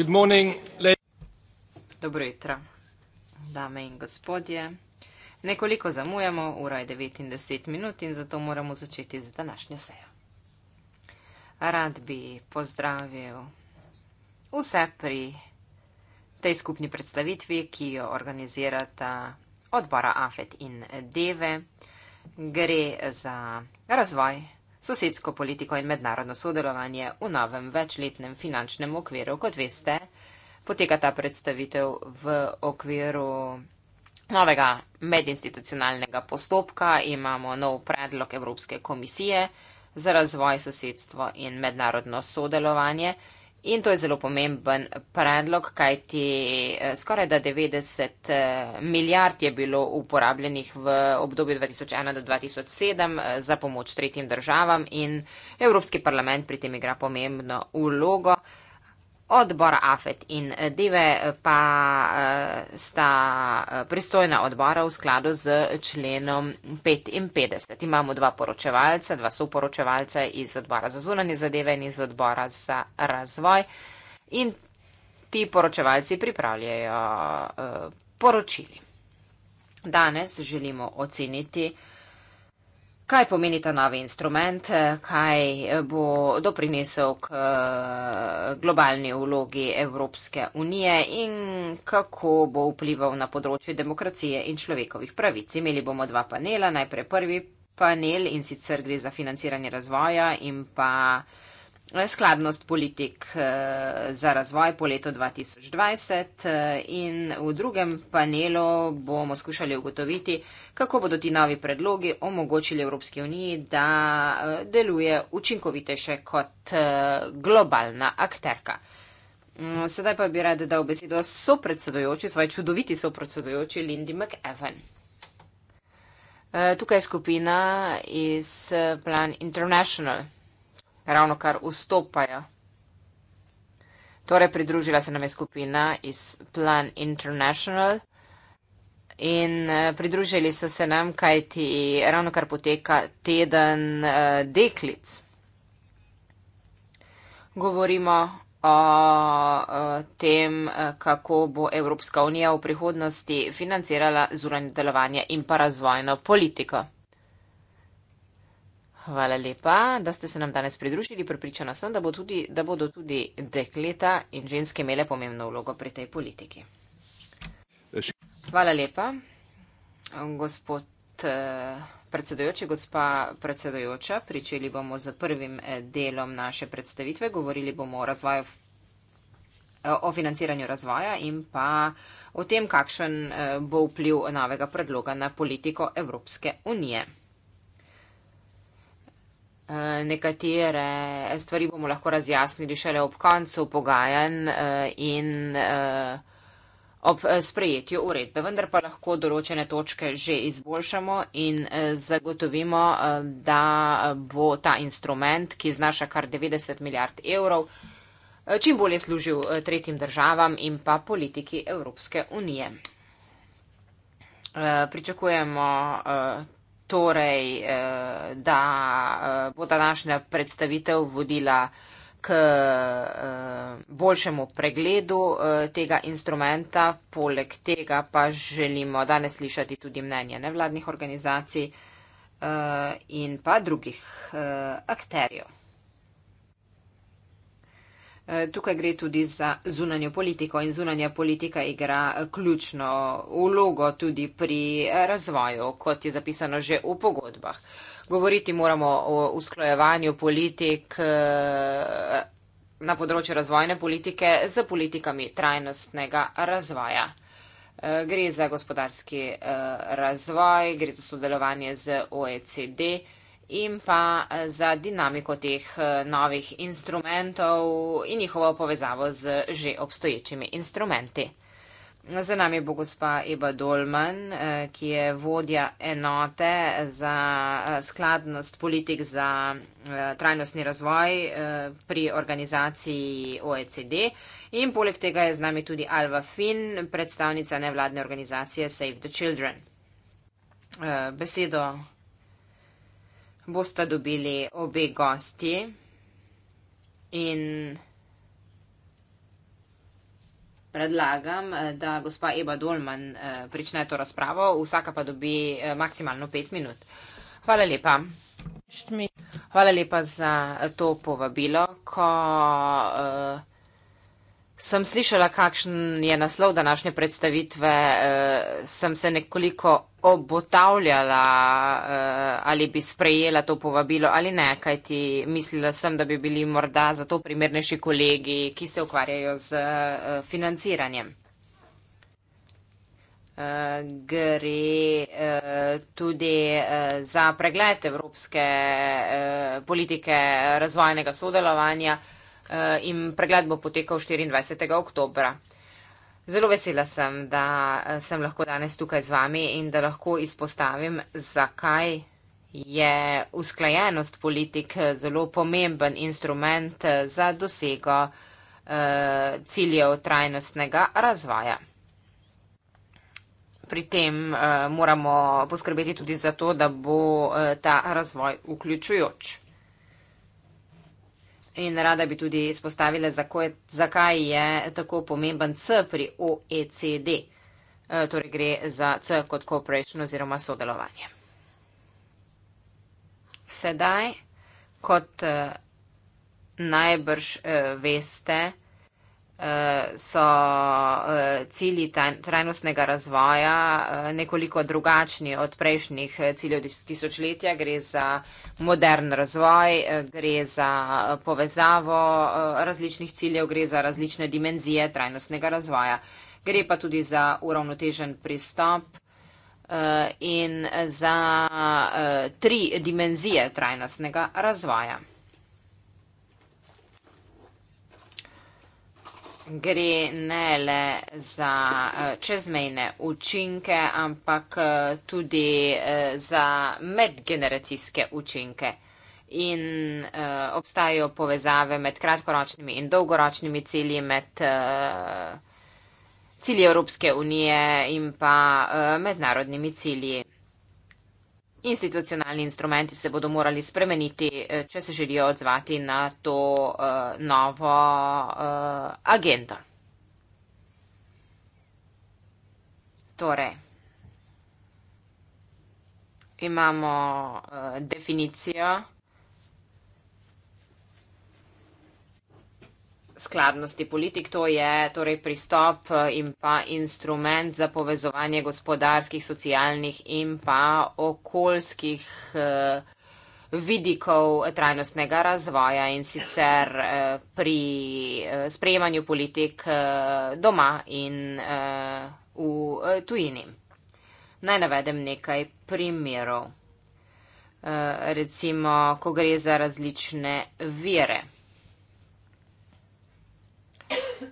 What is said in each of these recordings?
Good morning, le... Dobro jutro, dame in gospodje. Nekoliko zamujamo, ura je 19 minut in zato moramo začeti z današnjo sejo. Rad bi pozdravil vse pri tej skupni predstavitvi, ki jo organizirata odbora AFET in DEVE. Gre za razvoj sosedsko politiko in mednarodno sodelovanje v novem večletnem finančnem okviru. Kot veste, poteka ta predstavitev v okviru novega medinstitucionalnega postopka. Imamo nov predlog Evropske komisije za razvoj sosedstvo in mednarodno sodelovanje. In to je zelo pomemben predlog, kajti eh, skoraj da 90 eh, milijard je bilo uporabljenih v obdobju 2001 do 2007 eh, za pomoč tretjim državam in Evropski parlament pri tem igra pomembno ulogo. Odbor AFET in eh, DEVE eh, pa eh, sta pristojna odbora v skladu z členom 55. Imamo dva poročevalca, dva soporočevalca iz odbora za zunanje zadeve in iz odbora za razvoj. In ti poročevalci pripravljajo poročili. Danes želimo oceniti poročevalce kaj pomeni ta novi instrument, kaj bo doprinesel k globalni vlogi Evropske unije in kako bo vplival na področju demokracije in človekovih pravic. Imeli bomo dva panela, najprej prvi panel in sicer gre za financiranje razvoja in pa skladnost politik eh, za razvoj po letu 2020 eh, in v drugem panelu bomo skušali ugotoviti, kako bodo ti novi predlogi omogočili Evropski uniji, da eh, deluje učinkovitejše kot globalna akterka. Mm, sedaj pa bi rad dal besedo sopredsedujoči, svoj čudoviti sopredsedujoči Lindy McEwen. Tukaj je skupina iz Plan International ravno kar vstopajo. Torej, pridružila se nam je skupina iz Plan International in eh, pridružili so se nam, kaj ti ravno kar poteka teden uh, deklic. Govorimo o eh, tem, kako bo Evropska unija v prihodnosti financirala zunanje delovanje in pa razvojno politiko. Hvala lepa, da ste se nam danes pridružili. Pripričana sem, da, bo tudi, da bodo tudi dekleta in ženske imele pomembno vlogo pri tej politiki. Hvala lepa, gospod predsedojoči, gospa predsedojoča. Pričeli bomo z prvim delom naše predstavitve. Govorili bomo o razvoju o financiranju razvoja in pa o tem, kakšen bo vpliv novega predloga na politiko Evropske unije. Eh, nekatere stvari bomo lahko razjasnili šele ob koncu pogajanj eh, in eh, ob sprejetju uredbe, vendar pa lahko določene točke že izboljšamo in zagotovimo, da bo ta instrument, ki znaša kar 90 milijard evrov, čim bolje služil tretjim državam in pa politiki Evropske unije. Pričakujemo torej, eh, da eh, bo današnja predstavitev vodila k eh, boljšemu pregledu tega instrumenta. Poleg tega pa želimo danes slišati tudi mnenje nevladnih organizacij in pa drugih akterjev. Tukaj gre tudi za zunanjo politiko in zunanja politika igra ključno ulogo tudi pri razvoju, kot je zapisano že v pogodbah. Govoriti moramo o usklojevanju politik eh, na področju razvojne politike z politikami trajnostnega razvoja. Eh, gre za gospodarski eh, razvoj, gre za sodelovanje z OECD in pa eh, za dinamiko teh eh, novih instrumentov in njihovo povezavo z že obstoječimi instrumenti. Za nami bo gospa Eba Dolman, eh, ki je vodja enote za skladnost politik za trajnostni razvoj pri organizaciji OECD. In poleg tega je z nami tudi Alva Finn, predstavnica nevladne organizacije Save the Children. Besedo bosta dobili obe gosti in predlagam, eh, da gospa Eva Dolman eh, prične to razpravo, vsaka pa dobi eh, maksimalno pet minut. Hvala lepa. Hvala lepa za to povabilo. Ko uh, Sem slišala, kakšen je naslov današnje predstavitve, uh, sem se nekoliko obotavljala, uh, ali bi sprejela to povabilo ali ne, kajti mislila sem, da bi bili morda za to primernejši kolegi, ki se ukvarjajo z uh, financiranjem. Uh, gre uh, tudi uh, za pregled Evropske uh, politike razvojnega sodelovanja. Uh, Eh, in pregled bo potekal 24. oktobra. Zelo vesela sem, da eh, sem lahko danes tukaj z vami in da lahko izpostavim, zakaj je usklajenost politik eh, zelo pomemben instrument za dosego ciljev trajnostnega razvoja. Pri tem moramo poskrbeti tudi za to, da bo ta razvoj vključujoč. In rada bi tudi izpostavila, zakaj je tako pomemben C pri OECD. E, torej gre za C kot cooperation oziroma sodelovanje. Sedaj, kot e, najbrž e, veste, so eh, cilji trajnostnega razvoja eh, nekoliko drugačni od prejšnjih eh, ciljev tisočletja. Gre za modern razvoj, gre za povezavo različnih ciljev, gre za različne dimenzije trajnostnega razvoja. Gre pa tudi za uravnotežen pristop in za tri dimenzije trajnostnega razvoja. gre ne le za eh, čezmejne učinke, ampak eh, tudi eh, za medgeneracijske učinke. In obstajajo povezave med kratkoročnimi in dolgoročnimi cilji, med cilji Evropske unije in pa mednarodnimi cilji institucionalni instrumenti se bodo morali spremeniti, eh, če se želijo odzvati na to uh, novo uh, agendo. Torej, imamo uh, definicijo. skladnosti politik, to je torej pristop eh, in pa instrument za povezovanje gospodarskih, socialnih in pa okoljskih eh, vidikov trajnostnega razvoja in sicer eh, pri sprejemanju politik doma in v tujini. Naj navedem nekaj primerov. Recimo, ko gre za različne vire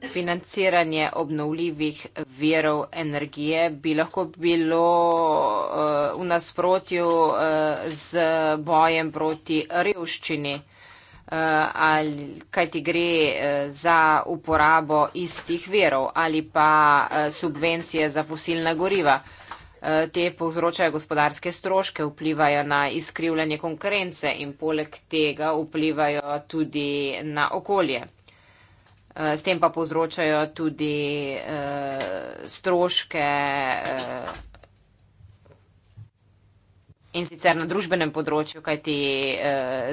financiranje obnovljivih verov energije bi lahko bilo eh, v nasprotju eh, z bojem proti revščini, eh, ali kaj ti gre za uporabo istih verov ali pa subvencije za fosilna goriva. Te povzročajo gospodarske stroške, vplivajo na izkrivljanje konkurence in poleg tega vplivajo tudi na okolje. Eh, s tem pa povzročajo tudi eh, stroške eh, in sicer na družbenem področju, kajti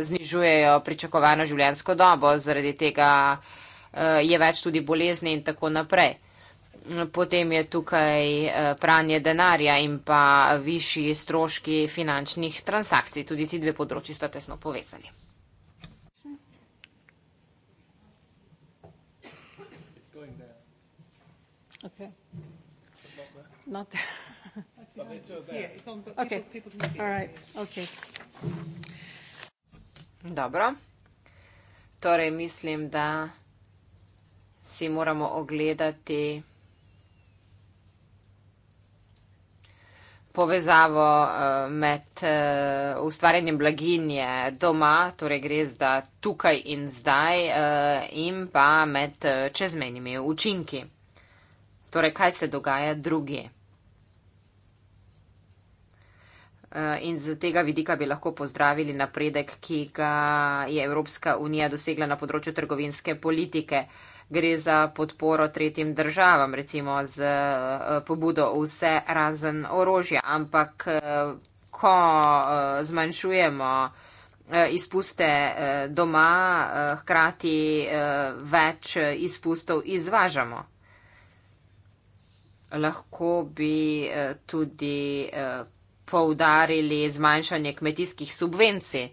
znižujejo pričakovano življensko dobo, zaradi tega je več tudi bolezni in tako naprej. Potem je tukaj pranje denarja in pa višji stroški finančnih transakcij. Tudi ti dve področji sta tesno povezani. Okay. Not there. Dobro. Torej, mislim, da si moramo ogledati povezavo eh, med eh, ustvarjanjem blaginje doma, torej gre zda tukaj in zdaj, eh, in pa med čezmenjimi učinki torej kaj se dogaja druge. Eh, in z tega vidika bi lahko pozdravili napredek, ki ga je Evropska unija dosegla na področju trgovinske politike. Gre za podporo tretjim državam, recimo z eh, pobudo vse razen orožja. Ampak eh, ko zmanjšujemo izpuste doma, hkrati več izpustov izvažamo lahko bi eh, tudi eh, poudarili zmanjšanje kmetijskih subvencij.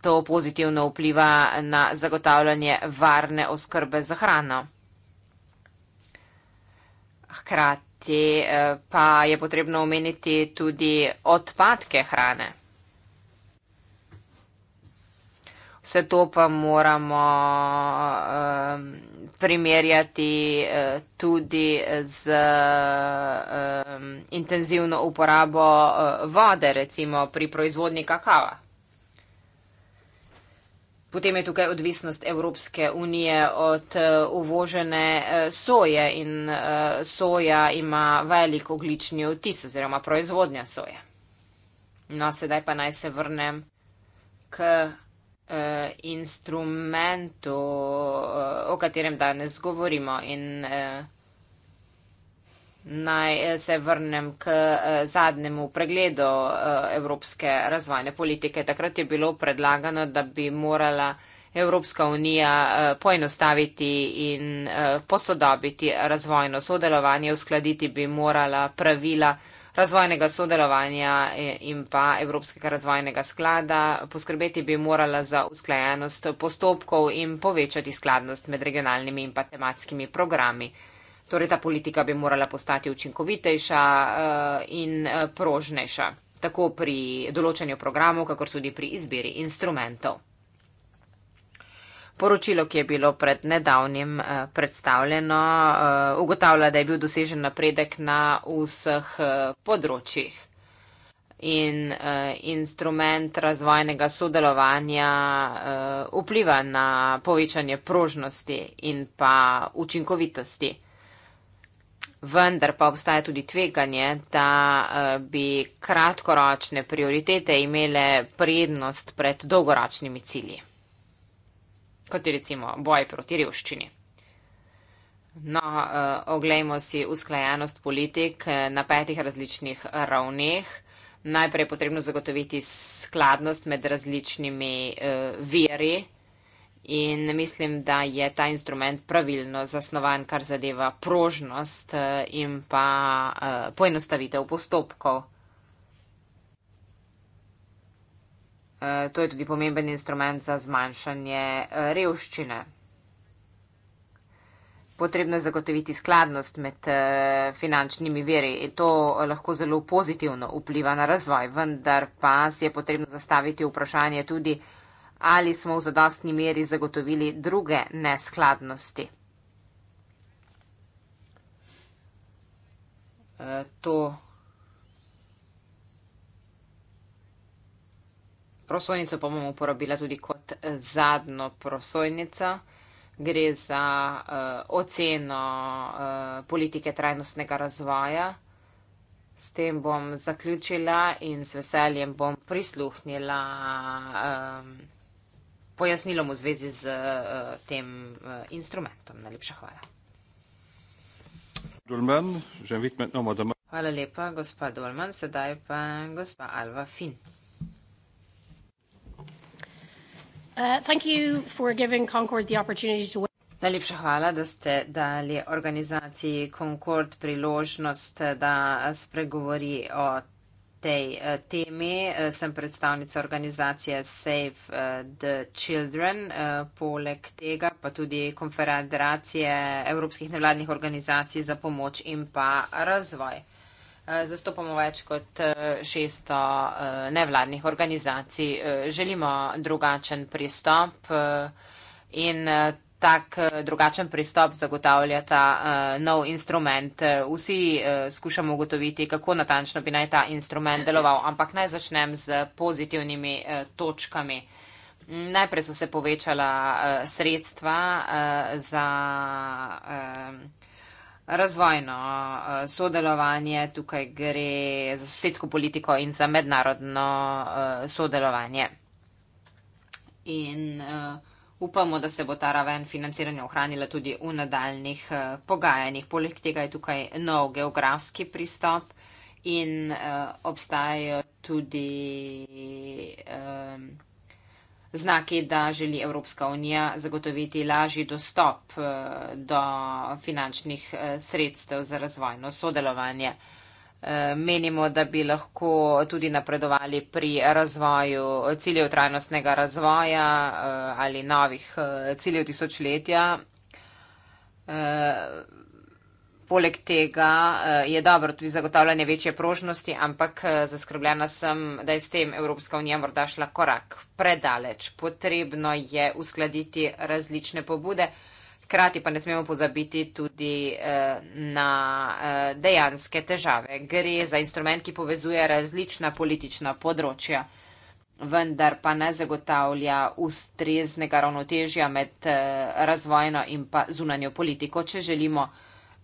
To pozitivno vpliva na zagotavljanje varne oskrbe za hrano. Hkrati eh, pa je potrebno omeniti tudi odpadke hrane. vse to pa moramo um, primerjati uh, tudi z um, intenzivno uporabo uh, vode, recimo pri proizvodnji kakava. Potem je tukaj odvisnost Evropske unije od eh, uvožene soje in soja ima velik oglični vtis oziroma proizvodnja soje. No, sedaj pa naj se vrnem k uh, instrumentu, uh, o katerem danes govorimo. In, uh, Naj se vrnem k zadnjemu pregledu Evropske razvojne politike. Takrat je bilo predlagano, da bi morala Evropska unija poenostaviti in posodobiti razvojno sodelovanje, uskladiti bi morala pravila razvojnega sodelovanja in pa Evropskega razvojnega sklada. Poskrbeti bi morala za usklajenost postopkov in povečati skladnost med regionalnimi in pa tematskimi programi. Torej, ta politika bi morala postati učinkovitejša eh, in eh, prožnejša, tako pri določanju programov, kakor tudi pri izbiri instrumentov. Poročilo, ki je bilo pred nedavnim eh, predstavljeno, eh, ugotavlja, da je bil dosežen napredek na vseh eh, področjih. In instrument razvojnega sodelovanja vpliva na povečanje prožnosti in pa učinkovitosti. Vendar pa obstaja tudi tveganje, da bi kratkoročne prioritete imele prednost pred dolgoročnimi cilji kot je recimo boj proti revščini. No, eh, oglejmo si usklajenost politik eh, na petih različnih ravneh. Najprej je potrebno zagotoviti skladnost med različnimi eh, veri in mislim, da je ta instrument pravilno zasnovan, kar zadeva prožnost in pa poenostavitev postopkov. Eh, to je tudi pomemben instrument za zmanjšanje eh, revščine. Potrebno je zagotoviti skladnost med eh, finančnimi veri in to lahko zelo pozitivno vpliva na razvoj, vendar pa si je potrebno zastaviti vprašanje tudi, ali smo v zadostni meri zagotovili druge neskladnosti. To prosojnico pa bom uporabila tudi kot eh, zadnjo prosojnico. Gre za uh, oceno uh, politike trajnostnega razvoja. S tem bom zaključila in z veseljem bom prisluhnila um, pojasnilom v zvezi z uh, tem uh, instrumentom. Najlepša hvala. Dolman, Hvala lepa, gospa Dolman. Sedaj pa gospa Alva Finn. Uh, Najlepša hvala, da ste dali organizaciji Concord priložnost, da spregovori o tej uh, temi. Uh, sem predstavnica organizacije Save the Children, poleg tega pa tudi konfederacije evropskih nevladnih organizacij za pomoč in pa razvoj. Eh, zastopamo več kot 600 eh, eh, nevladnih organizacij. Želimo drugačen pristop in tak drugačen pristop zagotavlja ta nov instrument. Vsi skušamo ugotoviti, kako natančno bi naj ta instrument deloval, ampak naj začnem z pozitivnimi točkami. Najprej so se povečala sredstva za razvojno eh, sodelovanje, tukaj gre za sosedsko politiko in za mednarodno eh, sodelovanje. In eh, upamo, da se bo ta raven financiranja ohranila tudi v nadaljnih pogajanjih. Poleg tega je tukaj nov geografski pristop in obstajajo tudi znaki, da želi Evropska unija zagotoviti lažji dostop eh, do finančnih eh, sredstev za razvojno sodelovanje. Eh, menimo, da bi lahko tudi napredovali pri razvoju ciljev trajnostnega razvoja ali novih ciljev tisočletja. Poleg tega eh, je dobro tudi zagotavljanje večje prožnosti, ampak eh, zaskrbljena sem, da je s tem Evropska unija morda šla korak predaleč. Potrebno je uskladiti različne pobude, hkrati pa ne smemo pozabiti tudi eh, na dejanske težave. Gre za instrument, ki povezuje različna politična področja vendar pa ne zagotavlja ustreznega ravnotežja med razvojno in pa zunanjo politiko, če želimo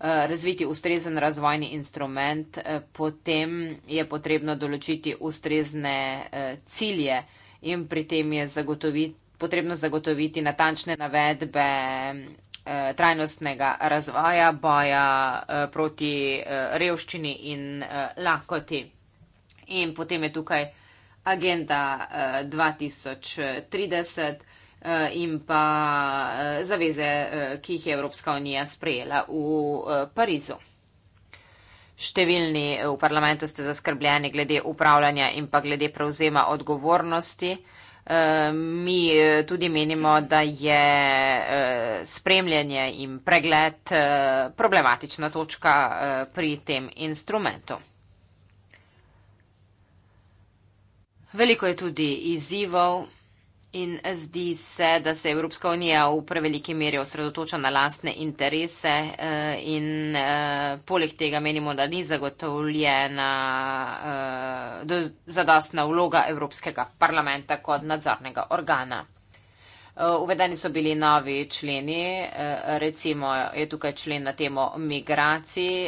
Eh, razviti ustrezen razvojni instrument, eh, potem je potrebno določiti ustrezne eh, cilje in pri tem je zagotoviti, potrebno zagotoviti natančne navedbe trajnostnega razvoja, boja proti revščini in lakoti. In potem je tukaj agenda 2030. Eh, in pa eh, zaveze, eh, ki jih je Evropska unija sprejela v Parizu. Številni v parlamentu ste zaskrbljeni glede upravljanja in pa glede prevzema odgovornosti. Mi tudi menimo, da je spremljanje in pregled problematična točka pri tem instrumentu. Veliko je tudi izzivov. In zdi se, da se Evropska unija v preveliki meri osredotoča na lastne interese eh, in eh, poleg tega menimo, da ni zagotovljena eh, zadastna vloga Evropskega parlamenta kot nadzornega organa. Uvedeni so bili novi členi, recimo je tukaj člen na temo migracij.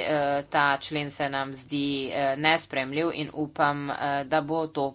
Ta člen se nam zdi nespremljiv in upam, da bo to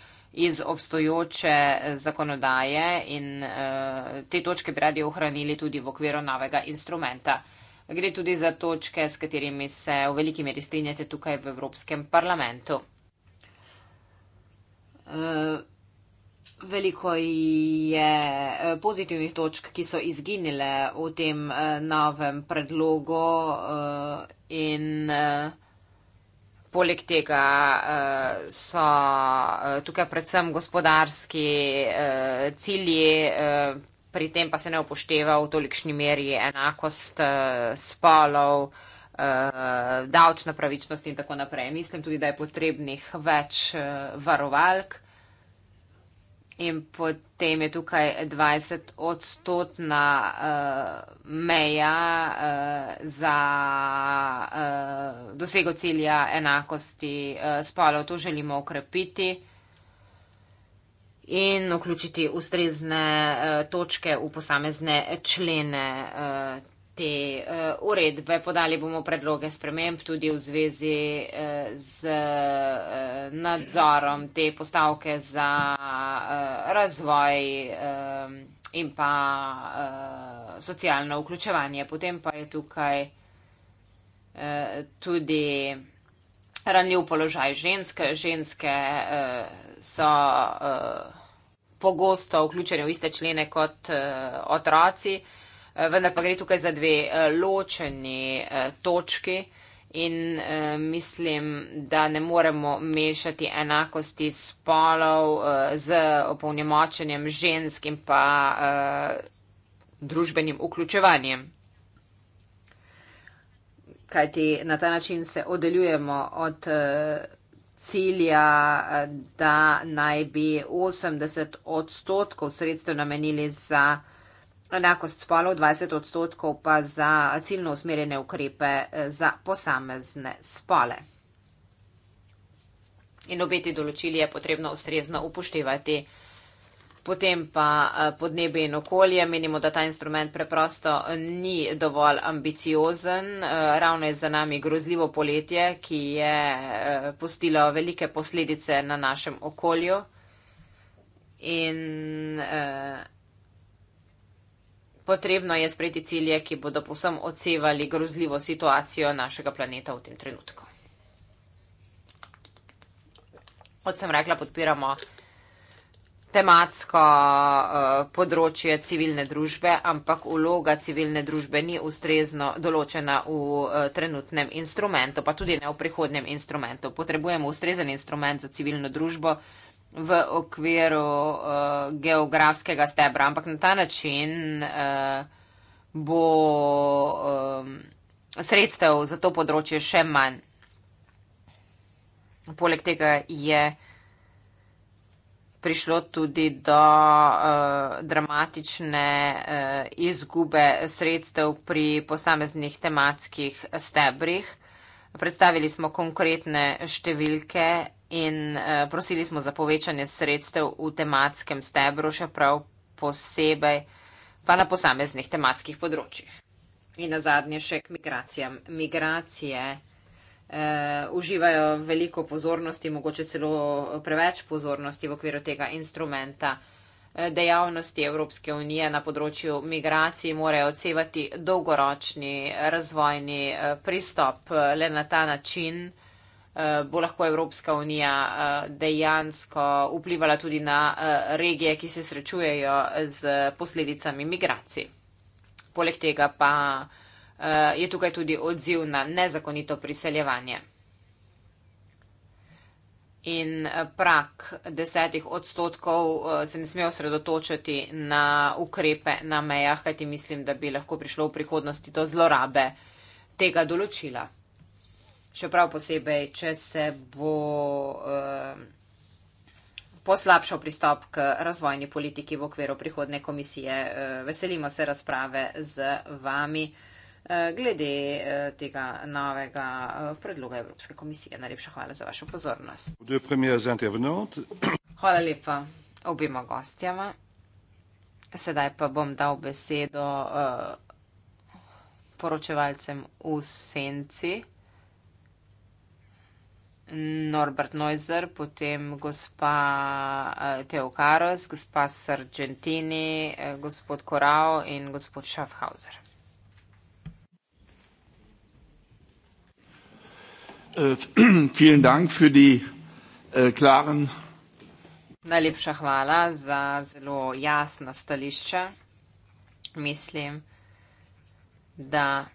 iz obstoječe eh, zakonodaje in eh, te točke bi radi ohranili tudi v okviru novega instrumenta. Gre tudi za točke, s katerimi se v veliki meri strinjate tukaj v Evropskem parlamentu. Eh, veliko je pozitivnih točk, ki so izginile v tem novem predlogu in vsega, Poleg tega eh, so eh, tukaj predvsem gospodarski eh, cilji, pri tem pa se ne upošteva v tolikšni meri enakost spolov, davčna pravičnost in tako naprej. Mislim tudi, da je potrebnih več varovalk in potem je tukaj 20 odstotna uh, meja uh, za uh, dosego cilja enakosti uh, spolov. To želimo okrepiti in vključiti ustrezne uh, točke v posamezne člene. Uh, te uh, uredbe, podali bomo predloge sprememb tudi v zvezi uh, z uh, nadzorom te postavke za uh, razvoj uh, in pa uh, socialno vključevanje. Potem pa je tukaj uh, tudi ranljiv položaj ženske. Ženske uh, so. Uh, Pogosto vključene v iste člene kot uh, otroci, uh, Eh, vendar pa gre tukaj za dve eh, ločeni eh, točki in mislim, da ne moremo mešati enakosti spolov z opolnjemočenjem žensk in pa družbenim vključevanjem kajti na ta način se oddeljujemo od cilja, da naj bi 80 odstotkov sredstev namenili za vsega, enakost spolov 20 odstotkov pa za ciljno usmerjene ukrepe eh, za posamezne spole. In obeti določili je potrebno ustrezno upoštevati. Potem pa eh, podnebje in okolje. Menimo, da ta instrument preprosto eh, ni dovolj ambiciozen. Ravno je za nami grozljivo poletje, ki je pustilo velike posledice na našem okolju. In eh, potrebno je sprejeti cilje, ki bodo povsem odsevali grozljivo situacijo našega planeta v tem trenutku. Kot sem rekla, podpiramo tematsko uh, področje civilne družbe, ampak vloga civilne družbe ni ustrezno določena v uh, trenutnem instrumentu, pa tudi ne v prihodnem instrumentu. Potrebujemo ustrezen instrument za civilno družbo, uh, v okviru uh, geografskega stebra, ampak na ta način uh, bo um, sredstev za to področje še manj. Poleg tega je prišlo tudi do uh, dramatične uh, izgube sredstev pri posameznih tematskih stebrih. Predstavili smo konkretne številke in uh, prosili smo za povečanje sredstev v tematskem stebru, še prav posebej pa na posameznih tematskih področjih. In na zadnje še k migracijam. Migracije uh, uživajo veliko pozornosti, mogoče celo preveč pozornosti v okviru tega instrumenta uh, Eh, dejavnosti Evropske unije na področju migracij morajo odsevati dolgoročni razvojni eh, pristop. Le na ta način eh, bo lahko Evropska unija dejansko vplivala tudi na regije, ki se srečujejo z posledicami migracij. Poleg tega pa je tukaj tudi odziv na nezakonito priseljevanje in eh, prak desetih odstotkov eh, se ne sme osredotočiti na ukrepe na mejah, kajti mislim, da bi lahko prišlo v prihodnosti do zlorabe tega določila. Še prav posebej, če se bo eh, poslabšal pristop k razvojni politiki v okviru prihodne komisije. Veselimo se razprave z vami. Eh, glede eh, tega novega eh, predloga Evropske komisije. Najlepša hvala za vašo pozornost. Hvala lepa obima gostjama. Sedaj pa bom dal besedo poročevalcem v senci. Norbert Neuser, potem gospa Teokaros, gospa Sargentini, gospod Korao in gospod Schaffhauser. Äh, vielen Dank für die äh, klaren. Najlepša hvala za zelo jasna stališča. Mislim, da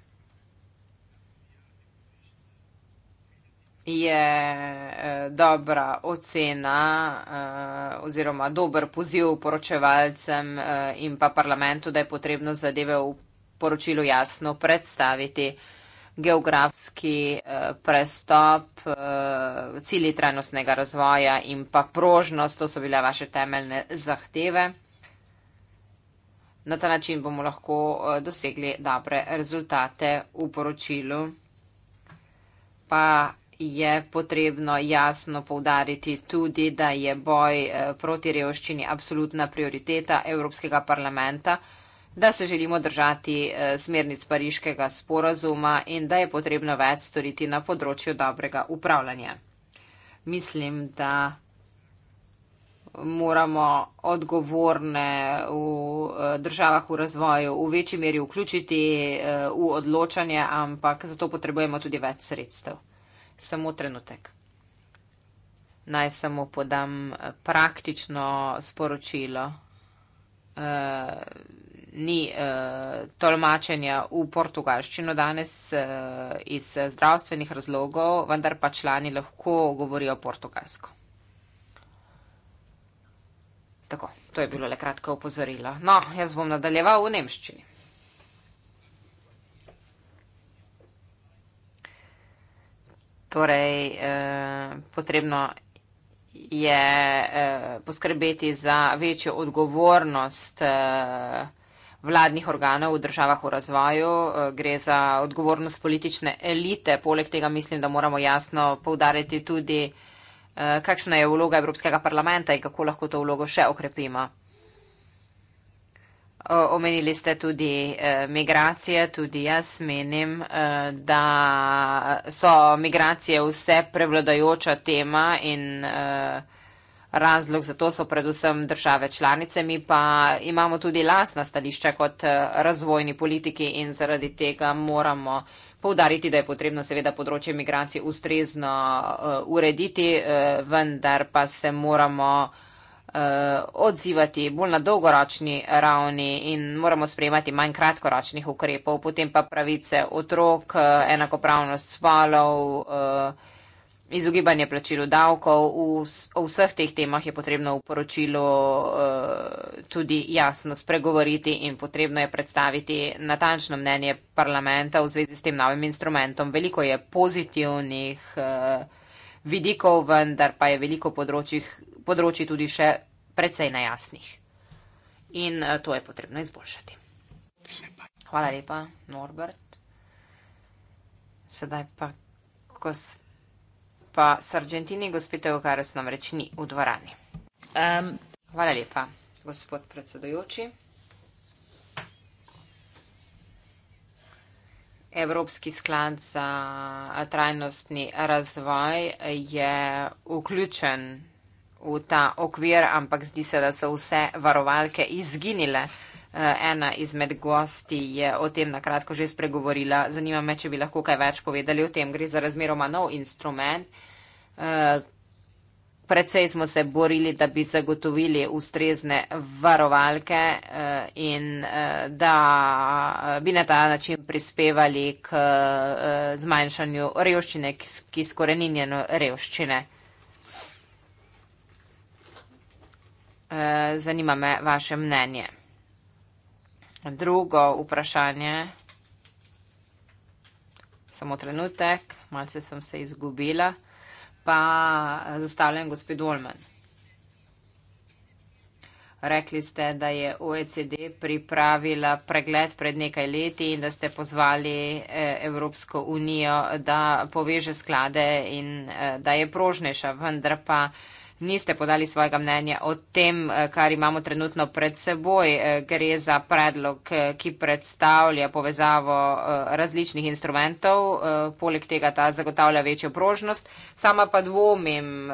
je äh, dobra ocena oziroma dober poziv poročevalcem in pa parlamentu, da je potrebno zadeve v poročilu jasno predstaviti geografski eh, prestop, eh, cilji trajnostnega razvoja in pa prožnost, to so bile vaše temeljne zahteve. Na ta način bomo lahko eh, dosegli dobre rezultate v poročilu. Pa je potrebno jasno povdariti tudi, da je boj eh, proti revščini absolutna prioriteta Evropskega parlamenta da se želimo držati eh, smernic pariškega sporazuma in da je potrebno več storiti na področju dobrega upravljanja. Mislim, da moramo odgovorne v eh, državah v razvoju v večji meri vključiti eh, v odločanje, ampak zato potrebujemo tudi več sredstev. Samo trenutek. Naj samo podam praktično sporočilo ni uh, tolmačenja v portugalščino danes uh, iz zdravstvenih razlogov, vendar pa člani lahko govorijo portugalsko. Tako, to je bilo le kratko upozorilo. No, jaz bom nadaljeval v nemščini. Torej, eh, potrebno je eh, poskrbeti za večjo odgovornost. Eh, vladnih organov v državah v razvoju, eh, gre za odgovornost politične elite. Poleg tega mislim, da moramo jasno povdariti tudi, eh, kakšna je vloga Evropskega parlamenta in kako lahko to vlogo še okrepimo. Omenili ste tudi eh, migracije, tudi jaz menim, da so migracije vse prevladajoča tema in vse, razlog za to so predvsem države članice, mi pa imamo tudi lasna stališča kot eh, razvojni politiki in zaradi tega moramo povdariti, da je potrebno seveda področje migracij ustrezno eh, urediti, eh, vendar pa se moramo odzivati bolj na dolgoročni ravni in moramo sprejemati manj kratkoročnih ukrepov, potem pa pravice otrok, enakopravnost spolov, izogibanje plačilu davkov, v, v vseh teh temah je potrebno v poročilu uh, tudi jasno spregovoriti in potrebno je predstaviti natančno mnenje parlamenta v zvezi s tem novim instrumentom. Veliko je pozitivnih uh, vidikov, vendar pa je veliko področji tudi še precej nejasnih. In uh, to je potrebno izboljšati. Hvala lepa, Norbert. Sedaj pa, ko smo pa sargentini gospod Evokarus namreč ni v dvorani. Um. Hvala lepa, gospod predsedujoči. Evropski sklad za eh, trajnostni razvoj je vključen v ta okvir, ampak zdi se, da so vse varovalke izginile. Eh, ena izmed gosti je o tem nakratko že spregovorila. Zanima me, če bi lahko kaj več povedali o tem. Gre za razmeroma nov instrument. Eh, Predvsej smo se borili, da bi zagotovili ustrezne varovalke eh, in da bi na ta način prispevali k zmanjšanju revščine, ki skorenjeno revščine. Zanima me vaše mnenje drugo vprašanje. Samo trenutek, malce sem se izgubila, pa zastavljam gospod Dolman. Rekli ste, da je OECD pripravila pregled pred nekaj leti in da ste pozvali e, Evropsko unijo, da poveže sklade in e, da je prožnejša, vendar pa niste podali svojega mnenja o tem, eh, kar imamo trenutno pred seboj. Eh, gre za predlog, eh, ki predstavlja povezavo različnih instrumentov, poleg tega ta zagotavlja večjo prožnost. Sama pa dvomim,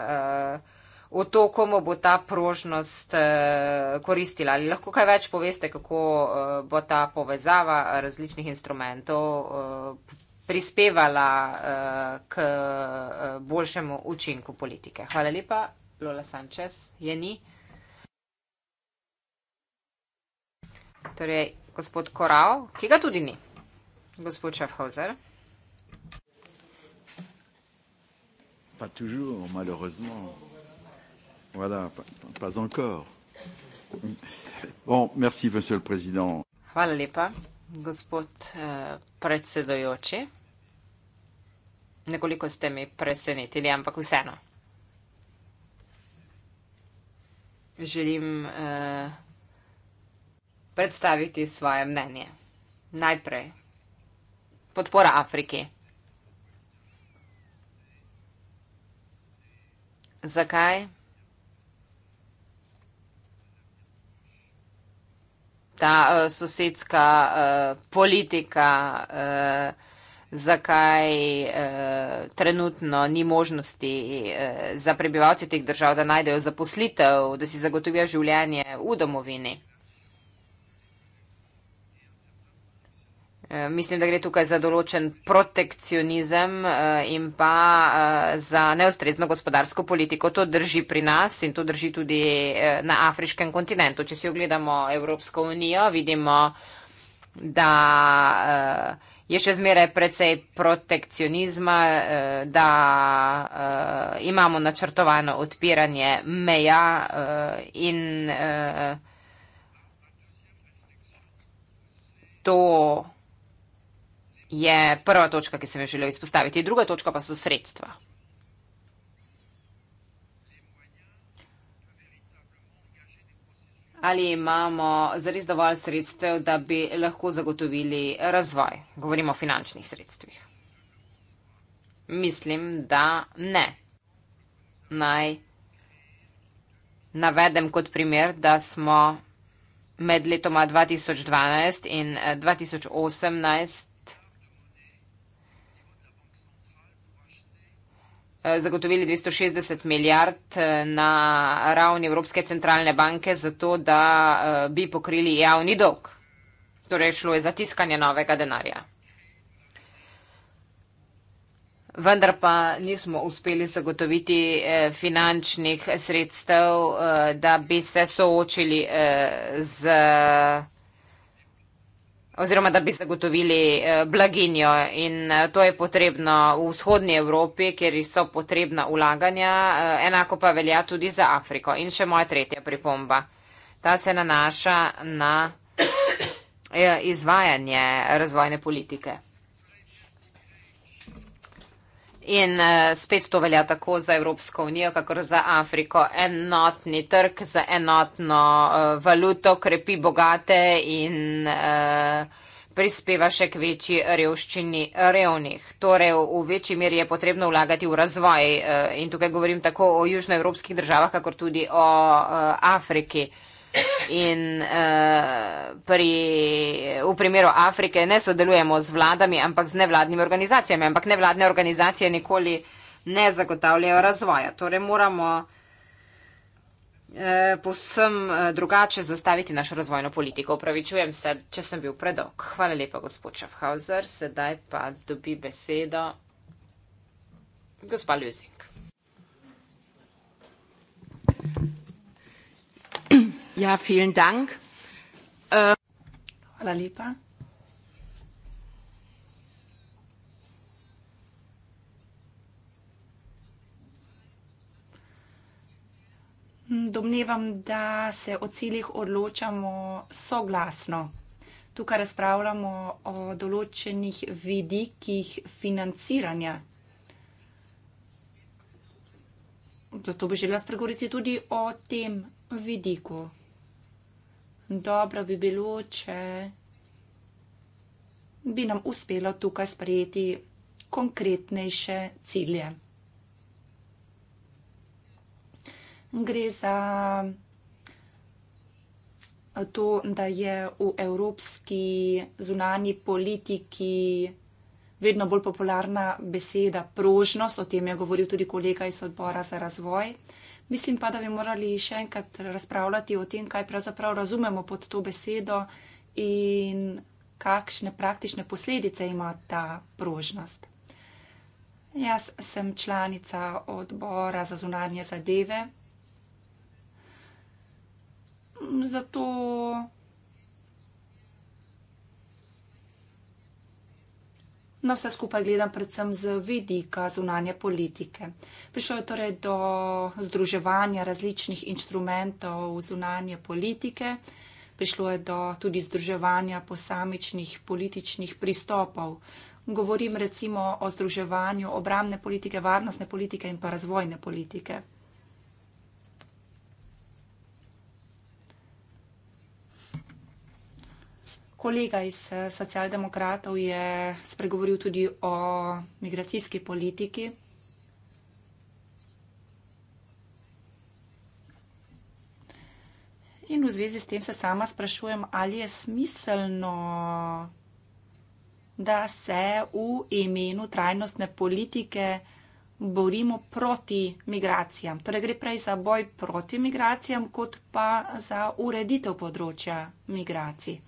o to, komu bo ta prožnost koristila. Ali lahko kaj več poveste, kako bo ta povezava različnih instrumentov prispevala k boljšemu učinku politike. Hvala lepa. Lola Sanchez, je ni. Torej, gospod Korao, ki ga tudi ni. Gospod Schaffhauser. Pa toujours, malheureusement. Voilà, pas, pas encore. Bon, merci, monsieur le président. Hvala lepa, gospod uh, eh, predsedojoči. Nekoliko ste mi presenetili, ampak vseeno. želim uh, predstaviti svoje mnenje. Najprej podpora Afriki. Zakaj? Ta uh, sosedska uh, politika. Uh, zakaj eh, trenutno ni možnosti eh, za prebivalce teh držav, da najdejo zaposlitev, da si zagotovijo življenje v domovini. Eh, mislim, da gre tukaj za določen protekcionizem eh, in pa eh, za neustrezno gospodarsko politiko. To drži pri nas in to drži tudi na afriškem kontinentu. Če si ogledamo Evropsko unijo, vidimo, da je še zmeraj precej protekcionizma, eh, da eh, imamo načrtovano odpiranje meja eh, in to je prva točka, ki sem jo želel izpostaviti. Druga točka pa so sredstva. ali imamo zares dovolj sredstev, da bi lahko zagotovili razvoj. Govorimo o finančnih sredstvih. Mislim, da ne. Naj navedem kot primer, da smo med letoma 2012 in 2018 eh, Eh, zagotovili 260 milijard eh, na ravni Evropske centralne banke, zato da eh, bi pokrili javni dolg. Torej, šlo je za tiskanje novega denarja. Vendar pa nismo uspeli zagotoviti finančnih sredstev, da bi se soočili z oziroma da bi zagotovili eh, blaginjo. In eh, to je potrebno v vzhodnji Evropi, kjer so potrebna ulaganja, eh, enako pa velja tudi za Afriko. In še moja tretja pripomba. Ta se nanaša na izvajanje razvojne politike. In uh, spet to velja tako za Evropsko unijo, kakor za Afriko. Enotni trg za enotno uh, valuto krepi bogate in uh, prispeva še k večji revščini revnih. Torej, v večji meri je potrebno vlagati v razvoj uh, in tukaj govorim tako o južnoevropskih državah, kakor tudi o uh, Afriki. Uh, In uh, pri, v primeru Afrike ne sodelujemo z vladami, ampak z nevladnimi organizacijami. Ampak nevladne organizacije nikoli ne zagotavljajo razvoja. Torej moramo uh, eh, posem uh, eh, drugače zastaviti našo razvojno politiko. Upravičujem se, če sem bil predolg. Hvala lepa, gospod Schaffhauser. Sedaj pa dobi besedo gospa Ljuzink. Ja, vielen Dank. Uh... Hvala lepa. Domnevam, da se o ciljih odločamo soglasno. Tukaj razpravljamo o določenih vidikih financiranja. Zato bi želela spregovoriti tudi o tem vidiku dobro bi bilo, če bi nam uspelo tukaj sprejeti konkretnejše cilje. Gre za to, da je v evropski zunani politiki vedno bolj popularna beseda prožnost, o tem je govoril tudi kolega iz odbora za razvoj. Mislim pa, da bi morali še enkrat razpravljati o tem, kaj pravzaprav razumemo pod to besedo in kakšne praktične posledice ima ta prožnost. Jaz sem članica odbora za zunanje zadeve. Zato na vse skupaj gledam predvsem z vidika zunanje politike. Prišlo je torej do združevanja različnih inštrumentov zunanje politike, prišlo je do tudi združevanja posamičnih političnih pristopov. Govorim recimo o združevanju obramne politike, varnostne politike in pa razvojne politike. Kolega iz eh, socialdemokratov je spregovoril tudi o migracijski politiki. In v zvezi s tem se sama sprašujem, ali je smiselno, da se v imenu trajnostne politike borimo proti migracijam. Torej gre prej za boj proti migracijam, kot pa za ureditev področja migracij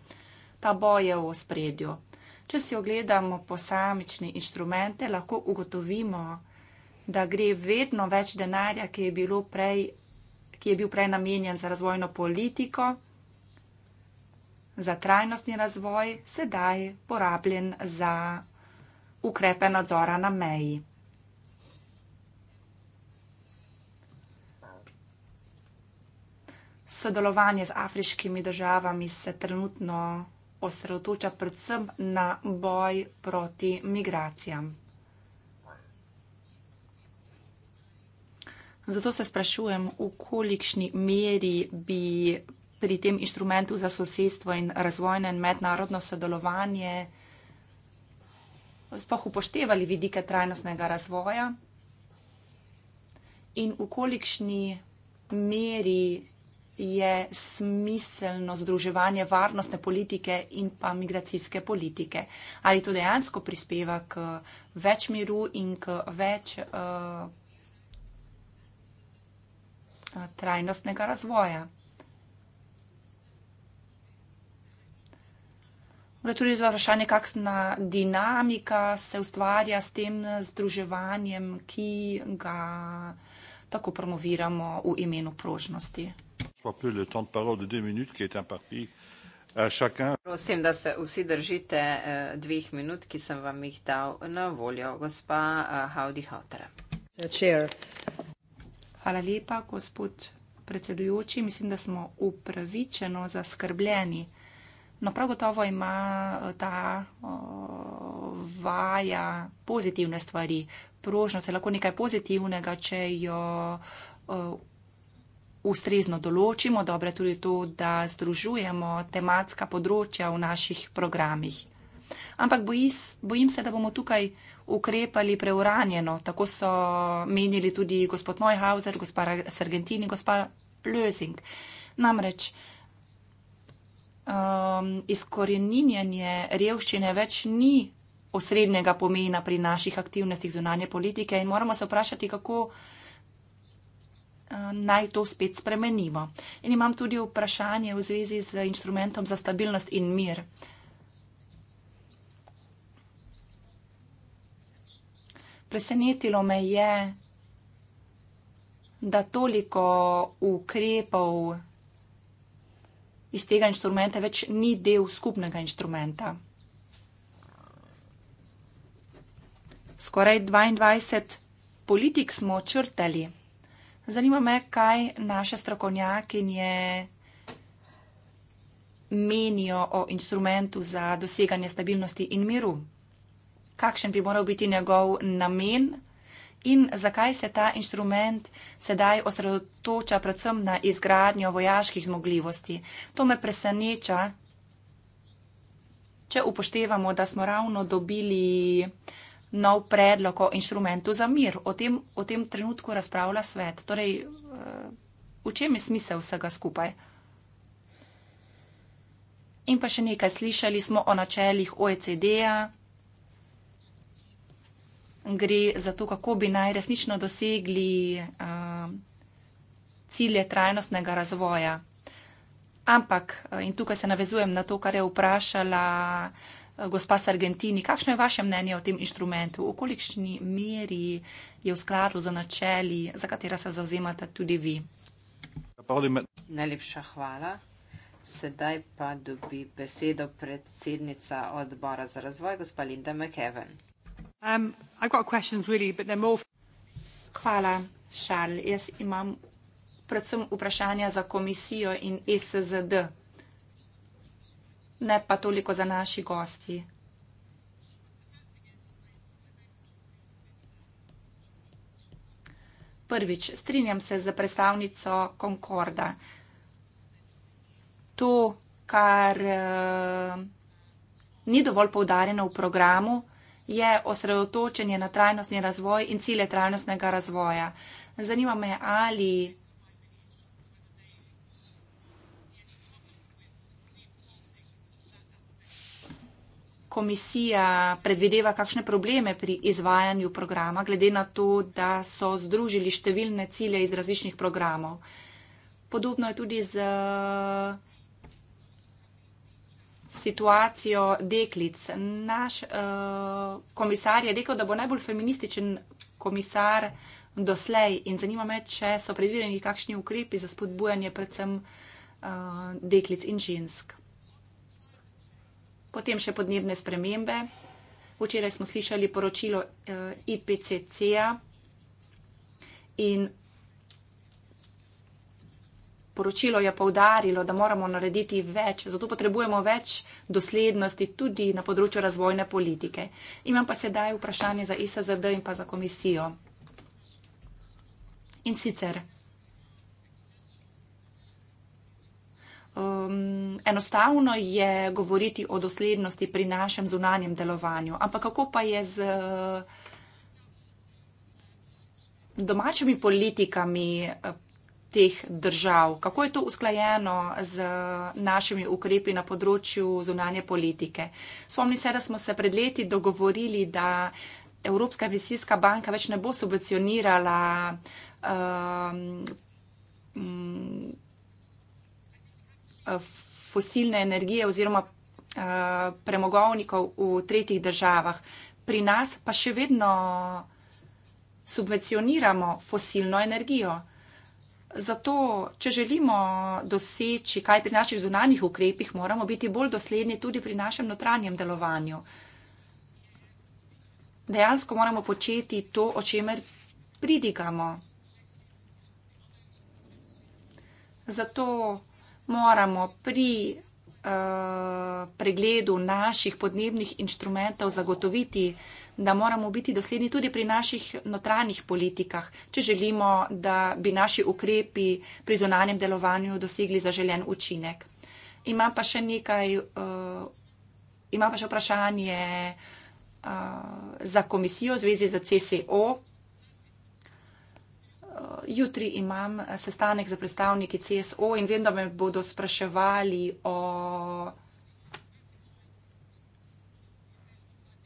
ta boj je v spredju. Če si ogledamo posamične inštrumente, lahko ugotovimo, da gre vedno več denarja, ki je, prej, ki je bil prej namenjen za razvojno politiko, za trajnostni razvoj, sedaj porabljen za ukrepe nadzora na meji. Sodelovanje z afriškimi državami se trenutno osredotoča predvsem na boj proti migracijam. Zato se sprašujem, v kolikšni meri bi pri tem inštrumentu za sosedstvo in razvojno in mednarodno sodelovanje sploh upoštevali vidike trajnostnega razvoja in v kolikšni meri je smiselno združevanje varnostne politike in pa migracijske politike. Ali to dejansko prispeva k več miru in k več uh, trajnostnega razvoja? Vle tudi za vprašanje, kakšna dinamika se ustvarja s tem združevanjem, ki ga tako promoviramo v imenu prožnosti. Pa peu le temps de parole de deux minutes qui est imparti à chacun. Prosim, da se vsi držite eh, dveh minut, ki sem vam jih dal na voljo, gospa eh, Haudi Hauter. Hvala lepa, gospod predsedujoči. Mislim, da smo upravičeno zaskrbljeni. No, prav gotovo ima eh, ta o, eh, vaja pozitivne stvari. Prožno se lahko nekaj pozitivnega, če jo o, eh, ustrezno določimo, dobro je tudi to, da združujemo tematska področja v naših programih. Ampak bojim se, da bomo tukaj ukrepali preuranjeno. Tako so menili tudi gospod Neuhauser, gospa Sargentini, gospa Lösing. Namreč um, izkoreninjanje revščine več ni osrednjega pomena pri naših aktivnostih zunanje politike in moramo se vprašati, kako Eh, naj to spet spremenimo. In imam tudi vprašanje v zvezi z inštrumentom za stabilnost in mir. Presenetilo me je, da toliko ukrepov iz tega inštrumenta več ni del skupnega inštrumenta. Skoraj 22 politik smo črtali. Zanima me, kaj naše strokovnjakinje menijo o instrumentu za doseganje stabilnosti in miru. Kakšen bi moral biti njegov namen in zakaj se ta instrument sedaj osredotoča predvsem na izgradnjo vojaških zmogljivosti. To me preseneča, če upoštevamo, da smo ravno dobili nov predlog o inštrumentu za mir. O tem, o tem trenutku razpravlja svet. Torej, eh, v čem je smisel vsega skupaj? In pa še nekaj, slišali smo o načeljih OECD-a. Gre za to, kako bi naj resnično dosegli uh, cilje trajnostnega razvoja. Ampak, eh, in tukaj se navezujem na to, kar je vprašala uh, Eh, gospa Sargentini, kakšno je vaše mnenje o tem inštrumentu, v kolikšni meri je v skladu za načeli, za katera se zavzemate tudi vi? Najlepša hvala. Sedaj pa dobi besedo predsednica odbora za razvoj, gospa Linda McEwen. Um, really, hvala, Šarl. Jaz imam predvsem vprašanja za komisijo in e SZD ne pa toliko za naši gosti. Prvič, strinjam se z predstavnico Concorda. To, kar eh, ni dovolj poudarjeno v programu, je osredotočenje na trajnostni razvoj in cilje trajnostnega razvoja. Zanima me, ali komisija predvideva kakšne probleme pri izvajanju programa, glede na to, da so združili številne cilje iz različnih programov. Podobno je tudi z eh, situacijo deklic. Naš uh, komisar je rekel, da bo najbolj feminističen komisar doslej in zanima me, če so predvideni kakšni ukrepi za spodbujanje predvsem uh, deklic in žensk potem še podnebne spremembe. Včeraj smo slišali poročilo eh, IPCC-ja in poročilo je povdarilo, da moramo narediti več, zato potrebujemo več doslednosti tudi na področju razvojne politike. Imam pa sedaj vprašanje za ISZD in pa za komisijo. In sicer. Um, enostavno je govoriti o doslednosti pri našem zunanjem delovanju, ampak kako pa je z eh, domačimi politikami eh, teh držav, kako je to usklajeno z eh, našimi ukrepi na področju zunanje politike. Spomni se, da smo se pred leti dogovorili, da Evropska investicijska banka več ne bo subvencionirala. Um, Eh, fosilne energije oziroma eh, premogovnikov v tretjih državah. Pri nas pa še vedno subvencioniramo fosilno energijo. Zato, če želimo doseči kaj pri naših zunanjih ukrepih, moramo biti bolj dosledni tudi pri našem notranjem delovanju. Dejansko moramo početi to, o čemer pridigamo. Zato moramo pri uh, pregledu naših podnebnih inštrumentov zagotoviti, da moramo biti dosledni tudi pri naših notranjih politikah, če želimo, da bi naši ukrepi pri zonanjem delovanju dosegli zaželen učinek. Ima pa še nekaj, uh, ima pa še vprašanje uh, za komisijo v zvezi z CCO. Eh, jutri imam eh, sestanek za predstavniki CSO in vem, da me bodo spraševali o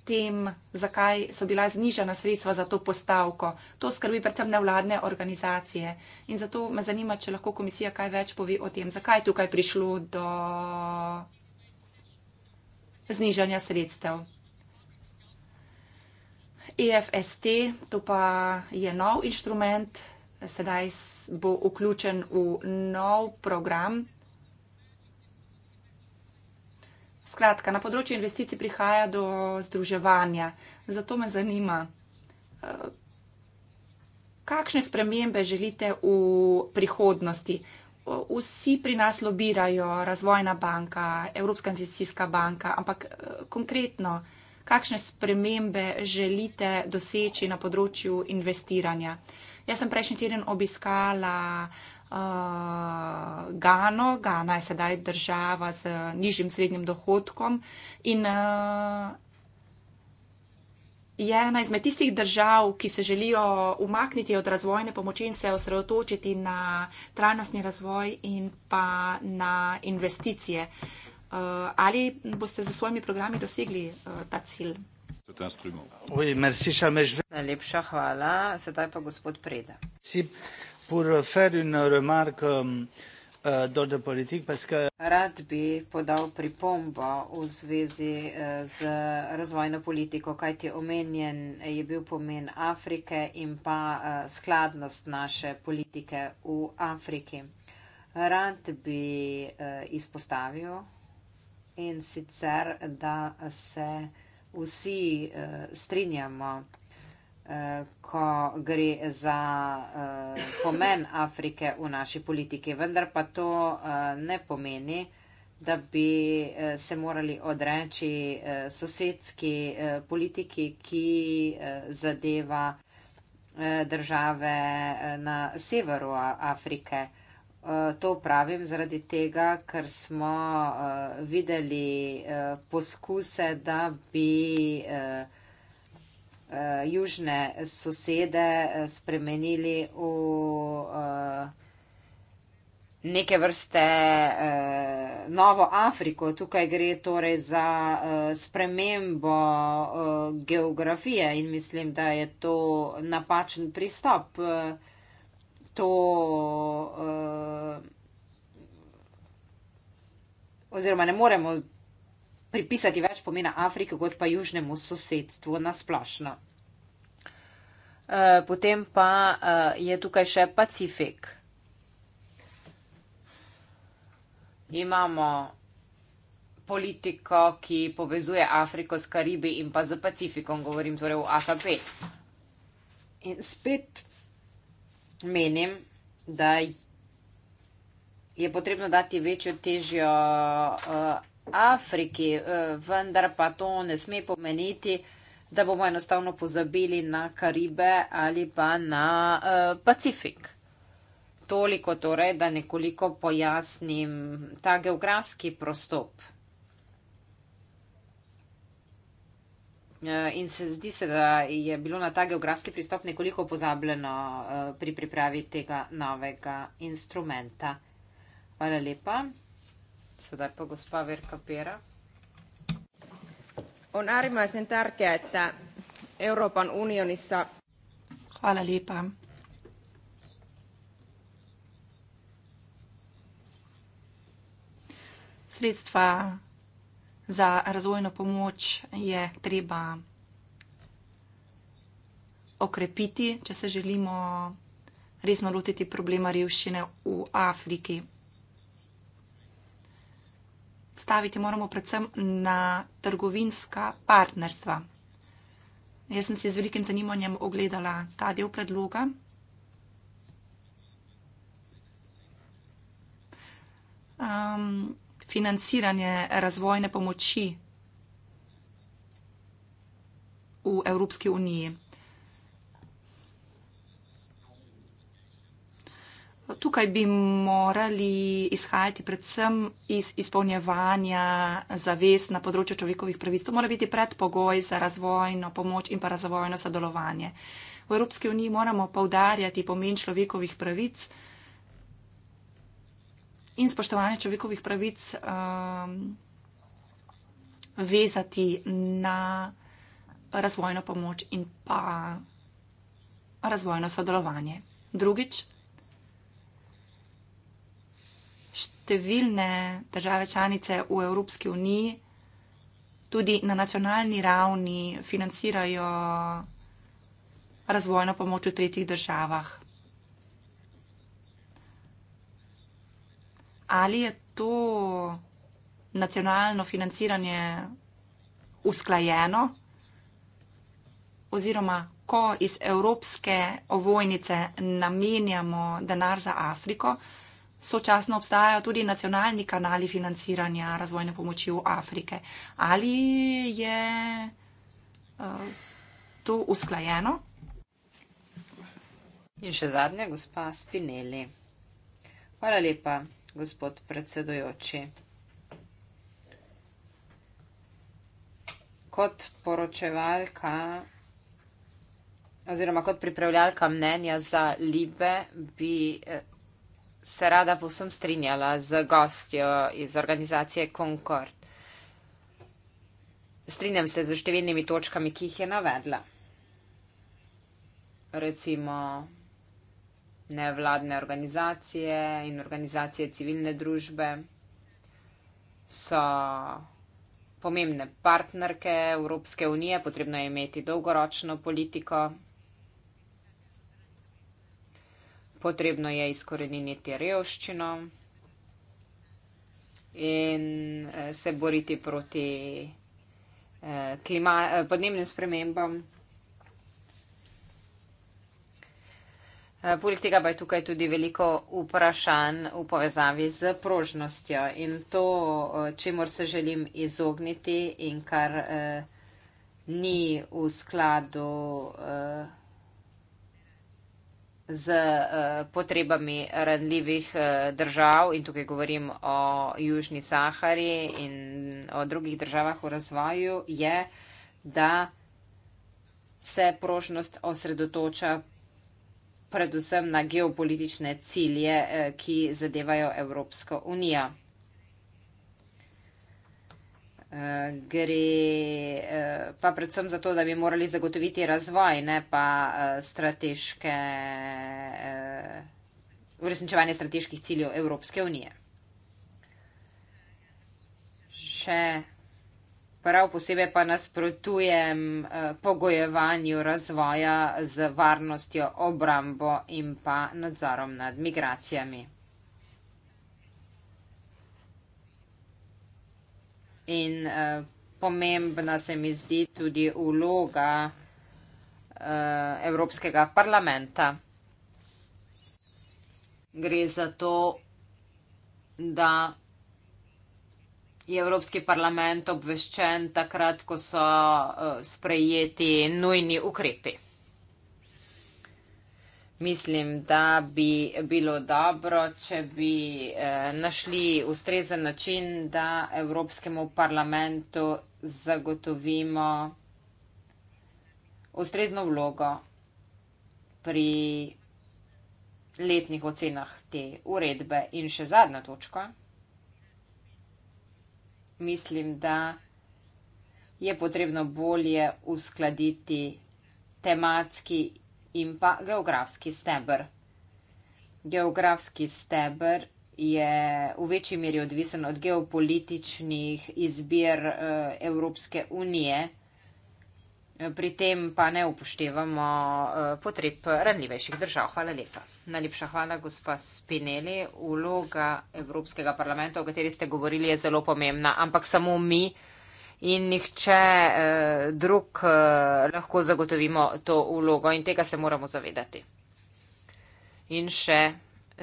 tem, zakaj so bila znižena sredstva za to postavko. To skrbi predvsem nevladne organizacije in zato me zanima, če lahko komisija kaj več pove o tem, zakaj je tukaj prišlo do znižanja sredstev. EFST, to pa je nov inštrument sedaj bo vključen v nov program. Skratka, na področju investicij prihaja do združevanja. Zato me zanima, eh, kakšne spremembe želite v prihodnosti. Vsi pri nas lobirajo, Razvojna banka, Evropska investicijska banka, ampak eh, konkretno, kakšne spremembe želite doseči na področju investiranja? Jaz sem prejšnji teden obiskala uh, Gano, Gana je sedaj država z nižjim srednjim dohodkom in uh, je ena izmed tistih držav, ki se želijo umakniti od razvojne pomoči in se osredotočiti na trajnostni razvoj in pa na investicije. Uh, ali boste za svojimi programi dosegli uh, ta cilj? cet instrument. Oui, merci, Charles, je... Najlepša hvala. Sedaj pa gospod Preda. Si pour faire une remarque, um, Rad bi podal pripombo v zvezi eh, z razvojno politiko, kajti omenjen je bil pomen Afrike in pa eh, skladnost naše politike v Afriki. Rad bi eh, izpostavil in sicer, da se vsi uh, strinjamo, uh, ko gre za uh, pomen Afrike v naši politiki, vendar pa to uh, ne pomeni, da bi uh, se morali odreči uh, sosedski uh, politiki, ki uh, zadeva uh, države uh, na severu Afrike. Uh, Eh, to upravim zaradi tega, ker smo uh, videli uh, poskuse, da bi uh, uh, južne sosede spremenili v uh, neke vrste uh, novo Afriko. Tukaj gre torej za uh, spremembo uh, geografije in mislim, da je to napačen pristop. Uh, to, uh, oziroma ne moremo pripisati več pomena Afriki, kot pa južnemu sosedstvu nasplošno. Uh, eh, potem pa uh, je tukaj še Pacifik. Imamo politiko, ki povezuje Afriko s Karibi in pa z Pacifikom, govorim torej o AKP. In spet menim, da je potrebno dati večjo težjo eh, Afriki, eh, vendar pa to ne sme pomeniti, da bomo enostavno pozabili na Karibe ali pa na eh, Pacifik. Toliko torej, da nekoliko pojasnim ta geografski prostop. Eh, in se zdi se, da je bilo na ta geografski pristop nekoliko pozabljeno eh, pri pripravi tega novega instrumenta. Hvala lepa. Sedaj pa gospa Verka Pera. On arimasen tarke, da Evropan unionissa. Hvala lepa. Sredstva za razvojno pomoč je treba okrepiti, če se želimo resno lotiti problema revščine v Afriki. Staviti moramo predvsem na trgovinska partnerstva. Jaz sem si z velikim zanimanjem ogledala ta del predloga. Um, financiranje razvojne pomoči v Evropski uniji. Tukaj bi morali izhajati predvsem iz izpolnjevanja zavez na področju človekovih pravic. To mora biti predpogoj za razvojno pomoč in pa razvojno sodelovanje. V Evropski uniji moramo povdarjati pomen človekovih pravic in spoštovanje človekovih pravic um, vezati na razvojno pomoč in pa razvojno sodelovanje. Drugič, številne države članice v Evropski uniji tudi na nacionalni ravni financirajo razvojno pomoč v tretjih državah. ali je to nacionalno financiranje usklajeno, oziroma ko iz evropske ovojnice namenjamo denar za Afriko, sočasno obstajajo tudi nacionalni kanali financiranja razvojne pomoči v Afrike. Ali je uh, to usklajeno? In še zadnja, gospa Spinelli. Hvala lepa gospod predsedojoči. Kot poročevalka oziroma kot pripravljalka mnenja za Libe bi eh, se rada povsem strinjala z gostjo iz organizacije Concord. Strinjam se z številnimi točkami, ki jih je navedla. Recimo nevladne organizacije in organizacije civilne družbe, so pomembne partnerke Evropske unije, potrebno je imeti dolgoročno politiko, potrebno je izkoreniniti revščino in eh, se boriti proti eh, klima, eh, podnebnim spremembam. Eh, poleg tega pa je tukaj tudi veliko vprašanj v povezavi z prožnostjo in to, eh, čemor se želim izogniti in kar eh, ni v skladu eh, z eh, potrebami ranljivih eh, držav in tukaj govorim o Južni Sahari in o drugih državah v razvoju, je, da se prožnost osredotoča predvsem na geopolitične cilje, eh, ki zadevajo Evropsko unijo. Eh, gre eh, pa predvsem zato, da bi morali zagotoviti razvoj, ne pa strateške, uresničevanje strateških ciljev Evropske unije. Še prav posebej pa nasprotujem eh, pogojevanju razvoja z varnostjo, obrambo in pa nadzorom nad migracijami. In eh, pomembna se mi zdi tudi uloga eh, Evropskega parlamenta. Gre za to, da je Evropski parlament obveščen takrat, ko so eh, sprejeti nujni ukrepi. Mislim, da bi bilo dobro, če bi eh, našli ustrezen način, da Evropskemu parlamentu zagotovimo ustrezno vlogo pri letnih ocenah te uredbe. In še zadnja točka mislim, da je potrebno bolje uskladiti tematski in pa geografski steber. Geografski steber je v večji meri odvisen od geopolitičnih izbir eh, Evropske unije pri tem pa ne upoštevamo eh, potreb ranljivejših držav. Hvala lepa. Najlepša hvala, gospa Spinelli. Uloga Evropskega parlamenta, o kateri ste govorili, je zelo pomembna, ampak samo mi in nihče eh, drug eh, lahko zagotovimo to ulogo in tega se moramo zavedati. In še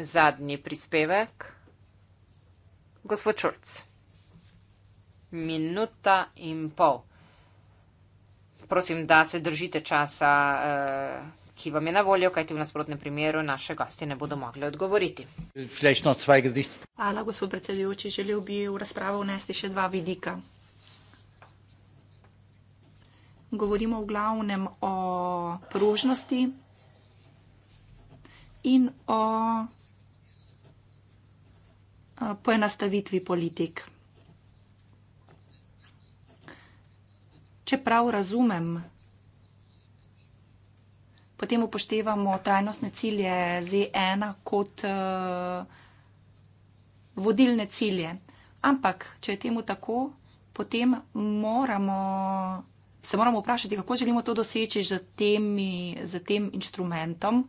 zadnji prispevek. Gospod Šulc. Minuta in pol prosim, da se držite časa, eh, ki vam je na voljo, kajti v nasprotnem primeru naše gosti ne bodo mogli odgovoriti. Hvala, gospod predsedujoči. Želel bi v razpravo vnesti še dva vidika. Govorimo v glavnem o prožnosti in o eh, poenastavitvi politik. če prav razumem. Potem upoštevamo trajnostne cilje Z1 kot uh, vodilne cilje. Ampak, če je temu tako, potem moramo, se moramo vprašati, kako želimo to doseči z, temi, z tem inštrumentom.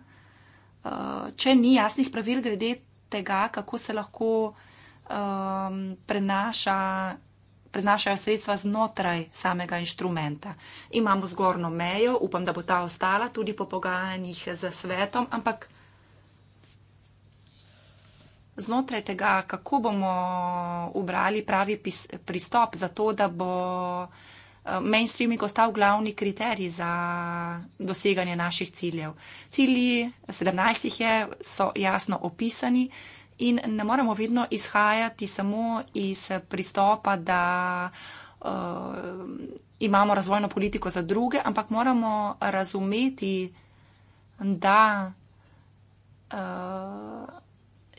Uh, če ni jasnih pravil glede tega, kako se lahko um, prenaša prenašajo sredstva znotraj samega inštrumenta. Imamo zgornjo mejo, upam, da bo ta ostala tudi po pogajanjih z svetom, ampak znotraj tega, kako bomo ubrali pravi pristop za to, da bo eh, mainstreaming ostal glavni kriterij za doseganje naših ciljev. Cilji 17 je, so jasno opisani. In ne moremo vedno izhajati samo iz pristopa, da uh, imamo razvojno politiko za druge, ampak moramo razumeti, da uh,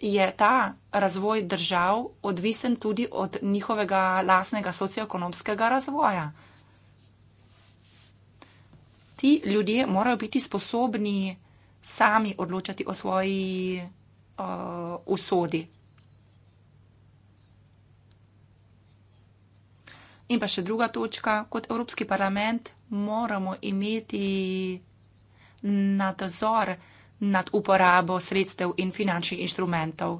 je ta razvoj držav odvisen tudi od njihovega lasnega socioekonomskega razvoja. Ti ljudje morajo biti sposobni sami odločati o svoji uh, usodi. In pa še druga točka, kot Evropski parlament moramo imeti nadzor nad uporabo sredstev in finančnih inštrumentov.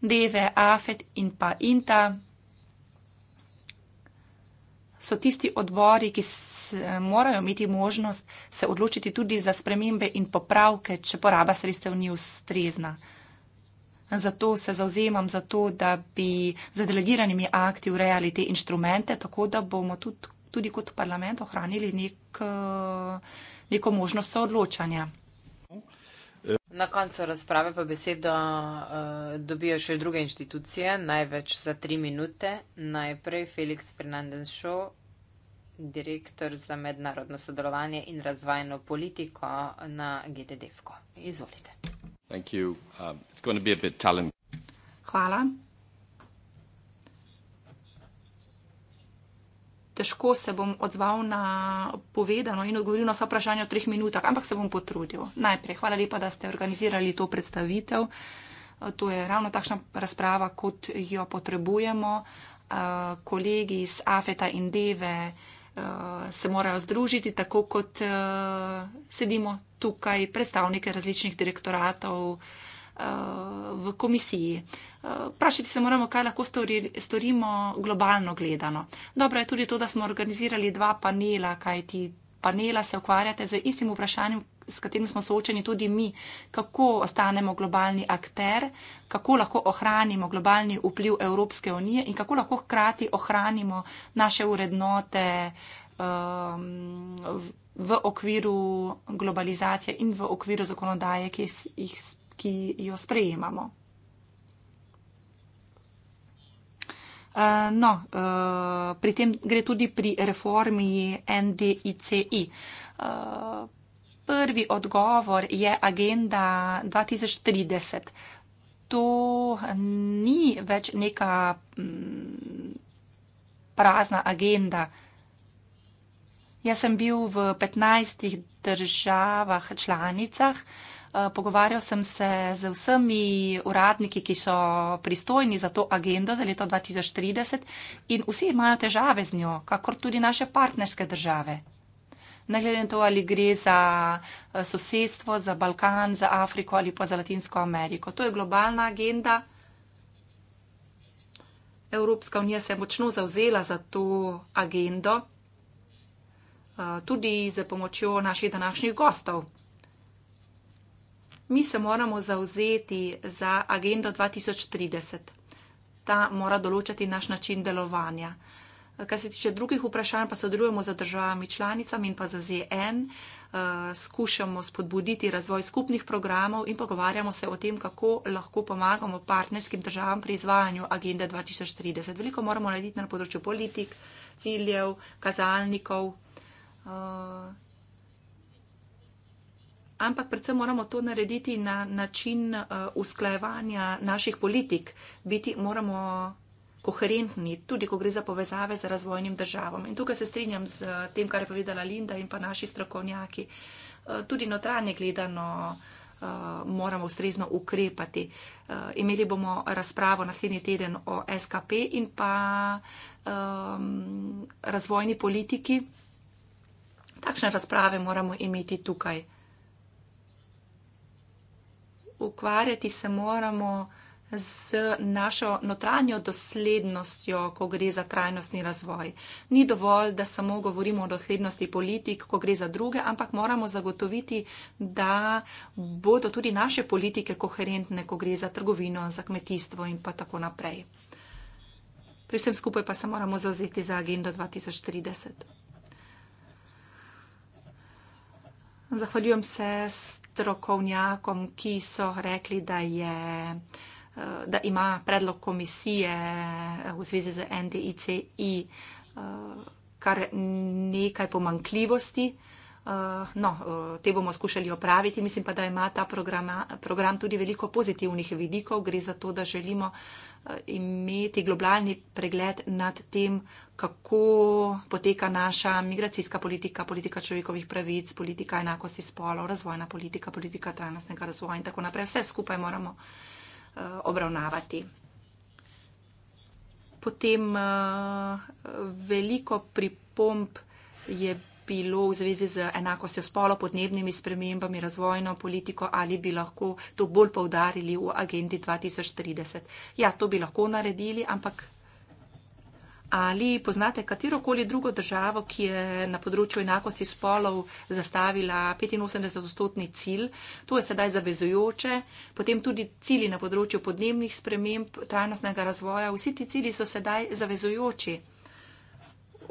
DV, AFET in pa INTA so tisti odbori, ki se, morajo imeti možnost se odločiti tudi za spremembe in popravke, če poraba sredstev ni ustrezna. Uh, Zato se zauzemam za to, da bi z delegiranimi akti urejali te inštrumente, tako da bomo tudi, tudi kot parlament ohranili nek, neko možnost soodločanja. Na koncu razprave pa besedo uh, dobijo še druge inštitucije, največ za tri minute. Najprej Felix Fernandez Show, direktor za mednarodno sodelovanje in razvajno politiko na GDDF-ko. Izvolite. Thank you. Um, it's going to be a bit challenging. Hvala. Težko se bom odzval na povedano in odgovoril na vse vprašanje v treh minutah, ampak se bom potrudil. Najprej, hvala lepa, da ste organizirali to predstavitev. To je ravno takšna razprava, kot jo potrebujemo. Eh, kolegi iz Afeta in Deve eh, se morajo združiti, tako kot eh, sedimo tukaj predstavnike različnih direktoratov eh, v komisiji. Eh, Prašiti se moramo, kaj lahko storimo globalno gledano. Dobro je tudi to, da smo organizirali dva panela, kaj ti panela se ukvarjate z istim vprašanjem, s katerim smo soočeni tudi mi, kako ostanemo globalni akter, kako lahko ohranimo globalni vpliv Evropske unije in kako lahko hkrati ohranimo naše urednote, uh, um, v okviru globalizacije in v okviru zakonodaje, ki, jih, ki jo sprejemamo. Uh, no, uh, pri tem gre tudi pri reformi NDICI. Uh, prvi odgovor je agenda 2030. To ni več neka mm, prazna agenda, Jaz sem bil v 15 državah članicah, eh, pogovarjal sem se z vsemi uradniki, ki so pristojni za to agendo za leto 2030 in vsi imajo težave z njo, kakor tudi naše partnerske države. Ne glede na to, ali gre za eh, sosedstvo, za Balkan, za Afriko ali pa za Latinsko Ameriko. To je globalna agenda. Evropska unija se je močno zauzela za to agendo tudi z pomočjo naših današnjih gostov. Mi se moramo zauzeti za agendo 2030. Ta mora določati naš način delovanja. Kar se tiče drugih vprašanj, pa sodelujemo z državami članicami in pa za ZN, skušamo spodbuditi razvoj skupnih programov in pogovarjamo se o tem, kako lahko pomagamo partnerskim državam pri izvajanju agende 2030. Veliko moramo narediti na področju politik, ciljev, kazalnikov. Uh, ampak predvsem moramo to narediti na način uh, usklajevanja naših politik, biti moramo koherentni, tudi ko gre za povezave z razvojnim državam. In tukaj se strinjam z uh, tem, kar je povedala Linda in pa naši strokovnjaki. Uh, tudi notranje gledano uh, moramo ustrezno ukrepati. Uh, imeli bomo razpravo naslednji teden o SKP in pa um, razvojni politiki. Takšne razprave moramo imeti tukaj. Ukvarjati se moramo z našo notranjo doslednostjo, ko gre za trajnostni razvoj. Ni dovolj, da samo govorimo o doslednosti politik, ko gre za druge, ampak moramo zagotoviti, da bodo tudi naše politike koherentne, ko gre za trgovino, za kmetijstvo in pa tako naprej. Pri vsem skupaj pa se moramo zauzeti za agendo 2030. Zahvaljujem se strokovnjakom, ki so rekli, da, je, eh, da ima predlog komisije eh, v zvezi z NDICI eh, kar nekaj pomankljivosti. No, te bomo skušali opraviti. Mislim pa, da ima ta program, program tudi veliko pozitivnih vidikov. Gre za to, da želimo Eh, imeti globalni pregled nad tem, kako poteka naša migracijska politika, politika človekovih pravic, politika enakosti spolov, razvojna politika, politika trajnostnega razvoja in tako naprej. Vse skupaj moramo eh, obravnavati. Potem eh, veliko pripomb je bilo bilo v zvezi z enakostjo spolo, podnebnimi spremembami, razvojno politiko ali bi lahko to bolj povdarili v agendi 2030. Ja, to bi lahko naredili, ampak ali poznate katerokoli drugo državo, ki je na področju enakosti spolov zastavila 85-stotni cilj, to je sedaj zavezujoče, potem tudi cilji na področju podnebnih sprememb, trajnostnega razvoja, vsi ti cilji so sedaj zavezujoči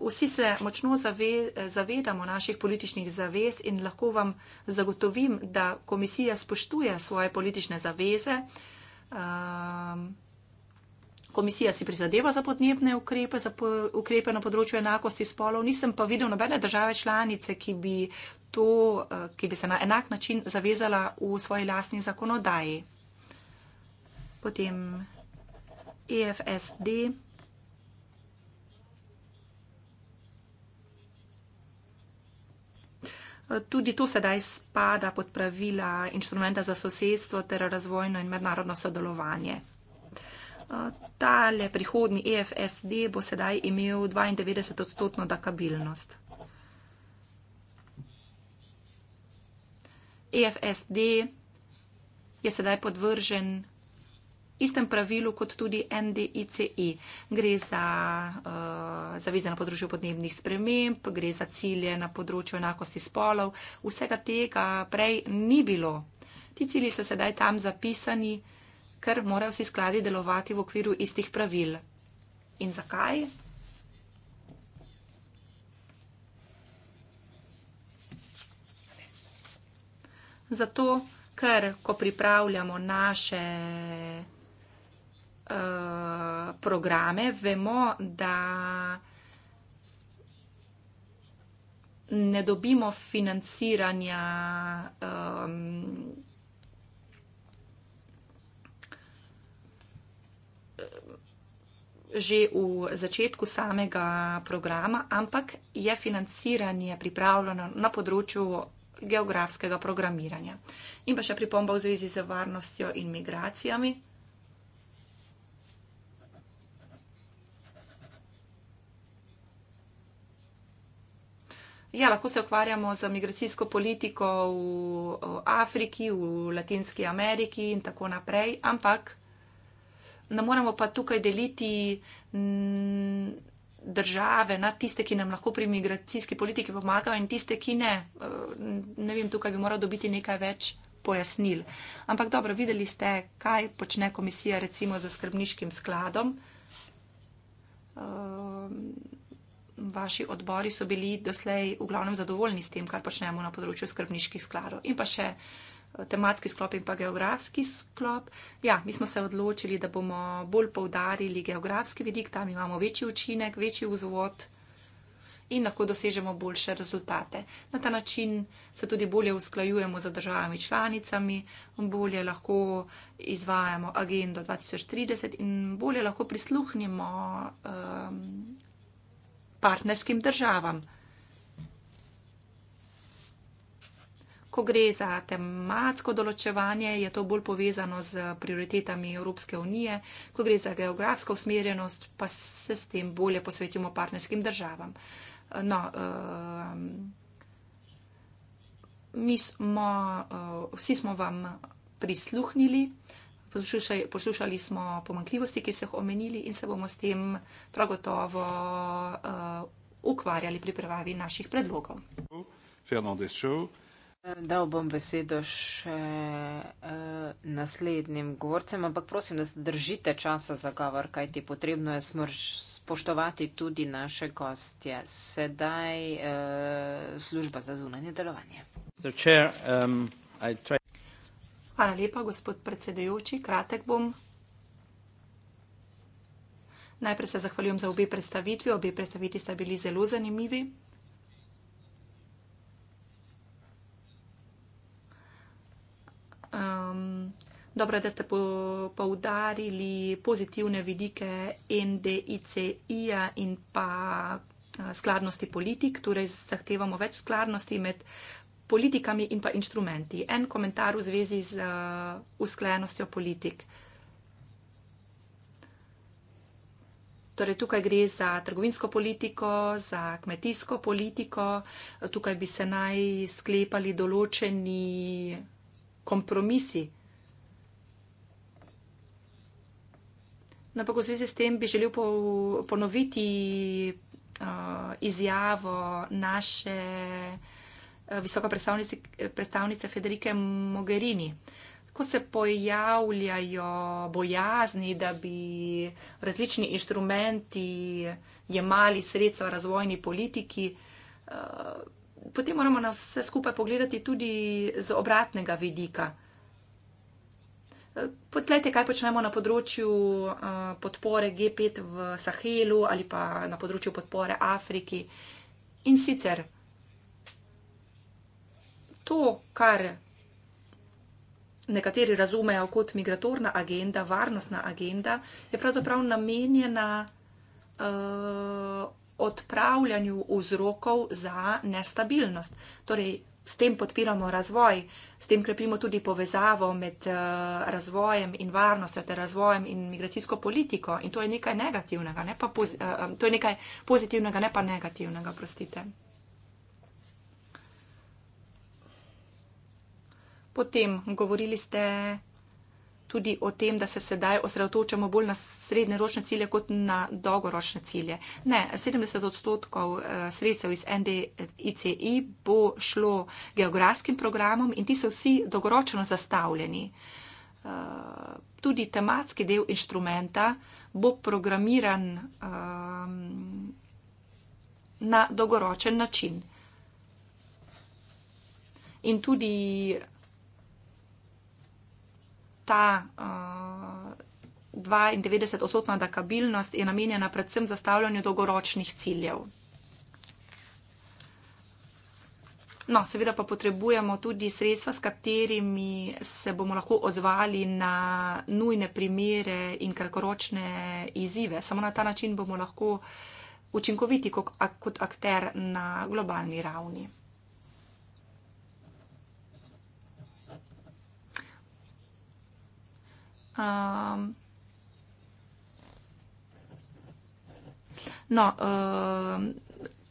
vsi se močno zave, zavedamo naših političnih zavez in lahko vam zagotovim, da komisija spoštuje svoje politične zaveze. Um, komisija si prizadeva za podnebne ukrepe, za po, ukrepe na področju enakosti spolov. Nisem pa videl nobene države članice, ki bi, to, eh, ki bi se na enak način zavezala v svoji lastni zakonodaji. Potem EFSD. Tudi to sedaj spada pod pravila inštrumenta za sosedstvo ter razvojno in mednarodno sodelovanje. Tale prihodni EFSD bo sedaj imel 92 odstotno dakabilnost. EFSD je sedaj podvržen istem pravilu kot tudi NDICE. Gre za uh, eh, zaveze na področju podnebnih sprememb, gre za cilje na področju enakosti spolov. Vsega tega prej ni bilo. Ti cilji so sedaj tam zapisani, ker morajo vsi skladi delovati v okviru istih pravil. In zakaj? Zato, ker ko pripravljamo naše uh, programe, vemo, da ne dobimo financiranja um, že v začetku samega programa, ampak je financiranje pripravljeno na področju geografskega programiranja. In pa še pripomba v zvezi z varnostjo in migracijami. Ja, lahko se ukvarjamo z migracijsko politiko v Afriki, v Latinski Ameriki in tako naprej, ampak ne moremo pa tukaj deliti države na tiste, ki nam lahko pri migracijski politiki pomagajo in tiste, ki ne. E, ne vem, tukaj bi moral dobiti nekaj več pojasnil. Ampak dobro, videli ste, kaj počne komisija recimo za skrbniškim skladom. Uh, vaši odbori so bili doslej v glavnem zadovoljni s tem, kar počnemo na področju skrbniških skladov. In pa še eh, tematski sklop in pa geografski sklop. Ja, mi smo se odločili, da bomo bolj poudarili geografski vidik, tam imamo večji učinek, večji vzvod in lahko dosežemo boljše rezultate. Na ta način se tudi bolje usklajujemo z državami članicami, bolje lahko izvajamo agendo 2030 in bolje lahko prisluhnimo. Um, ehm, partnerskim državam. Ko gre za tematsko določevanje, je to bolj povezano z prioritetami Evropske unije, ko gre za geografsko usmerjenost, pa se s tem bolje posvetimo partnerskim državam. No, uh, mi smo, uh, vsi smo vam prisluhnili poslušali, poslušali smo pomankljivosti, ki so jih omenili in se bomo s tem prav gotovo uh, ukvarjali pri prevavi naših predlogov. Dal bom besedo še uh, naslednjim govorcem, ampak prosim, da držite časa za govor, kajti potrebno je smrš spoštovati tudi naše gostje. Sedaj uh, služba za zunanje delovanje. Hvala lepa, gospod predsedujoči. Kratek bom. Najprej se zahvaljujem za obe predstavitvi. Obe predstavitvi sta bili zelo zanimivi. Um, dobro, da ste po, poudarili pozitivne vidike NDICI-ja in pa eh, skladnosti politik, torej zahtevamo več skladnosti med uh, politikami in pa inštrumenti. En komentar v zvezi z uh, usklajenostjo politik. Torej, tukaj gre za trgovinsko politiko, za kmetijsko politiko, tukaj bi se naj sklepali določeni kompromisi. Ampak v zvezi s tem bi želel ponoviti uh, izjavo naše uh, Eh, visoka predstavnica Federike Mogherini. Ko se pojavljajo bojazni, da bi različni inštrumenti jemali sredstva razvojni politiki, eh, potem moramo na vse skupaj pogledati tudi z obratnega vidika. Eh, potlejte, kaj počnemo na področju podpore G5 v Sahelu ali pa na področju podpore Afriki in sicer to, kar nekateri razumejo kot migratorna agenda, varnostna agenda, je pravzaprav namenjena uh, odpravljanju vzrokov za nestabilnost. Torej, S tem podpiramo razvoj, s tem krepimo tudi povezavo med uh, razvojem in varnostjo, ter razvojem in migracijsko politiko. In to je nekaj negativnega, ne pa, pozi uh, eh, to je nekaj pozitivnega, ne pa negativnega, prostite. Potem govorili ste tudi o tem, da se sedaj osredotočamo bolj na srednjeročne cilje kot na dolgoročne cilje. Ne, 70 odstotkov eh, sredstev iz NDICI bo šlo geografskim programom in ti so vsi dolgoročno zastavljeni. Eh, tudi tematski del inštrumenta bo programiran ehm, na dolgoročen način. In tudi ta uh, eh, 92-odstotna dakabilnost je namenjena predvsem zastavljanju dolgoročnih ciljev. No, seveda pa potrebujemo tudi sredstva, s katerimi se bomo lahko odzvali na nujne primere in kratkoročne izzive. Samo na ta način bomo lahko učinkoviti kot, kot akter na globalni ravni. Um, no, um,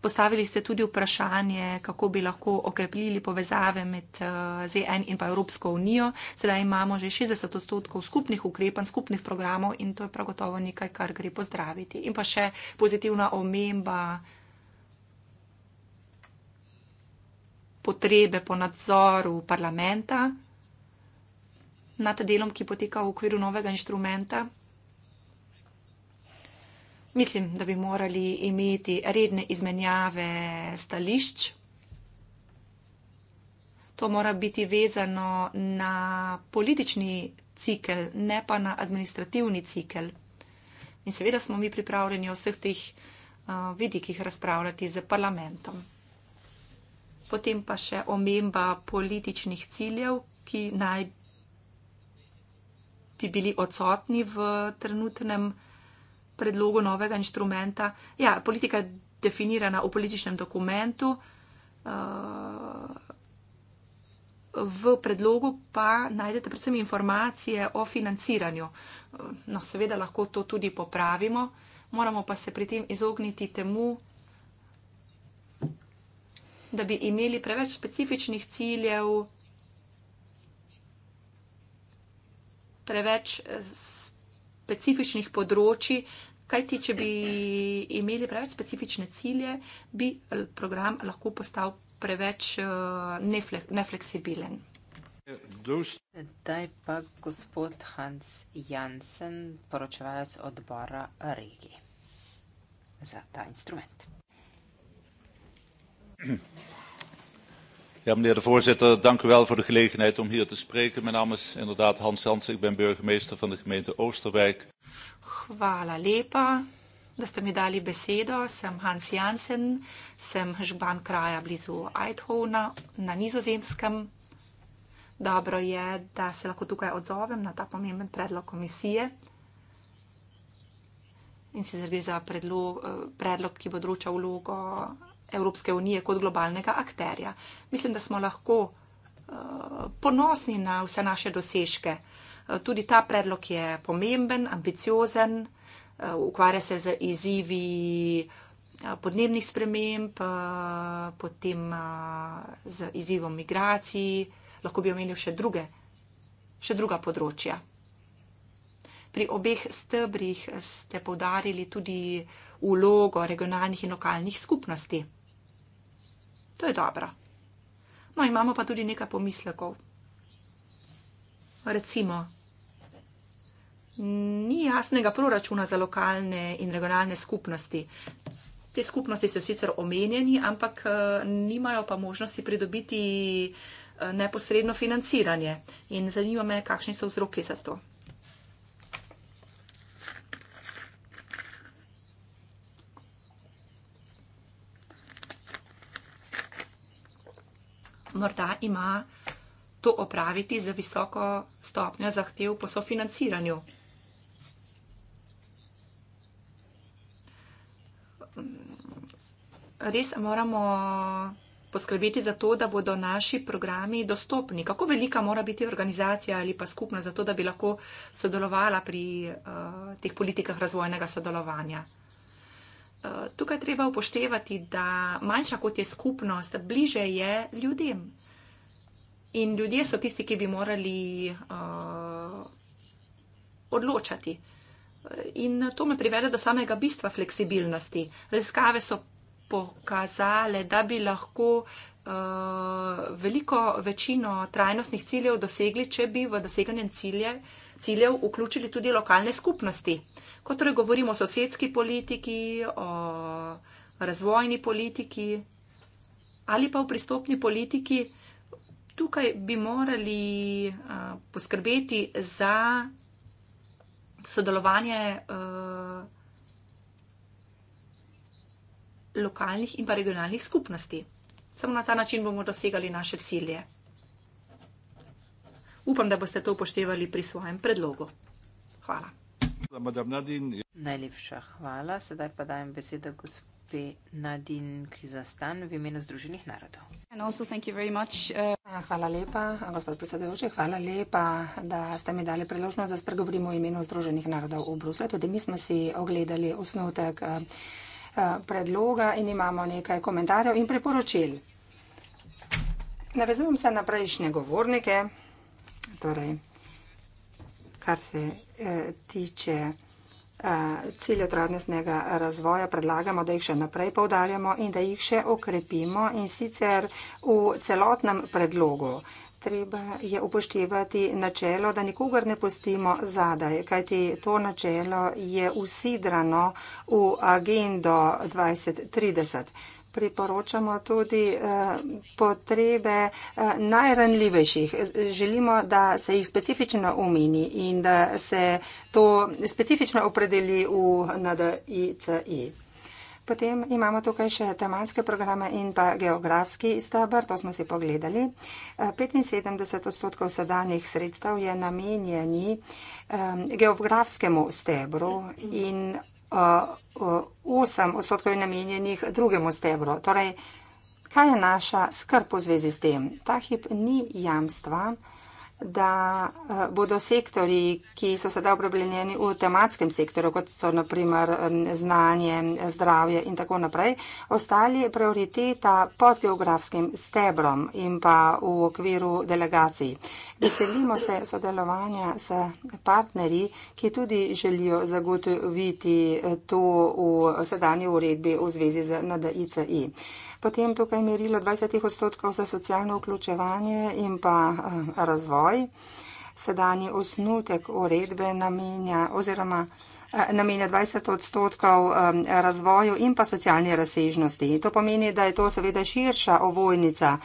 postavili ste tudi vprašanje, kako bi lahko okrepili povezave med eh, ZN in pa Evropsko unijo. Sedaj imamo že 60 odstotkov skupnih ukrepanj, skupnih programov in to je prav gotovo nekaj, kar gre pozdraviti. In pa še pozitivna omemba. Potrebe po nadzoru parlamenta nad delom, ki poteka v okviru novega inštrumenta? Mislim, da bi morali imeti redne izmenjave stališč. To mora biti vezano na politični cikel, ne pa na administrativni cikel. In seveda smo mi pripravljeni o vseh teh uh, vidikih razpravljati z parlamentom. Potem pa še omemba političnih ciljev, ki naj bi bi bili odsotni v trenutnem predlogu novega inštrumenta. Ja, politika je definirana v političnem dokumentu, eh, v predlogu pa najdete predvsem informacije o financiranju. No, seveda lahko to tudi popravimo, moramo pa se pri tem izogniti temu, da bi imeli preveč specifičnih ciljev. preveč eh, specifičnih področji. Kaj ti, če bi imeli preveč specifične cilje, bi eh, program lahko postal preveč eh, nefleksibilen. Zdaj pa gospod Hans Jansen, poročevalec odbora regije za ta instrument. Ja, meneer de voorzitter, dank u wel voor de gelegenheid om hier te spreken. Mijn naam is inderdaad Hans Jansen, ik ben burgemeester van de gemeente Oosterwijk. Hvala lepa, da ste mi dali besedo. Sem Hans Jansen, sem župan kraja blizu Eidhona na nizozemskem. Dobro je, da se lahko tukaj odzovem na ta pomemben predlog komisije in se zrbi za predlog, eh, predlog ki bo odročal vlogo Evropske unije kot globalnega akterja. Mislim, da smo lahko eh, ponosni na vse naše dosežke. Eh, tudi ta predlog je pomemben, ambiciozen, eh, ukvarja se z izzivi podnebnih sprememb, potem z izzivom migracij, lahko bi omenil še, druge, še druga področja. Pri obeh stebrih ste povdarili tudi ulogo regionalnih in lokalnih skupnosti. To je dobro. No, imamo pa tudi nekaj pomislekov. Recimo, ni jasnega proračuna za lokalne in regionalne skupnosti. Te skupnosti so sicer omenjeni, ampak eh, nimajo pa možnosti pridobiti eh, neposredno financiranje. In zanima me, kakšni so vzroki za to. morda ima to opraviti za visoko stopnjo zahtev po sofinanciranju. Res moramo poskrbeti za to, da bodo naši programi dostopni. Kako velika mora biti organizacija ali pa skupna za to, da bi lahko sodelovala pri uh, teh politikah razvojnega sodelovanja? Eh, tukaj treba upoštevati, da manjša kot je skupnost, bliže je ljudem. In ljudje so tisti, ki bi morali uh, odločati. In to me privede do samega bistva fleksibilnosti. Raziskave so pokazale, da bi lahko uh, veliko večino trajnostnih ciljev dosegli, če bi v doseganjem cilje uh, ciljev vključili tudi lokalne skupnosti. Ko torej govorimo o sosedski politiki, o razvojni politiki ali pa o pristopni politiki, tukaj bi morali poskrbeti za sodelovanje lokalnih in pa regionalnih skupnosti. Samo na ta način bomo dosegali naše cilje. Upam, da boste to upoštevali pri svojem predlogu. Hvala. Najlepša hvala. Sedaj pa dajem besedo gospe Nadin Krizastan v imenu Združenih narodov. Much, uh... Ja, hvala lepa, gospod predsedujoči. Hvala lepa, da ste mi dali priložnost, da spregovorimo v imenu Združenih narodov v Bruslju. Tudi mi smo si ogledali osnutek uh, uh, predloga in imamo nekaj komentarjev in priporočil. Navezujem se na prejšnje govornike torej, kar se eh, tiče eh, ciljev trajnostnega razvoja, predlagamo, da jih še naprej povdarjamo in da jih še okrepimo in sicer v celotnem predlogu. Treba je upoštevati načelo, da nikogar ne pustimo zadaj, kajti to načelo je usidrano v agendo 2030 priporočamo tudi eh, potrebe eh, najranljivejših. Želimo, da se jih specifično omeni in da se to specifično opredeli v NDICI. Potem imamo tukaj še temanske programe in pa geografski stebr, to smo si pogledali. 75 eh, odstotkov sedanjih sredstev je namenjeni geografskemu stebru in 8 odstotkov je namenjenih drugemu stebru. Torej, kaj je naša skrb v zvezi s tem? Ta hip ni jamstva, da eh, bodo sektori, ki so sedaj obrobljeni v tematskem sektoru, kot so naprimer znanje, zdravje in tako naprej, ostali prioriteta pod geografskim stebrom in pa v okviru delegacij. Veselimo se sodelovanja s partnerji, ki tudi želijo zagotoviti eh, to v sedanji uredbi v zvezi z NDICI. Potem tukaj merilo 20 odstotkov za socialno vključevanje in pa eh, razvoj. Sedanji osnutek uredbe namenja oziroma eh, namenja 20 odstotkov eh, razvoju in pa socialni razsežnosti. To pomeni, da je to seveda širša ovojnica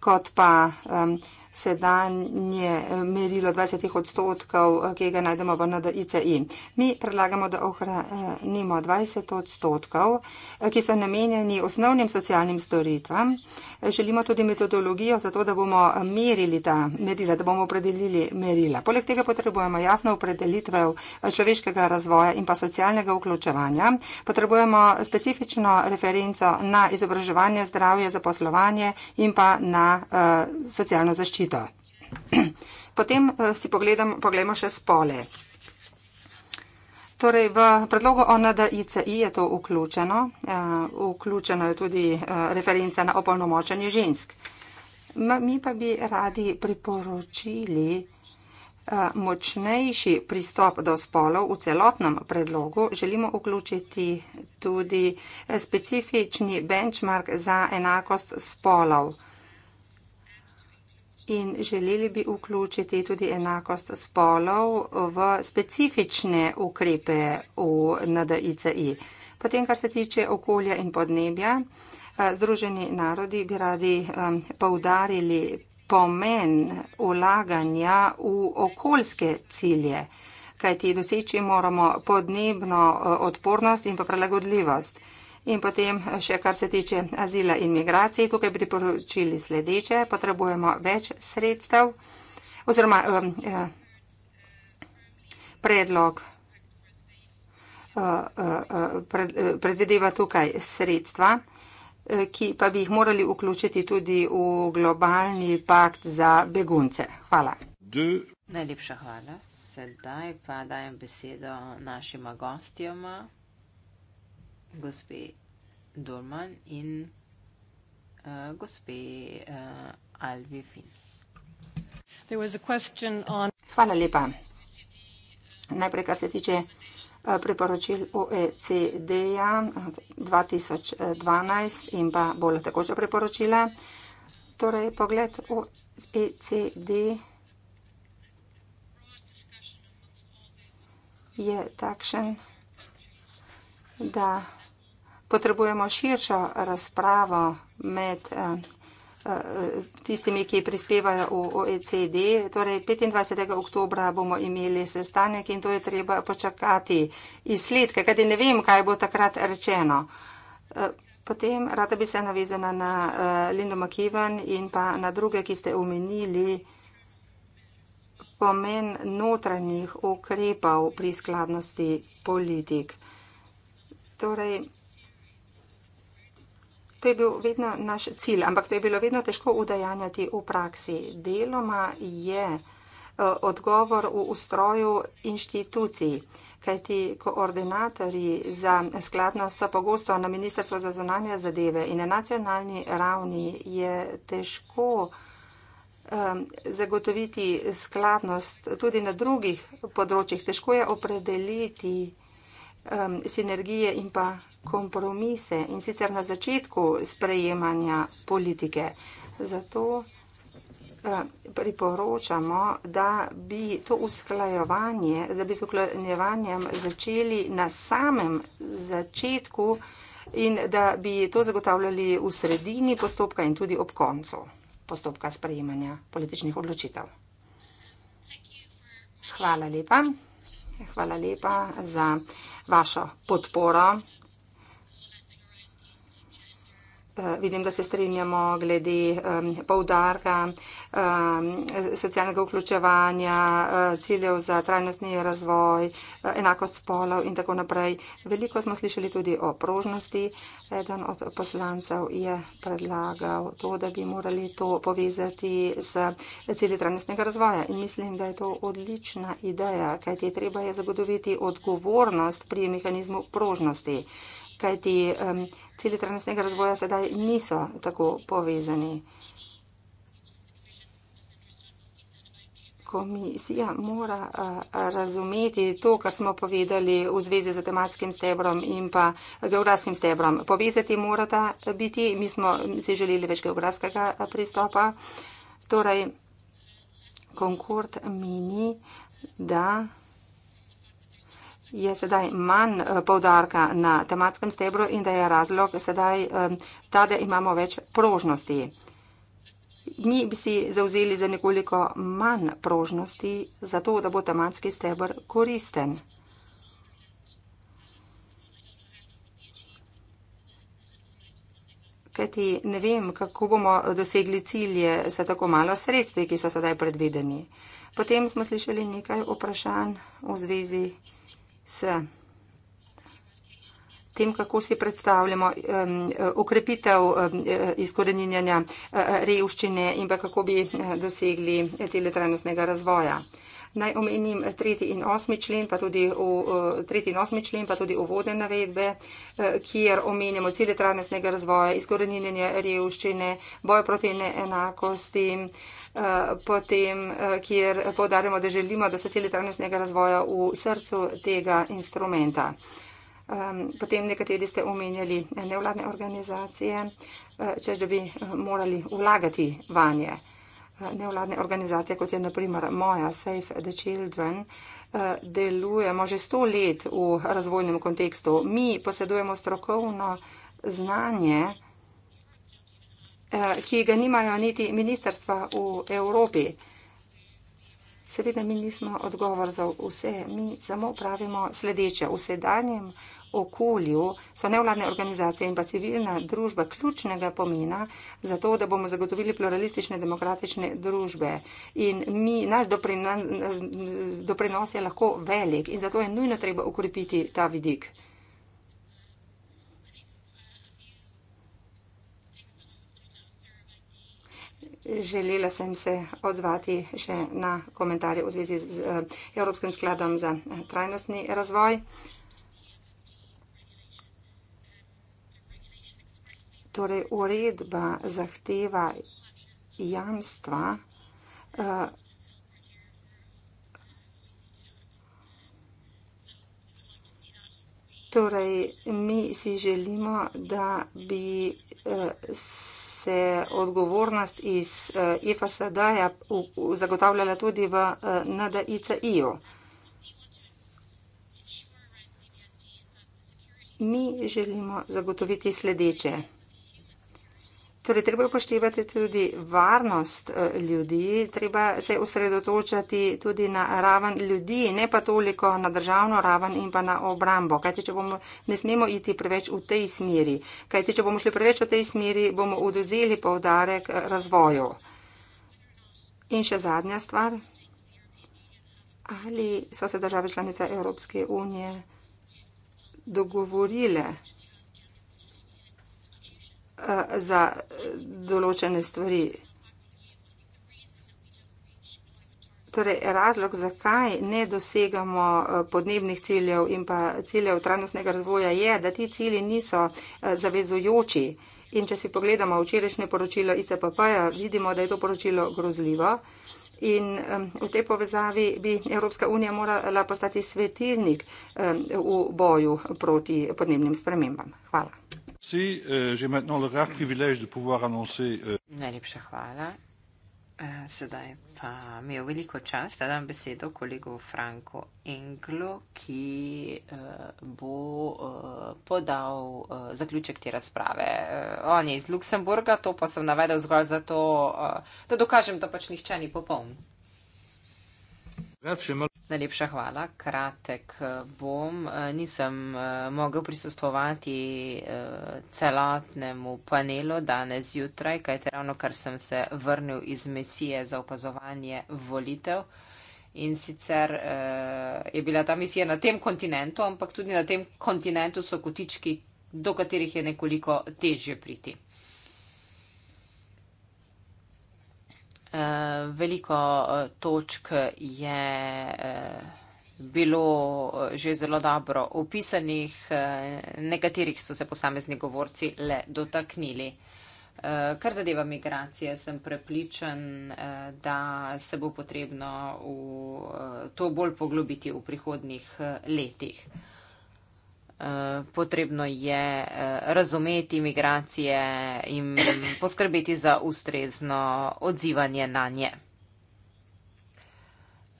kot pa. Um, sedanje eh, merilo 20 odstotkov, eh, ki ga najdemo v NDICI. Mi predlagamo, da ohranimo 20 odstotkov, eh, ki so namenjeni osnovnim socialnim storitvam. Želimo tudi metodologijo za to, da bomo merili ta merila, da bomo opredelili merila. Poleg tega potrebujemo jasno opredelitve človeškega razvoja in pa socialnega vključevanja. Potrebujemo specifično referenco na izobraževanje, zdravje, zaposlovanje in pa na uh, socialno zaščito. Potem uh, si pogledam, pogledamo še spole. Torej, v predlogu ONDICI je to vključeno. Uh, eh, vključeno je tudi uh, referenca na opolnomočanje žensk. Ma, mi pa bi radi priporočili uh, močnejši pristop do spolov v celotnem predlogu. Želimo vključiti tudi specifični benchmark za enakost spolov. Uh, in želeli bi vključiti tudi enakost spolov v specifične ukrepe v NDICI. Potem, kar se tiče okolja in podnebja, eh, Združeni narodi bi radi um, poudarili pomen ulaganja v okoljske cilje, kajti doseči moramo podnebno eh, odpornost in pa prilagodljivost. In potem še kar se tiče azila in migracij, tukaj bi priporočili sledeče. Potrebujemo več sredstev oziroma um, eh, predlog. Uh, uh, uh, pred, uh, predvideva tukaj sredstva, uh, ki pa bi jih morali vključiti tudi v globalni pakt za begunce. Hvala. De. Najlepša hvala. Sedaj pa dajem besedo našima gostjoma gospe Dolman in uh, gospe uh, Alvi Fin. Hvala lepa. Najprej, kar se tiče eh, priporočil OECD-ja 2012 in pa bolj takoča priporočila. Torej, pogled OECD je takšen, da potrebujemo širšo razpravo med eh, eh, tistimi, ki prispevajo v OECD. Torej, 25. oktober bomo imeli sestanek in to je treba počakati izsledke, kajti ne vem, kaj bo takrat rečeno. Eh, potem rada bi se navezala na Lindo McKeven in pa na druge, ki ste omenili pomen notranjih ukrepov pri skladnosti politik. Torej, To je bil vedno naš cilj, ampak to je bilo vedno težko udajanjati v praksi. Deloma je eh, odgovor v ustroju inštituciji, kajti koordinatorji za skladnost so pogosto na Ministrstvo za zunanje zadeve in na nacionalni ravni je težko ehm, zagotoviti skladnost tudi na drugih področjih. Težko je opredeliti ehm, sinergije in pa kompromise in sicer na začetku sprejemanja politike. Zato eh, priporočamo, da bi to usklajevanje, da bi z uklanjevanjem začeli na samem začetku in da bi to zagotavljali v sredini postopka in tudi ob koncu postopka sprejemanja političnih odločitev. Hvala lepa. Hvala lepa za vašo podporo. Eh, vidim, da se strinjamo glede um, povdarka um, socialnega vključevanja, uh, ciljev za trajnostni razvoj, uh, enakost spolov in tako naprej. Veliko smo slišali tudi o prožnosti. Eden od poslancev je predlagal to, da bi morali to povezati z cilji trajnostnega razvoja. In mislim, da je to odlična ideja, kajti treba je zagotoviti odgovornost pri mehanizmu prožnosti kajti um, cilji trenutnega razvoja sedaj niso tako povezani. Komisija mora razumeti to, kar smo povedali v zvezi z tematskim stebrom in pa geografskim stebrom. Povezati morata biti, mi smo si želeli več geografskega pristopa. Torej, Concord meni, da je sedaj manj eh, povdarka na tematskem stebru in da je razlog sedaj eh, ta, da imamo več prožnosti. Mi bi si zauzeli za nekoliko manj prožnosti, zato da bo tematski stebr koristen. Kajti ne vem, kako bomo eh, dosegli cilje za tako malo sredstvi, ki so sedaj predvideni. Potem smo slišali nekaj vprašanj v zvezi s tem, kako si predstavljamo um, ukrepitev um, izkoreninjanja uh, revščine in pa kako bi eh, dosegli teletrajnostnega eh, razvoja. Naj omenim 3. in 8. člen, pa tudi, v, 3. In 8. Člen, pa tudi uvodne navedbe, kjer omenjamo cilje trajnostnega razvoja, izkoreninjenje revščine, boj proti neenakosti. Um, potem, eh, kjer povdarjamo, da želimo, da so cilji trajnostnega razvoja v srcu tega instrumenta. Potem nekateri ste omenjali nevladne organizacije, eh, čež da bi eh, morali vlagati vanje. Nevladne organizacije, kot je naprimer moja Save the Children, delujemo že sto let v razvojnem kontekstu. Mi posedujemo strokovno znanje Eh, ki ga nimajo niti ministerstva v Evropi. Seveda mi nismo odgovor za vse, mi samo pravimo sledeče. V sedanjem okolju so nevladne organizacije in pa civilna družba ključnega pomena za to, da bomo zagotovili pluralistične demokratične družbe. In mi, naš eh, doprinos je lahko velik in zato je nujno treba ukrepiti ta vidik. Želela sem se odzvati še na komentarje v zvezi z eh, Evropskim skladom za eh, trajnostni razvoj. Torej, uredba zahteva jamstva. Eh, torej, mi si želimo, da bi s se odgovornost iz IFSD-ja eh, zagotavljala tudi v eh, NDICI-ju. Mi želimo zagotoviti sledeče. Torej, treba upoštevati tudi varnost eh, ljudi, treba se osredotočati tudi na raven ljudi, ne pa toliko na državno raven in pa na obrambo. Kajti, če bomo, ne smemo iti preveč v tej smeri. Kajti, če bomo šli preveč v tej smeri, bomo oduzeli povdarek eh, razvoju. In še zadnja stvar. Ali so se države članice Evropske unije dogovorile? Eh, za eh, določene stvari. Torej, razlog, zakaj ne dosegamo eh, podnebnih ciljev in pa ciljev trajnostnega razvoja, je, da ti cilji niso zavezujoči. In če si pogledamo včerajšnje poročilo ICPP-ja, vidimo, da je to poročilo grozljivo. In v tej povezavi bi Evropska unija morala postati svetilnik v boju proti podnebnim spremembam. Hvala. Euh, euh, Najlepša hvala. Eh, sedaj pa mi je veliko čast, da dam besedo kolegu Franku Englu, ki eh, bo eh, podal zaključek te razprave. On je iz Luksemburga, to pa sem navedel zgolj zato, da dokažem, da pač nihče ni popoln. Najlepša hvala, kratek eh, bom. Eh, nisem eh, mogel prisostovati celotnemu panelu danes zjutraj, kajte ravno kar sem se vrnil iz misije za opazovanje volitev. In sicer je bila ta misija na tem kontinentu, ampak tudi na tem kontinentu so kotički, do katerih je nekoliko težje priti. Eh, veliko eh, točk je eh, bilo že zelo dobro opisanih, nekaterih so se posamezni govorci le dotaknili. Kar zadeva migracije, sem prepličen, da se bo potrebno v, to bolj poglobiti v prihodnih letih. Eh, potrebno je eh, razumeti migracije in poskrbeti za ustrezno odzivanje na nje.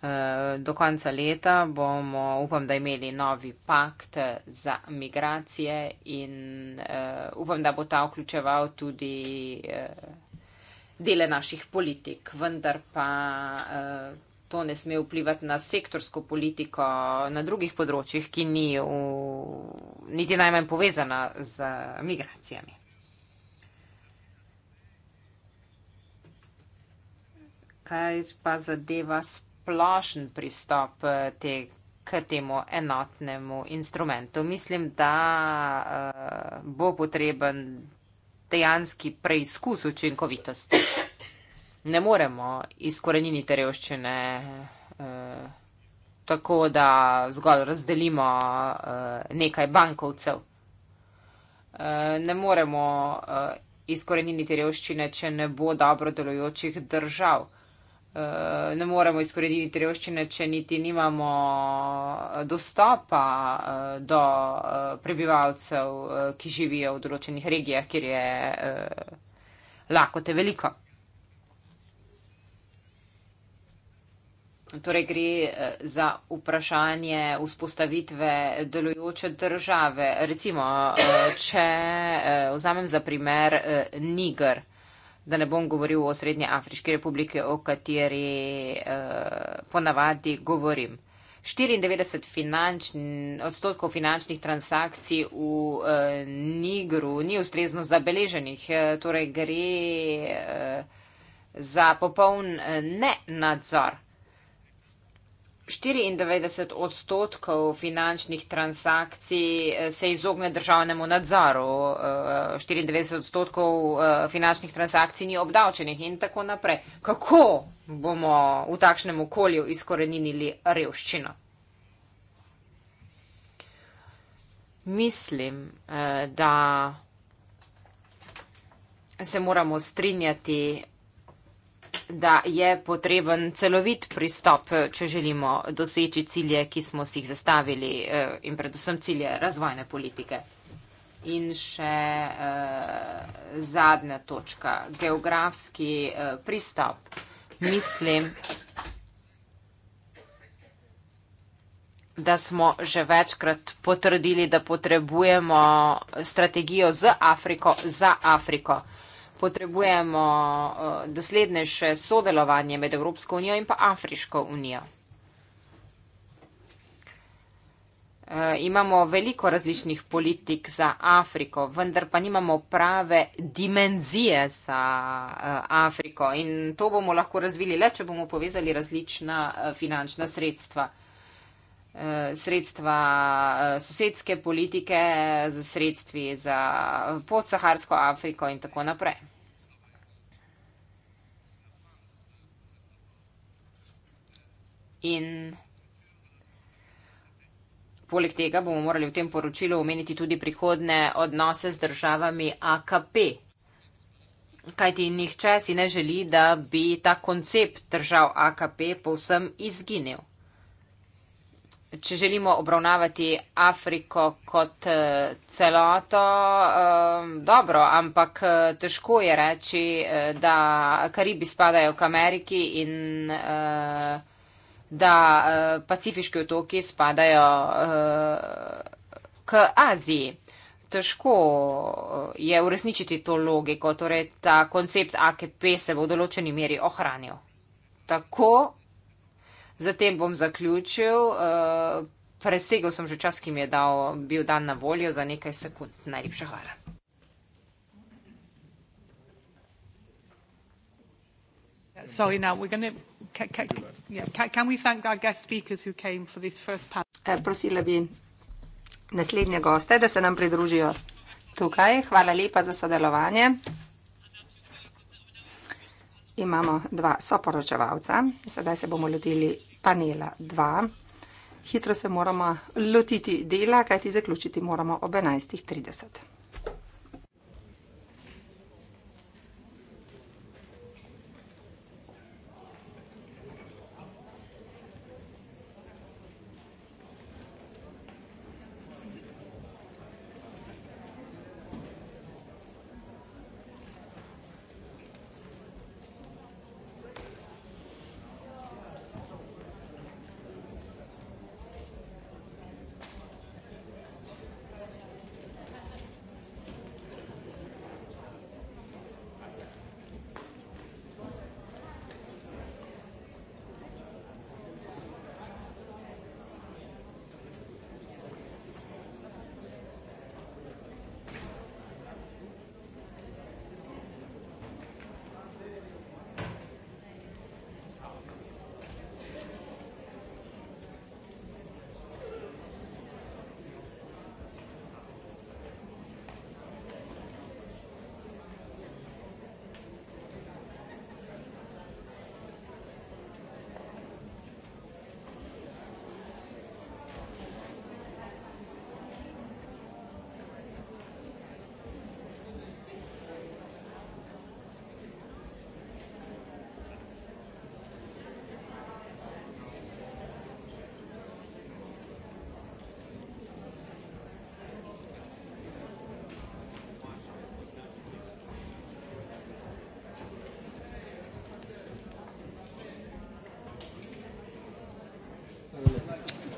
Eh, do konca leta bomo, upam, da imeli novi pakt za migracije in uh, upam, da bo ta vključeval tudi uh, dele naših politik. Vendar pa uh, to ne sme vplivati na sektorsko politiko na drugih področjih, ki ni v, niti najmanj povezana z migracijami. Kaj pa zadeva splošen pristop eh, te, k temu enotnemu instrumentu? Mislim, da uh, bo potreben dejanski preizkus učinkovitosti ne moremo izkoreniniti revščine eh, tako, da zgolj razdelimo eh, nekaj bankovcev. Eh, ne moremo eh, izkoreniniti revščine, če ne bo dobro delujočih držav. Eh, ne moremo izkoreniniti revščine, če niti nimamo eh, dostopa eh, do prebivalcev, ki živijo v določenih regijah, kjer je lakote veliko. Torej gre eh, za vprašanje vzpostavitve delujoče države. Recimo, eh, če eh, vzamem za primer Niger, da ne bom govoril o Srednje Afriški republiki, o kateri ponavadi govorim. 94 finančn, odstotkov finančnih transakcij v e, Nigru ni ustrezno zabeleženih, e, torej gre e, za popoln e, ne nadzor. E, 94 odstotkov finančnih transakcij eh, se izogne državnemu nadzoru, 94 eh, odstotkov eh, finančnih transakcij ni obdavčenih in tako naprej. Kako bomo v takšnem okolju izkorenili revščino? Mislim, da se moramo strinjati da je potreben celovit pristop, če želimo doseči cilje, ki smo si jih zastavili eh, in predvsem cilje razvojne politike. In še eh, zadnja točka, geografski eh, pristop. Mislim, da smo že večkrat potrdili, da potrebujemo strategijo z Afriko za Afriko potrebujemo uh, doslednejše sodelovanje med Evropsko unijo in pa Afriško unijo. Uh, imamo veliko različnih politik za Afriko, vendar pa nimamo prave dimenzije za uh, Afriko in to bomo lahko razvili le, če bomo povezali različna uh, finančna sredstva. Eh, sredstva eh, sosedske politike, z sredstvi za podsaharsko Afriko in tako naprej. In poleg tega bomo morali v tem poročilu omeniti tudi prihodne odnose z državami AKP. Kajti nihče si ne želi, da bi ta koncept držav AKP povsem izginil če želimo obravnavati Afriko kot eh, celoto, eh, dobro, ampak eh, težko je reči, da Karibi spadajo k Ameriki in da pacifiški otoki spadajo k Aziji. Težko je uresničiti to logiko, torej ta koncept AKP se v določeni meri ohranil. Tako Zatem bom zaključil. Eh, presegel sem že čas, ki mi je dal, bil dan na voljo za nekaj sekund. Najlepša hvala. Eh, prosila bi naslednje goste, da se nam pridružijo tukaj. Hvala lepa za sodelovanje. Imamo dva soporočevalca. Sedaj se bomo ljudili vsega panela 2. Hitro se moramo lotiti dela, kajti zaključiti moramo ob 11.30.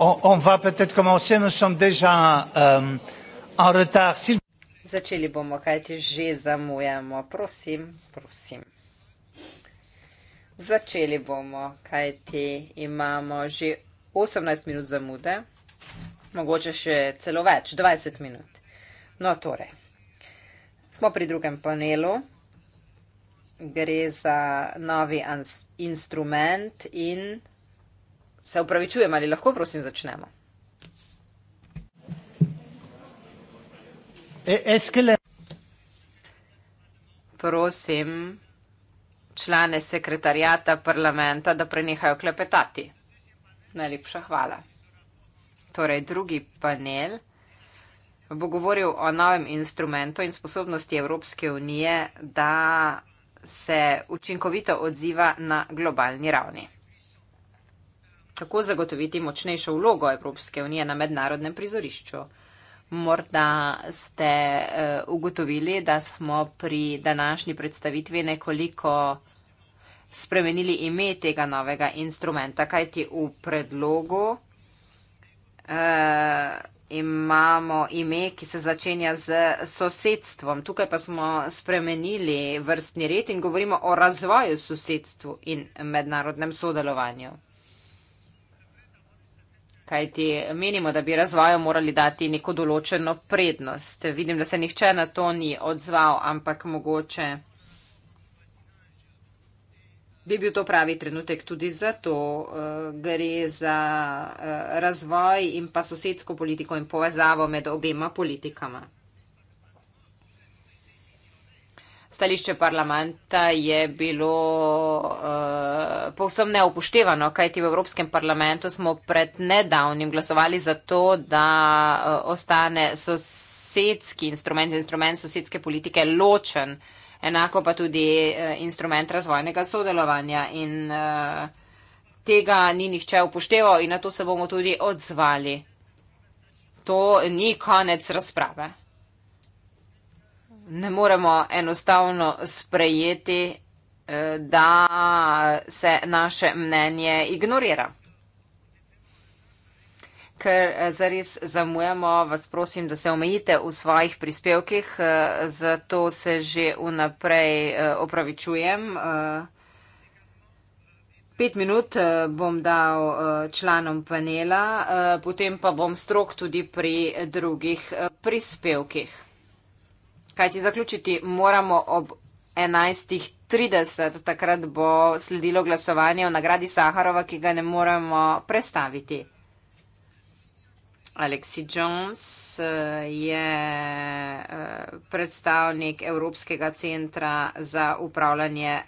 On va peut-être commencer, nous sommes déjà euh, en retard. Začeli bomo, kaj ti že zamujamo, prosim, prosim. Začeli bomo, kaj ti imamo že 18 minut zamude, mogoče še celo več, 20 minut. No, torej, smo pri drugem panelu, gre za novi instrument in Se upravičujem, ali lahko prosim začnemo? E, Eskele. Prosim člane sekretarjata parlamenta, da prenehajo klepetati. Najlepša hvala. Torej, drugi panel bo govoril o novem instrumentu in sposobnosti Evropske unije, da se učinkovito odziva na globalni ravni kako zagotoviti močnejšo vlogo Evropske unije na mednarodnem prizorišču. Morda ste eh, ugotovili, da smo pri današnji predstavitvi nekoliko spremenili ime tega novega instrumenta, kajti v predlogu eh, imamo ime, ki se začenja z sosedstvom. Tukaj pa smo spremenili vrstni red in govorimo o razvoju sosedstvu in mednarodnem sodelovanju kajti menimo, da bi razvoju morali dati neko določeno prednost. Vidim, da se nihče na to ni odzval, ampak mogoče bi bil to pravi trenutek tudi za to. Eh, gre za eh, razvoj in pa sosedsko politiko in povezavo med obema politikama. stališče parlamenta je bilo uh, povsem neupoštevano, kajti v Evropskem parlamentu smo pred nedavnim glasovali za to, da uh, ostane sosedski instrument, instrument sosedske politike ločen, enako pa tudi uh, instrument razvojnega sodelovanja. In, uh, Tega ni nihče upošteval in na to se bomo tudi odzvali. To ni konec razprave ne moremo enostavno sprejeti, eh, da se naše mnenje ignorira. Ker eh, zares zamujamo, vas prosim, da se omejite v svojih prispevkih, eh, zato se že vnaprej opravičujem. Pet minut bom dal članom panela, potem pa bom strok tudi pri drugih prispevkih. Kaj ti zaključiti, moramo ob 11.30, takrat bo sledilo glasovanje o nagradi Saharova, ki ga ne moremo prestaviti. Alexi Jones eh, je eh, predstavnik Evropskega centra za upravljanje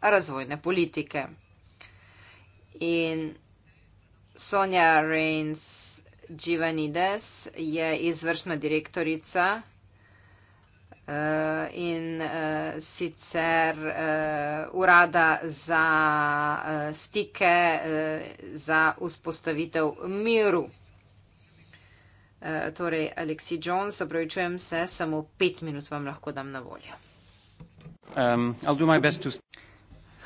razvojne politike. In Sonja Reins Givanides je izvršna direktorica. Eh, in uh, sicer uh, urada za uh, stike uh, za vzpostavitev miru. Uh, torej, Aleksi John, se pravi, čujem se, samo pet minut vam lahko dam na voljo. Um, to...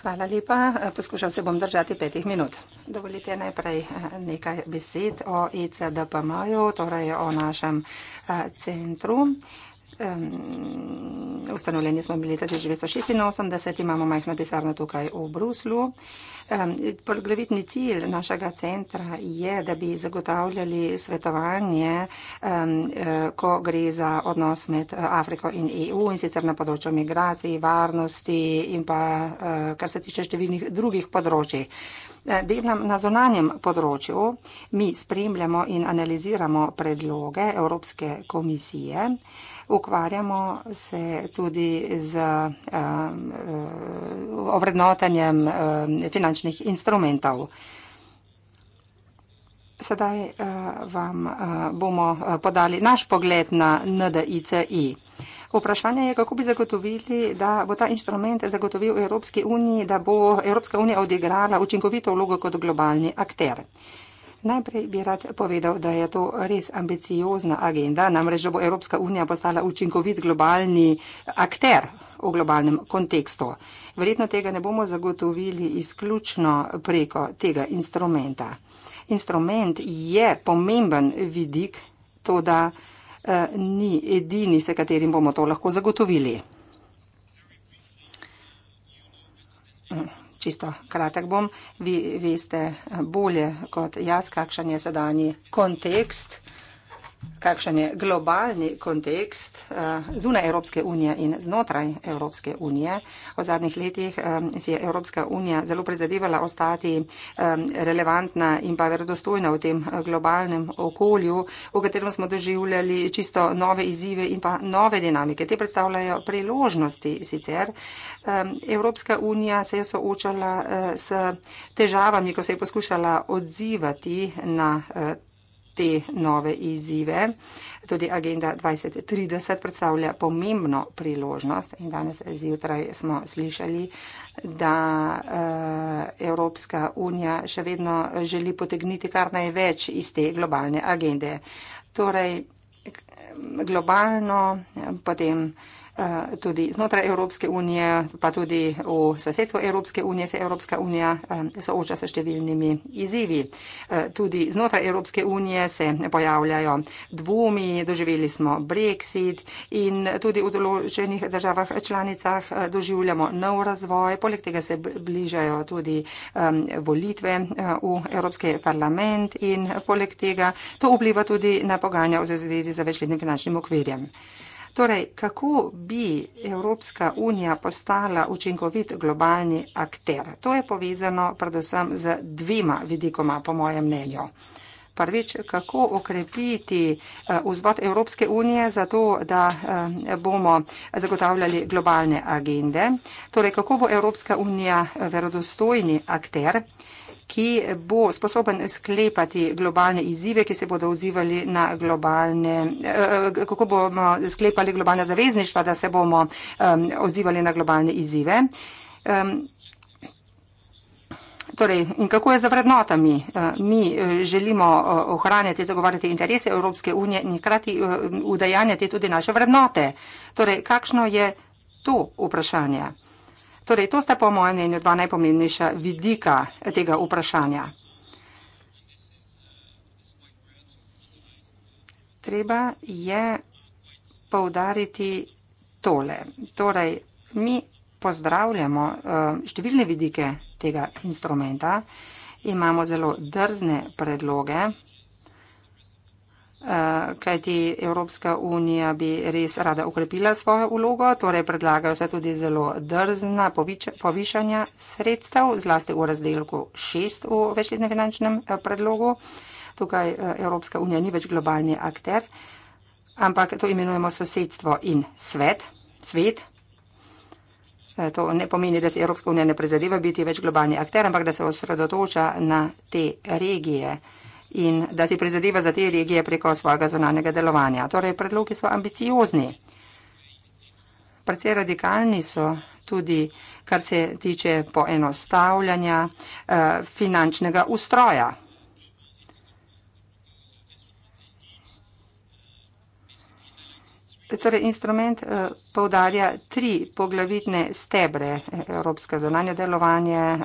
Hvala lepa, poskušal se bom držati petih minut. Dovolite najprej nekaj besed o ICDPM-ju, e torej o našem uh, centru. Uh, ustanovljeni smo bili leta 1986, imamo majhno pisarno tukaj v Bruslu. Poglavitni cilj našega centra je, da bi zagotavljali svetovanje, e, ko gre za odnos med e, Afriko in EU in sicer na področju migracij, varnosti in pa e, kar se tiče številnih drugih področjih. Delam na zonanjem področju, mi spremljamo in analiziramo predloge Evropske komisije ukvarjamo se tudi z um, eh, ovrednotenjem um, finančnih instrumentov. Sedaj uh, vam uh, bomo podali naš pogled na NDICI. Vprašanje je, kako bi zagotovili, da bo ta instrument zagotovil Evropski uniji, da bo Evropska unija odigrala učinkovito vlogo kot globalni akter. Najprej bi rad povedal, da je to res ambiciozna agenda, namreč, da bo Evropska unija postala učinkovit globalni akter v globalnem kontekstu. Verjetno tega ne bomo zagotovili izključno preko tega instrumenta. Instrument je pomemben vidik, to da eh, ni edini, se katerim bomo to lahko zagotovili. Hm čisto kratek bom, vi veste bolje kot jaz, kakšen je sedanji kontekst kakšen je globalni kontekst eh, zunaj Evropske unije in znotraj Evropske unije. V zadnjih letih eh, si je Evropska unija zelo prizadevala ostati eh, relevantna in pa verodostojna v tem globalnem okolju, v katerem smo doživljali čisto nove izzive in pa nove dinamike. Te predstavljajo priložnosti sicer. Evropska unija se je soočala s težavami, ko se je poskušala odzivati na to, te nove izzive. Tudi agenda 2030 predstavlja pomembno priložnost in danes zjutraj smo slišali, da eh, Evropska unija še vedno želi potegniti kar največ iz te globalne agende. Torej, globalno potem. Eh, tudi znotraj Evropske unije, pa tudi v sosedstvu Evropske unije se Evropska unija eh, sooča s številnimi izzivi. Eh, tudi znotraj Evropske unije se pojavljajo dvomi, doživeli smo Brexit in tudi v določenih državah članicah doživljamo nov razvoj. Poleg tega se bližajo tudi volitve v Evropski parlament in poleg tega to vpliva tudi na pogajanja v zvezi z večletnim finančnim okvirjem. Torej, kako bi Evropska unija postala učinkovit globalni akter? To je povezano predvsem z dvima vidikoma, po mojem mnenju. Prvič, kako okrepiti eh, vzvod Evropske unije za to, da eh, bomo zagotavljali globalne agende, torej kako bo Evropska unija eh, verodostojni akter ki bo sposoben sklepati globalne izzive, ki se bodo odzivali na globalne, eh, kako bomo sklepali globalne zavezništva, da se bomo odzivali na globalne izzive. Torej, in kako je za vrednotami? Eh, mi eh, želimo ohranjati, zagovarjati interese Evropske unije in hkrati udajanjati tudi naše vrednote. Torej, kakšno je to vprašanje? Torej, to sta po mojem mnenju dva najpomembnejša vidika tega vprašanja. Treba je poudariti tole. Torej, mi pozdravljamo eh, številne vidike tega instrumenta, imamo zelo drzne predloge, Eh, kajti Evropska unija bi res rada ukrepila svojo ulogo, torej predlagajo se tudi zelo drzna povišanja sredstev, zlasti v razdelku 6 v večletnem finančnem eh, predlogu. Tukaj eh, Evropska unija ni več globalni akter, ampak to imenujemo sosedstvo in svet. svet. To ne pomeni, da se Evropska unija ne prizadeva biti več globalni akter, ampak da se osredotoča na te regije in da si prizadeva za te regije preko svojega zunanjega delovanja. Torej, predlogi so ambiciozni. Predvsej radikalni so tudi, kar se tiče poenostavljanja eh, finančnega ustroja. Torej, instrument eh, povdarja tri poglavitne stebre eh, evropske zonanje delovanje, eh,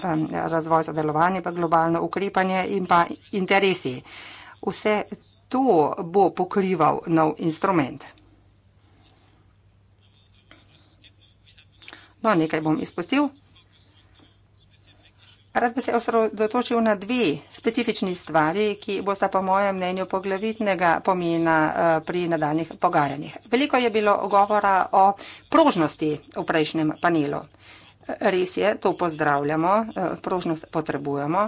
razvoj za delovanje, pa globalno ukrepanje in pa interesi. Vse to bo pokrival nov instrument. No, nekaj bom izpustil. Rad bi se osredotočil na dve specifični stvari, ki bo sta po mojem mnenju poglavitnega pomena eh, pri nadaljnih pogajanjih. Veliko je bilo govora o prožnosti v prejšnjem panelu. Res je, to pozdravljamo, eh, prožnost potrebujemo,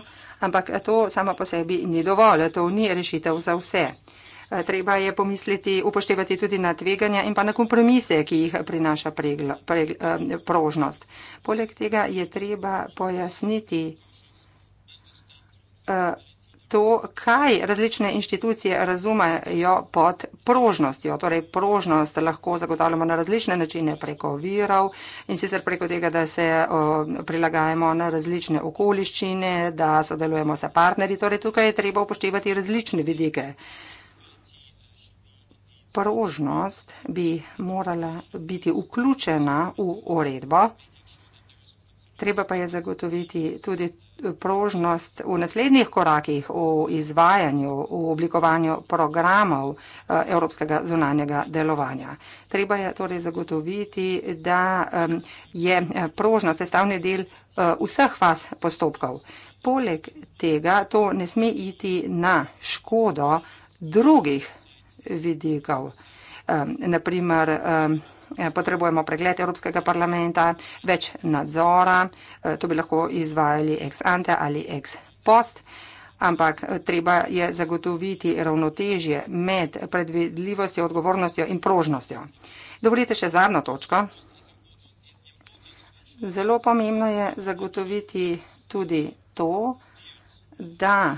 ampak to samo po sebi ni dovolj, to ni rešitev za vse. Eh, treba je pomisliti, upoštevati tudi na tveganja in pa na kompromise, ki jih prinaša pregl, pregl, eh, prožnost. Poleg tega je treba pojasniti eh, to, kaj različne inštitucije razumejo pod prožnostjo. Torej, prožnost lahko zagotavljamo na različne načine preko virov in sicer preko tega, da se o, prilagajamo na različne okoliščine, da sodelujemo sa partnerji. Torej, tukaj je treba upoštevati različne vidike prožnost bi morala biti vključena v uredbo. Treba pa je zagotoviti tudi prožnost v naslednjih korakih v izvajanju, v oblikovanju programov eh, evropskega zunanjega delovanja. Treba je torej zagotoviti, da je eh, prožnost sestavni del eh, vseh faz postopkov. Poleg tega to ne sme iti na škodo drugih vidikov. Naprimer, potrebujemo pregled Evropskega parlamenta, več nadzora, e, to bi lahko izvajali ex ante ali ex post, ampak e, treba je zagotoviti ravnotežje med predvidljivostjo, odgovornostjo in prožnostjo. Dovolite še zadnjo točko. Zelo pomembno je zagotoviti tudi to, da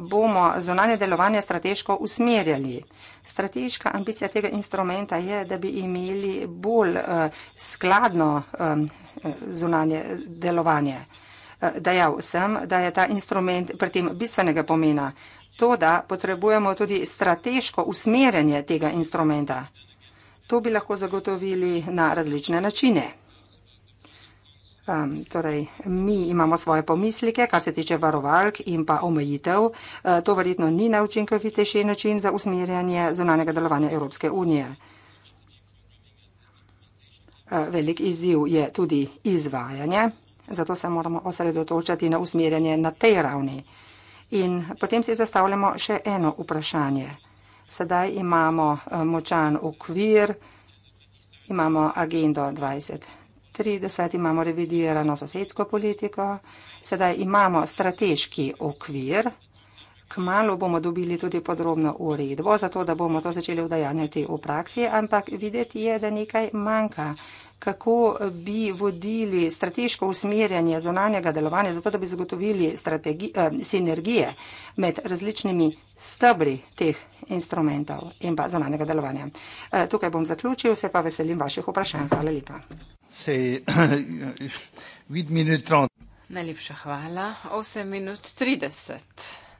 bomo zonanje delovanje strateško usmerjali. Strateška ambicija tega instrumenta je, da bi imeli bolj eh, skladno eh, zonanje delovanje. Eh, dejal sem, da je ta instrument pri tem bistvenega pomena. To, da potrebujemo tudi strateško usmerjanje tega instrumenta. To bi lahko zagotovili na različne načine. Um, torej, mi imamo svoje pomislike, kar se tiče varovalk in pa omejitev. Uh, to verjetno ni najučinkovitejši način za usmerjanje zunanega delovanja Evropske unije. Uh, velik izziv je tudi izvajanje, zato se moramo osredotočati na usmerjanje na tej ravni. In potem si zastavljamo še eno vprašanje. Sedaj imamo uh, močan okvir, imamo agendo 20. 2030 imamo revidirano sosedsko politiko, sedaj imamo strateški okvir, kmalo bomo dobili tudi podrobno uredbo, zato da bomo to začeli vdajanjati v praksi, ampak videti je, da nekaj manjka kako bi vodili strateško usmerjanje zonanjega delovanja, zato da bi zagotovili strategi, eh, sinergije med različnimi stabri teh instrumentov in pa zonanjega delovanja. Eh, tukaj bom zaključil, se pa veselim vaših vprašanj. Hvala lepa se je 8 minut 30. Najlepša hvala. 8 minut 30.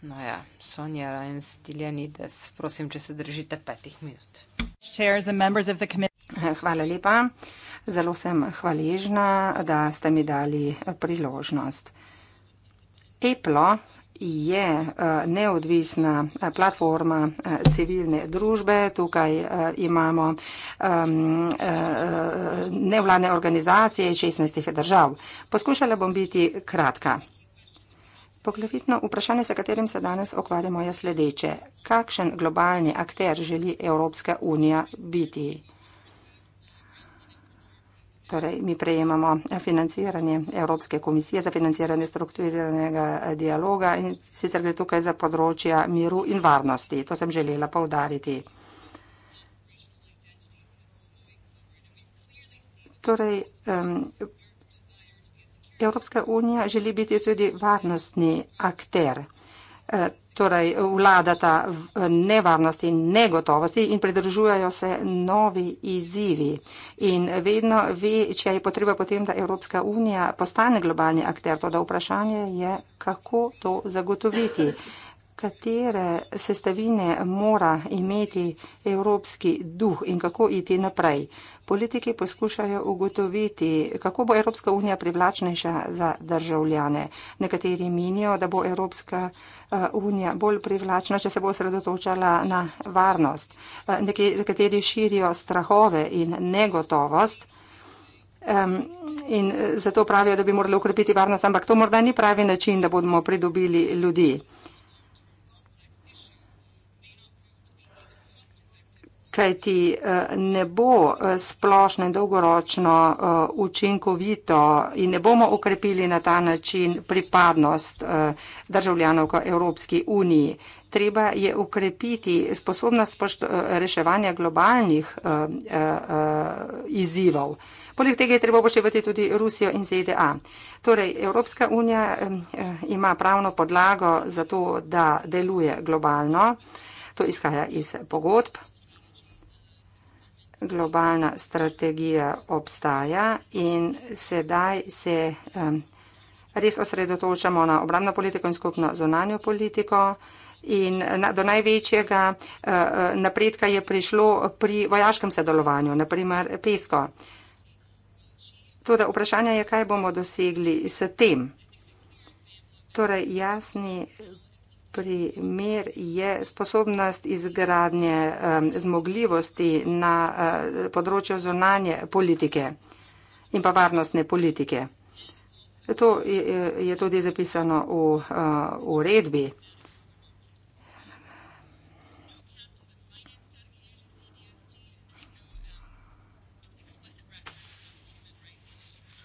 No ja, Sonja Rajnstiljanides, prosim, če se držite 5 minut. Hvala lepa. Zelo sem hvaležna, da ste mi dali priložnost. Eplo je eh, neodvisna eh, platforma eh, civilne družbe. Tukaj imamo nevladne organizacije iz 16 držav. Poskušala bom biti kratka. Poglavitno vprašanje, sa katerim se danes okvarjamo, je sledeče. Kakšen globalni akter želi Evropska unija biti? Torej, mi prejemamo financiranje Evropske komisije za financiranje strukturiranega eh, dialoga in sicer gre tukaj za področja miru in varnosti. To sem želela povdariti. Torej, um, Evropska unija želi biti tudi varnostni akter. Eh, torej vladata eh, nevarnosti in negotovosti in pridružujajo se novi izzivi. In vedno večja je potreba potem, da Evropska unija postane globalni akter. To, da vprašanje je, kako to zagotoviti katere sestavine mora imeti evropski duh in kako iti naprej. Politiki poskušajo ugotoviti, kako bo Evropska unija privlačnejša za državljane. Nekateri menijo, da bo Evropska eh, unija bolj privlačna, če se bo osredotočala na varnost. Eh, nekateri širijo strahove in negotovost. Um, in eh, zato pravijo, da bi morali ukrepiti varnost, ampak to morda ni pravi način, da bomo pridobili ljudi. kajti eh, ne bo eh, splošno in dolgoročno eh, učinkovito in ne bomo okrepili na ta način pripadnost državljanov k Evropski uniji. Treba je ukrepiti sposobnost reševanja globalnih izzivov. Poleg tega je treba upoštevati tudi Rusijo in ZDA. Torej, Evropska unija ima pravno podlago za to, da deluje globalno. To izhaja iz pogodb globalna strategija obstaja in sedaj se um, res osredotočamo na obramno politiko in skupno zonanjo politiko. In na, do največjega uh, napredka je prišlo pri vojaškem sodelovanju, naprimer PESCO. Tudi vprašanje je, kaj bomo dosegli s tem. Torej, jasni primer je sposobnost izgradnje zmogljivosti na eh, področju zunanje politike in pa varnostne politike. To je eh, tudi zapisano v eh, uredbi.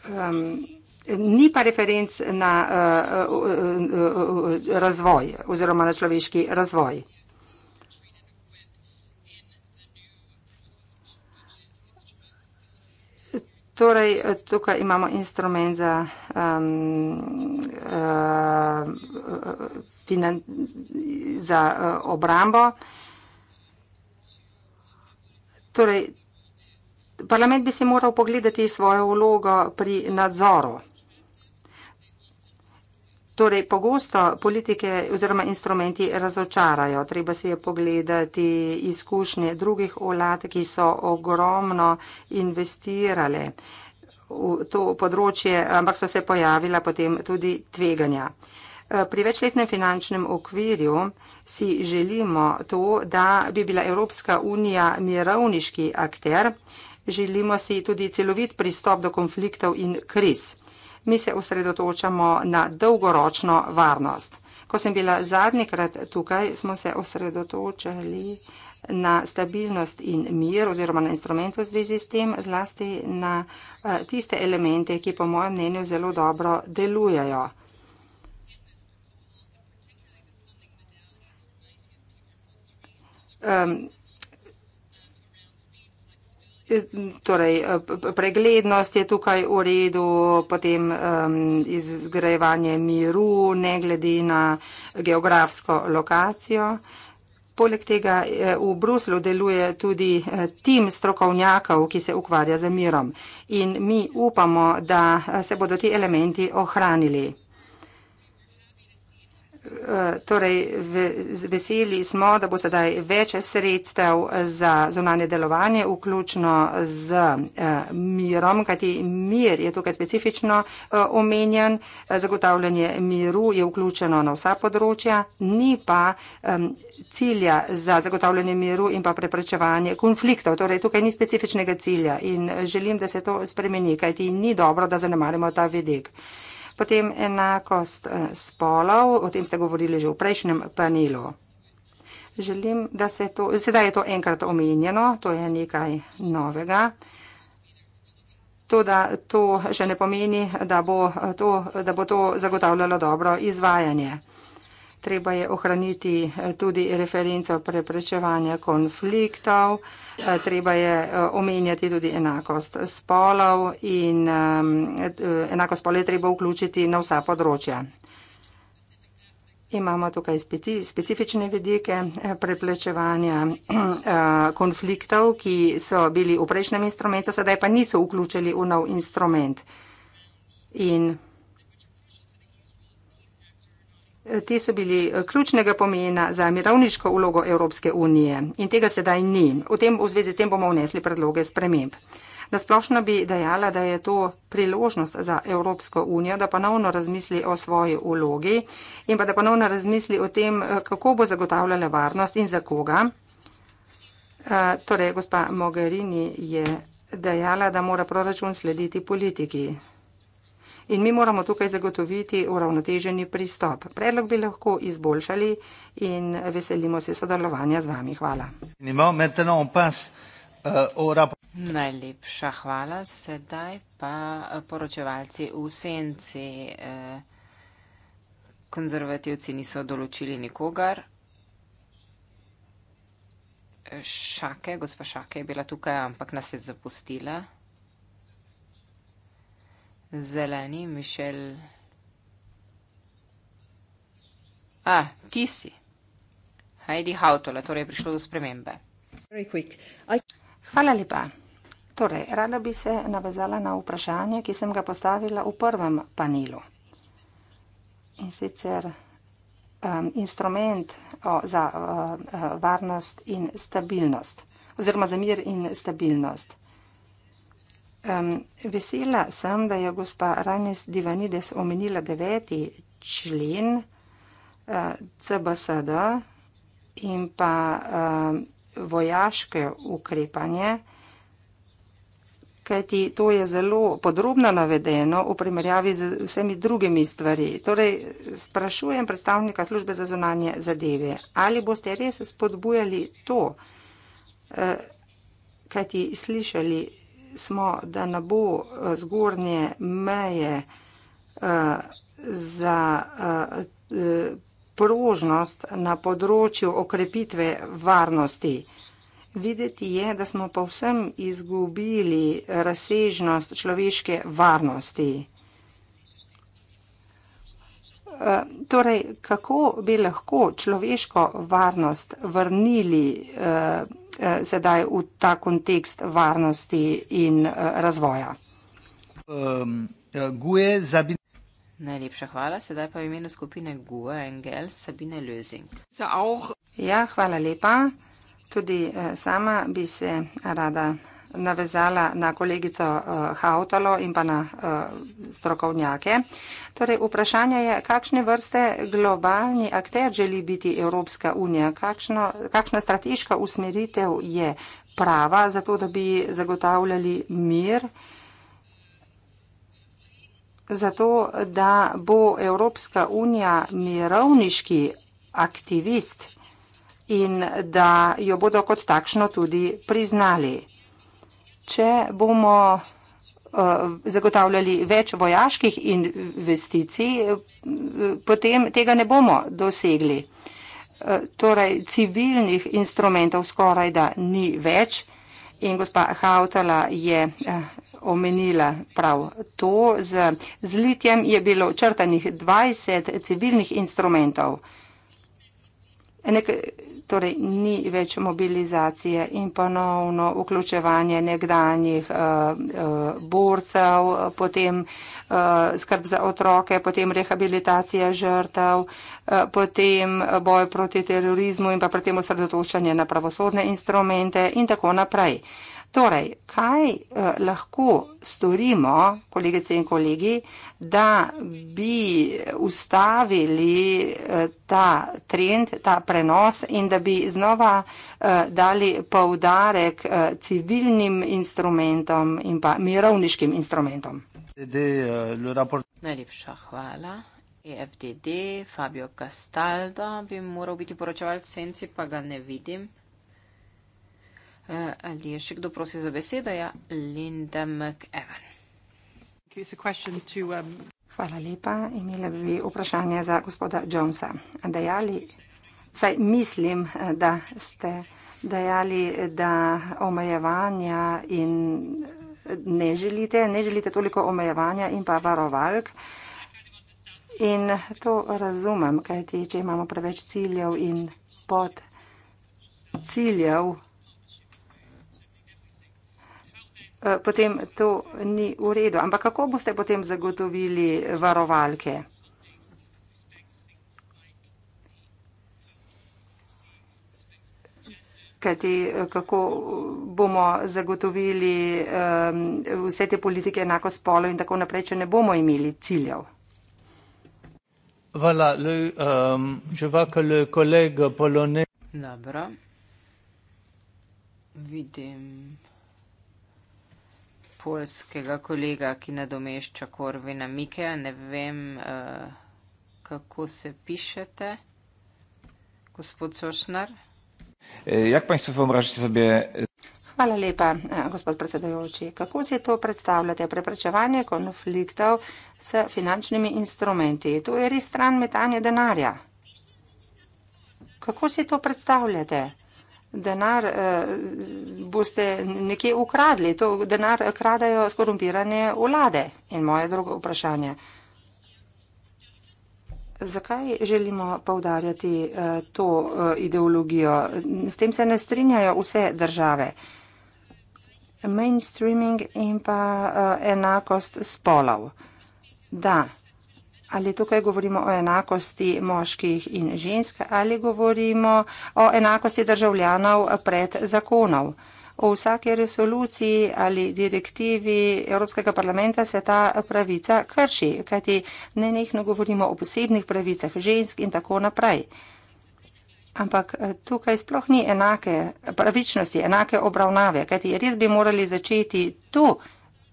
Um, ni pa referenc na uh, uh, uh, razvoj oziroma na človeški razvoj. Torej, tukaj imamo instrument za um, uh, finan, za uh, obrambo. Torej, parlament bi se moral pogledati svojo vlogo pri nadzoru. Torej, pogosto politike oziroma instrumenti razočarajo. Treba si je pogledati izkušnje drugih vlad, ki so ogromno investirale v to področje, ampak so se pojavila potem tudi tveganja. Pri večletnem finančnem okvirju si želimo to, da bi bila Evropska unija mirovniški akter. Želimo si tudi celovit pristop do konfliktov in kriz mi se osredotočamo na dolgoročno varnost. Ko sem bila zadnjikrat tukaj, smo se osredotočali na stabilnost in mir oziroma na instrument v zvezi s tem, zlasti na eh, tiste elemente, ki po mojem mnenju zelo dobro delujejo. Um, Torej, eh, preglednost je tukaj v redu, potem um, izgrajevanje miru, ne glede na geografsko lokacijo. Poleg tega eh, v Bruslu deluje tudi eh, tim strokovnjakov, ki se ukvarja z mirom. In mi upamo, da se bodo ti elementi ohranili torej veseli smo, da bo sedaj več sredstev za zunanje delovanje, vključno z eh, mirom, kajti mir je tukaj specifično eh, omenjen, eh, zagotavljanje miru je vključeno na vsa področja, ni pa cilja za zagotavljanje miru in pa preprečevanje konfliktov. Torej, tukaj ni specifičnega cilja in želim, da se to spremeni, kajti ni dobro, da zanemarimo ta vidik potem enakost eh, spolov, o tem ste govorili že v prejšnjem panelu. Želim, da se to, sedaj je to enkrat omenjeno, to je nekaj novega. To, da to še ne pomeni, da bo to, da bo to zagotavljalo dobro izvajanje treba je ohraniti eh, tudi referenco preprečevanja konfliktov, eh, treba je eh, omenjati tudi enakost spolov in ehm, enakost spolov je treba vključiti na vsa področja. Imamo tukaj specifične vedike preplečevanja konfliktov, ki so bili v prejšnjem instrumentu, sedaj pa niso vključili v nov instrument. In Ti so bili eh, ključnega pomena za mirovniško vlogo Evropske unije in tega sedaj ni. V, tem, v zvezi s tem bomo vnesli predloge sprememb. Nasplošno bi dejala, da je to priložnost za Evropsko unijo, da ponovno razmisli o svoji vlogi in pa da ponovno razmisli o tem, eh, kako bo zagotavljala varnost in za koga. Eh, torej, gospa Mogherini je dejala, da mora proračun slediti politiki in mi moramo tukaj zagotoviti uravnoteženi pristop. Predlog bi lahko izboljšali in veselimo se sodelovanja z vami. Hvala. Euh, Najlepša hvala. Sedaj pa eh, poročevalci v senci. Eh, konzervativci niso določili nikogar. Šake, gospa Šake je bila tukaj, ampak nas je zapustila zeleni Mišel. A, ti si. Heidi Hautola, torej je prišlo do spremembe. Hvala lepa. Torej, rada bi se navezala na vprašanje, ki sem ga postavila v prvem panelu. In sicer um, instrument o, za uh, varnost in stabilnost, oziroma za mir in stabilnost. Um, vesela sem, da je gospa Ranis Divanides omenila deveti člen uh, eh, CBSD in pa uh, vojaške ukrepanje, kajti to je zelo podrobno navedeno v primerjavi z vsemi drugimi stvari. Torej, sprašujem predstavnika službe za zonanje zadeve, ali boste res spodbujali to, uh, kajti slišali smo, da ne bo eh, zgornje meje eh, za eh, prožnost na področju okrepitve varnosti. Videti je, da smo povsem izgubili razsežnost človeške varnosti. Eh, torej, kako bi lahko človeško varnost vrnili eh, eh, sedaj v ta kontekst varnosti in razvoja? Um, Najlepša hvala, sedaj pa v imenu skupine GUE Engel Sabine Lösing. Ja, hvala lepa. Tudi sama bi se rada navezala na kolegico eh, Hautalo in pa na eh, strokovnjake. Torej, vprašanje je, kakšne vrste globalni akter želi biti Evropska unija, Kakšno, kakšna strateška usmeritev je prava za to, da bi zagotavljali mir, za to, da bo Evropska unija mirovniški aktivist in da jo bodo kot takšno tudi priznali če bomo eh, zagotavljali več vojaških investicij, eh, potem tega ne bomo dosegli. Eh, torej, civilnih instrumentov skoraj da ni več in gospa Hautala je omenila prav to. Z zlitjem je bilo črtanih 20 civilnih instrumentov. Nek torej ni več mobilizacije in ponovno vključevanje nekdanjih uh, borcev, potem uh, skrb za otroke, potem rehabilitacija žrtev, uh, potem boj proti terorizmu in pa predtem osredotočanje na pravosodne instrumente in tako naprej. Uh, Torej, kaj eh, lahko storimo, kolegice in kolegi, da bi ustavili eh, ta trend, ta prenos in da bi znova eh, dali povdarek eh, civilnim instrumentom in pa mirovniškim instrumentom? Eh, Najlepša hvala. EFDD, Fabio Castaldo bi moral biti poročevalc senci, pa ga ne vidim. Eh, ali je še kdo prosil za besedo? Ja, Linda McEwen. Um, Hvala lepa. Imela bi vprašanje za gospoda Jonesa. Dejali, saj mislim, eh, da ste dejali, da omejevanja in eh, ne želite, ne želite toliko omejevanja in pa varovalk. In to razumem, kajti če imamo preveč ciljev in pod ciljev Eh, potem to ni v redu. Ampak kako boste potem zagotovili varovalke? Kajti, eh, kako bomo zagotovili um, vse te politike enako spolo in tako naprej, če ne bomo imeli ciljev? Voilà, le, um, je vois que le collègue polonais. Dobro. Vidim polskega kolega, ki nadomešča Korvina Mikeja. Ne vem, uh, kako se pišete, gospod Sošnar. Eh, eh, Hvala lepa, gospod predsedajoči. Kako si to predstavljate? Preprečevanje konfliktov s finančnimi instrumenti. To je res stran metanje denarja. Kako si to predstavljate? denar eh, boste nekje ukradli. To denar kradajo skorumpirane vlade. In moje drugo vprašanje. Zakaj želimo povdarjati eh, to eh, ideologijo? S tem se ne strinjajo vse države. Mainstreaming in pa eh, enakost spolov. Da. Ali tukaj govorimo o enakosti moških in žensk ali govorimo o enakosti državljanov pred zakonov? V vsaki resoluciji ali direktivi Evropskega parlamenta se ta pravica krši, kajti ne nekno govorimo o posebnih pravicah žensk in tako naprej. Ampak eh, tukaj sploh ni enake pravičnosti, enake obravnave, kajti res bi morali začeti tu,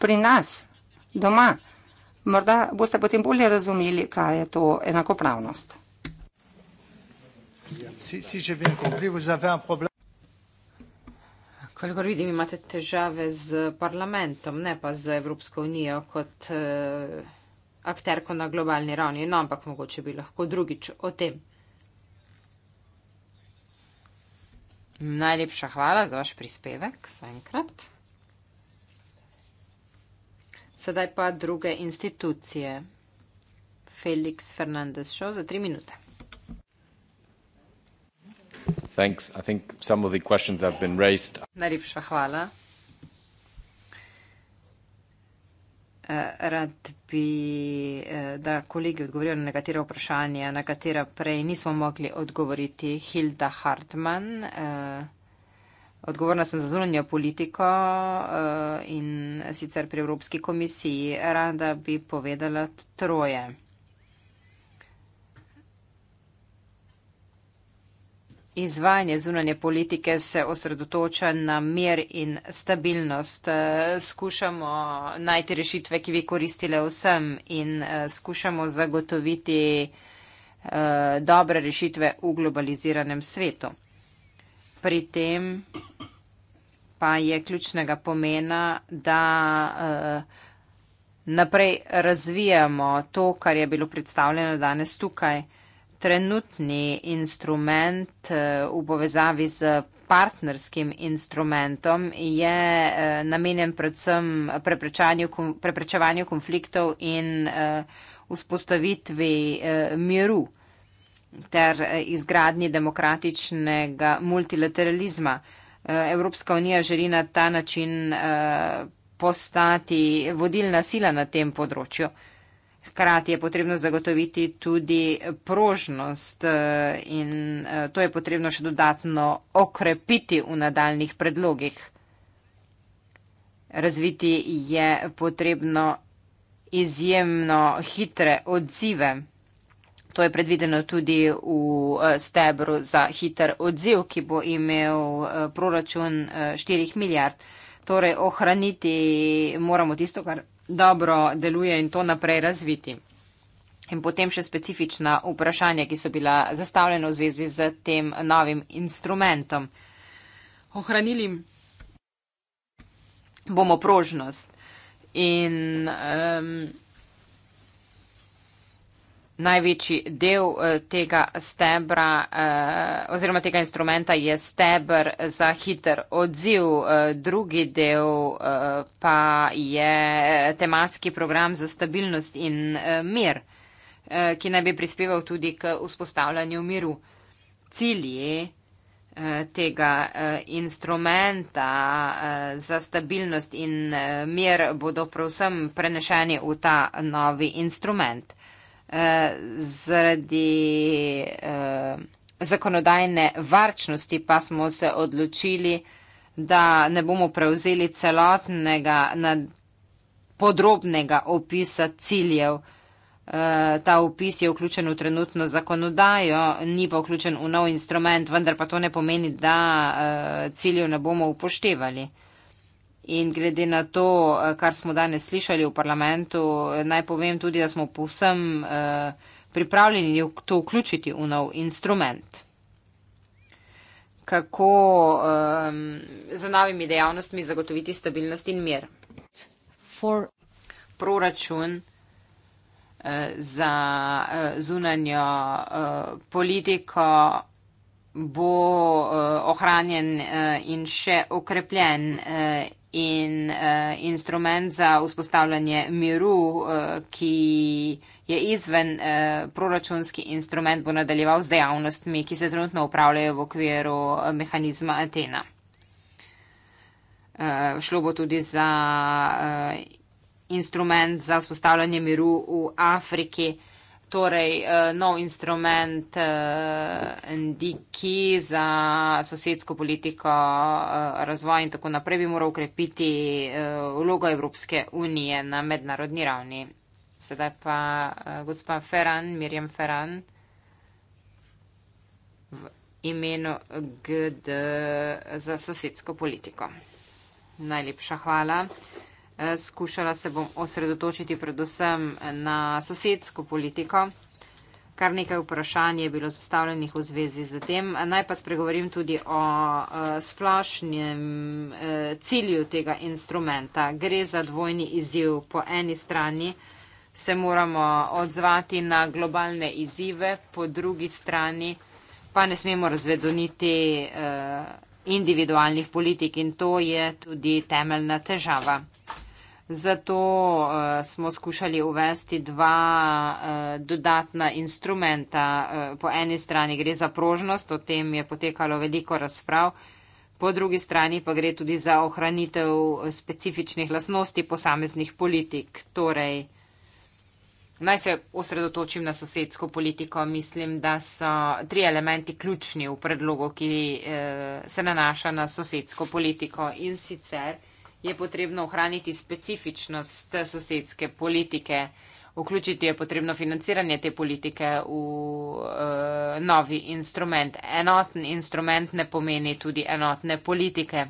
pri nas, doma. Morda boste potem bolje razumeli, kaj je to enakopravnost. Kolikor vidim, imate težave z parlamentom, ne pa z Evropsko unijo kot eh, akterko na globalni ravni. No, ampak mogoče bi lahko drugič o tem. Najlepša hvala za vaš prispevek. Saj enkrat. Sedaj pa druge institucije. Felix Fernandez, šel za tri minute. Najlepša hvala. Eh, rad bi, eh, da kolegi odgovorijo na nekatera vprašanja, na katera prej nismo mogli odgovoriti. Hilda Hartmann. Uh, Odgovorna sem za zunanjo politiko eh, in sicer pri Evropski komisiji. Rada bi povedala troje. Izvajanje zunanje politike se osredotoča na mir in stabilnost. Eh, skušamo najti rešitve, ki bi koristile vsem in eh, skušamo zagotoviti dobre rešitve v globaliziranem svetu pri tem pa je ključnega pomena, da eh, naprej razvijamo to, kar je bilo predstavljeno danes tukaj. Trenutni instrument eh, v povezavi z partnerskim instrumentom je eh, namenjen predvsem preprečevanju konfliktov in vzpostavitvi miru ter eh, izgradnji demokratičnega multilateralizma. Eh, Evropska unija želi na ta način eh, postati vodilna sila na tem področju. Hkrati je potrebno zagotoviti tudi prožnost in to je potrebno še dodatno okrepiti v nadaljnih predlogih. Razviti je potrebno izjemno hitre odzive. To je predvideno tudi v eh, stebru za hiter odziv, ki bo imel eh, proračun 4 eh, milijard. Torej, ohraniti moramo tisto, kar dobro deluje in to naprej razviti. In potem še specifična vprašanja, ki so bila zastavljena v zvezi z tem novim instrumentom. Ohranili bomo prožnost in. Um, največji del eh, tega stebra eh, oziroma tega instrumenta je stebr za hiter odziv, eh, drugi del pa je tematski program za stabilnost in mir, ki naj bi prispeval tudi k vzpostavljanju miru. Cilji tega instrumenta za stabilnost in mir bodo prav vsem prenešeni v ta novi instrument zaradi eh, zakonodajne varčnosti pa smo se odločili, da ne bomo prevzeli celotnega podrobnega opisa ciljev. Eh, ta opis je vključen v trenutno zakonodajo, ni pa vključen v nov instrument, vendar pa to ne pomeni, da eh, ciljev ne bomo upoštevali. In glede na to, eh, kar smo danes slišali v parlamentu, eh, naj povem tudi, da smo povsem eh, pripravljeni to vključiti v nov instrument. Kako ehm, za novimi dejavnostmi zagotoviti stabilnost in mir? Proračun za zunanjo politiko bo ohranjen in še okrepljen in uh, instrument za vzpostavljanje miru, uh, ki je izven uh, proračunski instrument, bo nadaljeval z dejavnostmi, ki se trenutno upravljajo v okviru mehanizma Atena. Uh, šlo bo tudi za uh, instrument za vzpostavljanje miru v Afriki. Uh, torej uh, nov instrument uh, eh, NDK za sosedsko politiko, uh, razvoj in tako naprej bi moral ukrepiti uh, vlogo Evropske unije na mednarodni ravni. Sedaj pa uh, gospa Ferran, Mirjam Ferran, v imenu GD za sosedsko politiko. Najlepša hvala. Uh, Eh, skušala se bom osredotočiti predvsem na sosedsko politiko. Kar nekaj vprašanj je bilo zastavljenih v zvezi z tem. Naj pa spregovorim tudi o eh, splošnem eh, cilju tega instrumenta. Gre za dvojni izziv. Po eni strani se moramo odzvati na globalne izzive, po drugi strani pa ne smemo razvedoniti individualnih politik in to je tudi temeljna težava. Zato uh, smo skušali uvesti dva uh, dodatna instrumenta. Uh, po eni strani gre za prožnost, o tem je potekalo veliko razprav, po drugi strani pa gre tudi za ohranitev specifičnih lasnosti posameznih politik. Torej, naj se osredotočim na sosedsko politiko. Mislim, da so tri elementi ključni v predlogu, ki uh, se nanaša na sosedsko politiko in sicer je potrebno ohraniti specifičnost sosedske politike. Vključiti je potrebno financiranje te politike v uh, novi instrument. Enoten instrument ne pomeni tudi enotne politike.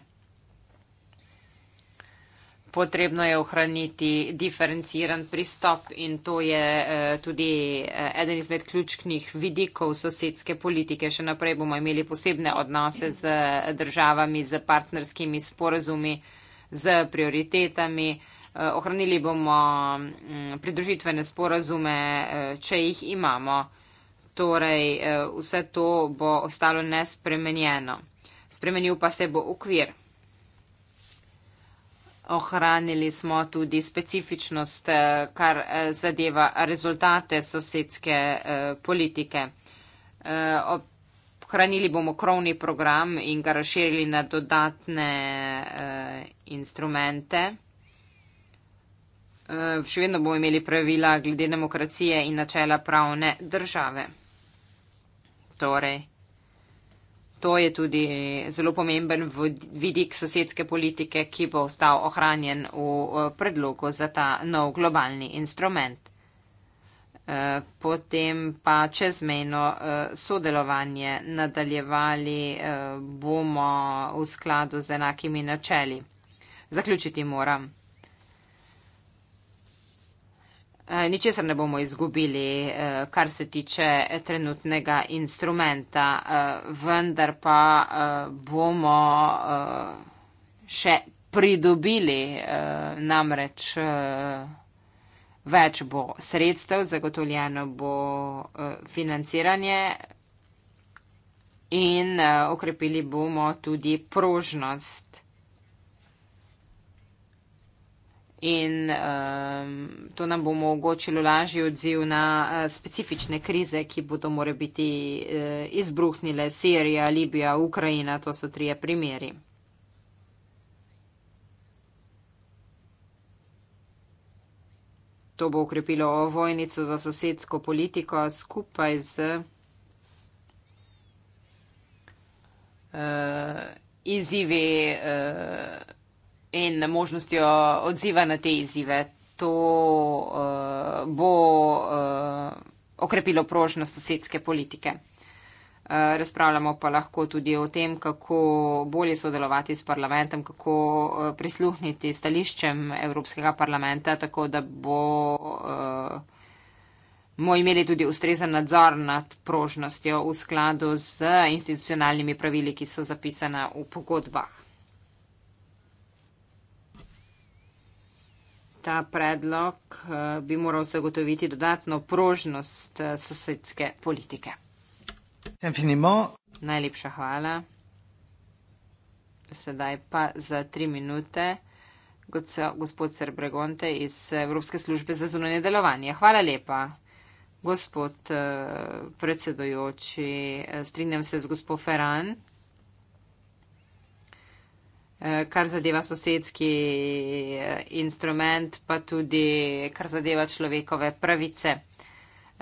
Potrebno je ohraniti diferenciran pristop in to je uh, tudi uh, eden izmed ključnih vidikov sosedske politike. Še naprej bomo imeli posebne odnose z državami, z partnerskimi sporazumi. Uh, z prioritetami. Eh, ohranili bomo mm, pridružitvene sporazume, eh, če jih imamo. Torej, eh, vse to bo ostalo nespremenjeno. Spremenil pa se bo ukvir. Ohranili smo tudi specifičnost, kar zadeva rezultate sosedske politike. Ob ohranili bomo krovni program in ga razširili na dodatne uh, instrumente. Uh, še vedno bomo imeli pravila glede demokracije in načela pravne države. Torej, to je tudi zelo pomemben vidik sosedske politike, ki bo ostal ohranjen v eh, predlogu za ta nov globalni instrument potem pa čezmejno eh, sodelovanje nadaljevali eh, bomo v skladu z enakimi načeli. Zaključiti moram. Eh, ničesar ne bomo izgubili, kar se tiče trenutnega instrumenta, vendar pa bomo še pridobili namreč več bo sredstev, zagotovljeno bo eh, financiranje in eh, okrepili bomo tudi prožnost. In um, to nam bo omogočilo lažji odziv na uh, specifične krize, ki bodo more biti uh, izbruhnile Sirija, Libija, Ukrajina. To so trije primeri. To bo ukrepilo ovojnico za sosedsko politiko skupaj z uh, izzivi uh, in možnostjo odziva na te izzive. To uh, bo uh, okrepilo prožnost sosedske politike. Eh, razpravljamo pa lahko tudi o tem, kako bolje sodelovati s parlamentom, kako eh, prisluhniti stališčem Evropskega parlamenta, tako da bomo eh, imeli tudi ustrezen nadzor nad prožnostjo v skladu z institucionalnimi pravili, ki so zapisana v pogodbah. Ta predlog bi moral zagotoviti dodatno prožnost sosedske politike. Najlepša hvala. Sedaj pa za tri minute gospod Srbregonte iz Evropske službe za zunanje delovanje. Hvala lepa. Gospod eh, predsedojoči, eh, strinjam se z gospod Ferran. Eh, kar zadeva sosedski instrument, pa tudi kar zadeva človekove pravice.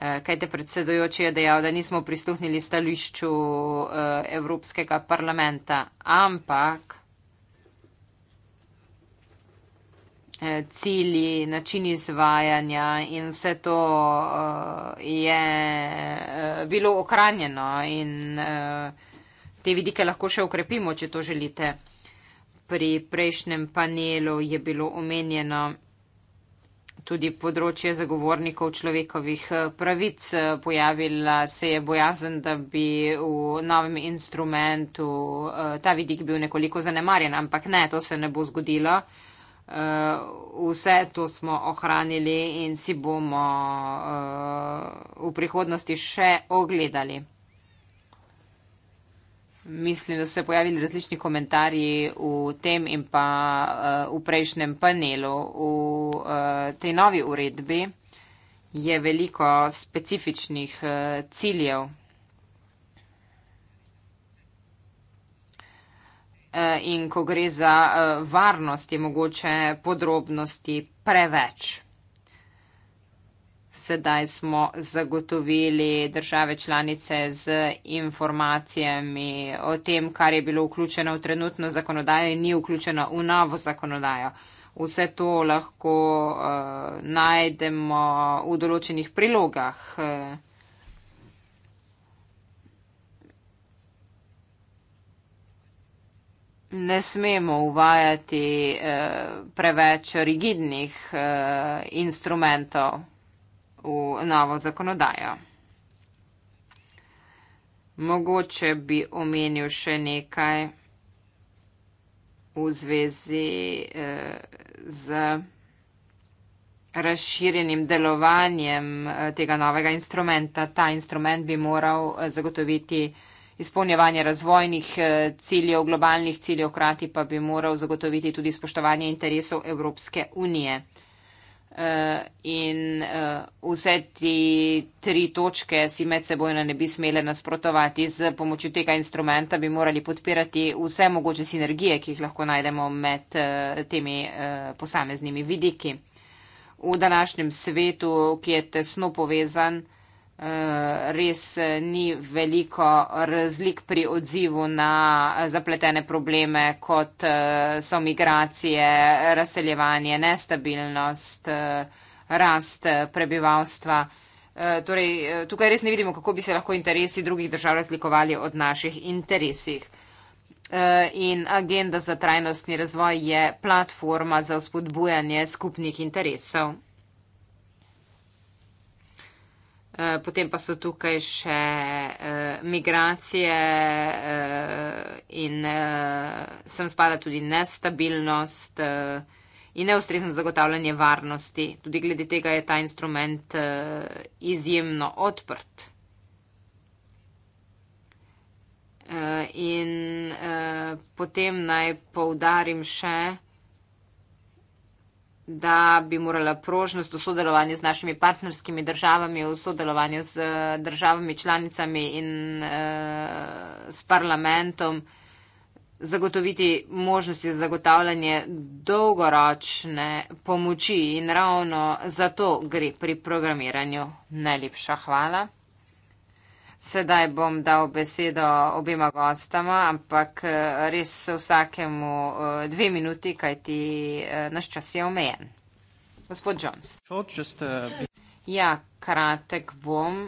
Eh, kaj te predsedojoči je dejal, da nismo prisluhnili stališču eh, Evropskega parlamenta, ampak eh, cilji, način izvajanja in vse to je bilo okranjeno in te vidike lahko še ukrepimo, če to želite. Pri prejšnjem panelu je bilo omenjeno, tudi področje zagovornikov človekovih eh, pravic. Eh, pojavila se je bojazen, da bi v novem instrumentu eh, ta vidik bil nekoliko zanemarjen, ampak ne, to se ne bo zgodilo. Vse to smo ohranili in si bomo v prihodnosti še ogledali. Mislim, da se pojavili različni komentarji v tem in pa uh, v prejšnjem panelu. V uh, tej novi uredbi je veliko specifičnih uh, ciljev. Uh, in ko gre za uh, varnost, je mogoče podrobnosti preveč sedaj smo zagotovili države članice z informacijami o tem, kar je bilo vključeno v trenutno zakonodajo in ni vključeno v novo zakonodajo. Vse to lahko uh, najdemo v določenih prilogah. Eh. Ne smemo uvajati eh, preveč rigidnih eh, instrumentov v novo zakonodajo. Mogoče bi omenil še nekaj v zvezi eh, z razširjenim delovanjem eh, tega novega instrumenta. Ta instrument bi moral eh, zagotoviti izpolnjevanje razvojnih ciljev, globalnih ciljev, hkrati pa bi moral zagotoviti tudi spoštovanje interesov Evropske unije. Eh, in eh, vse ti tri točke si med seboj ne bi smele nasprotovati. Z pomočjo tega instrumenta bi morali podpirati vse mogoče sinergije, ki jih lahko najdemo med eh, temi posameznimi vidiki. V današnjem svetu, ki je tesno povezan, Eh, res eh, ni veliko razlik pri odzivu na eh, zapletene probleme, kot so migracije, razseljevanje, nestabilnost, rast prebivalstva. Torej, tukaj res ne vidimo, kako bi se lahko interesi drugih držav razlikovali od naših interesih. In agenda za trajnostni razvoj je platforma za vzpodbujanje skupnih interesov. Eh, potem pa so tukaj še uh, migracije uh, in uh, sem spada tudi nestabilnost uh, in neustrezno zagotavljanje varnosti. Tudi glede tega je ta instrument uh, izjemno odprt. Uh, in uh, potem naj poudarim še, da bi morala prožnost v sodelovanju z našimi partnerskimi državami, v sodelovanju z eh, državami članicami in uh, s parlamentom zagotoviti možnosti za zagotavljanje dolgoročne pomoči in ravno zato gre pri programiranju. Najlepša hvala. Sedaj bom dal besedo obima gostama, ampak eh, res vsakemu eh, dve minuti, kajti eh, naš čas je omejen. Gospod Jones. Uh, ja, kratek bom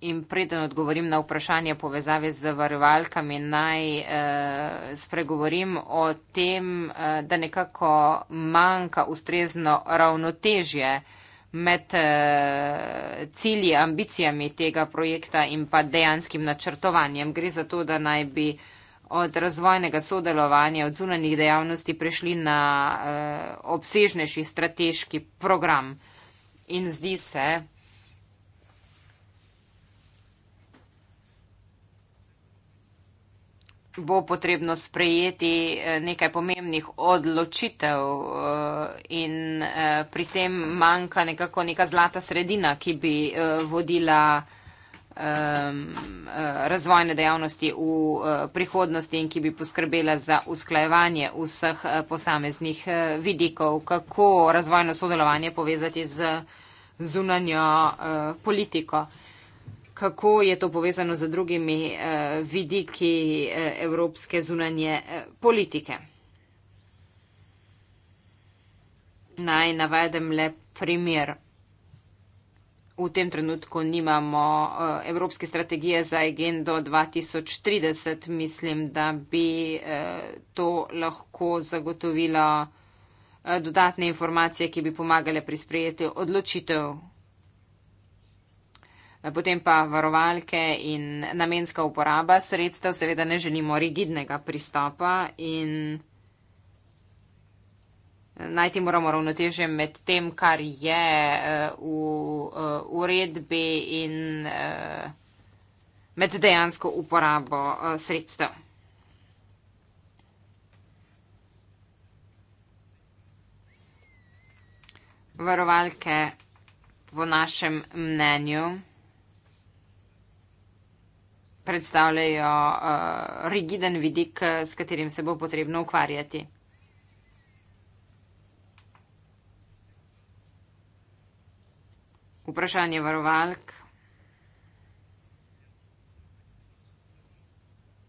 in preden odgovorim na vprašanje povezave z varovalkami, naj spregovorim o tem, da nekako manjka ustrezno ravnotežje med eh, cilji, ambicijami tega projekta in pa dejanskim načrtovanjem. Gre za to, da naj bi od razvojnega sodelovanja, od zunanih dejavnosti prišli na eh, obsežnejši strateški program. In zdi se, bo potrebno sprejeti eh, nekaj pomembnih odločitev eh, in eh, pri tem manjka nekako neka zlata sredina, ki bi vodila ehm, razvojne dejavnosti v prihodnosti in ki bi poskrbela za usklajevanje vseh posameznih vidikov, kako razvojno sodelovanje povezati z zunanjo politiko kako je to povezano z drugimi uh, vidiki uh, evropske zunanje uh, politike. Naj navedem le primer. V tem trenutku nimamo uh, evropske strategije za agendo 2030. Mislim, da bi uh, to lahko zagotovilo uh, dodatne informacije, ki bi pomagale pri sprejetju odločitev potem pa varovalke in namenska uporaba sredstev, seveda ne želimo rigidnega pristopa in najti moramo ravnotežje med tem, kar je eh, v eh, uredbi in eh, med dejansko uporabo sredstev. Varovalke po našem mnenju predstavljajo uh, rigiden vidik, s katerim se bo potrebno ukvarjati. Vprašanje varovalk.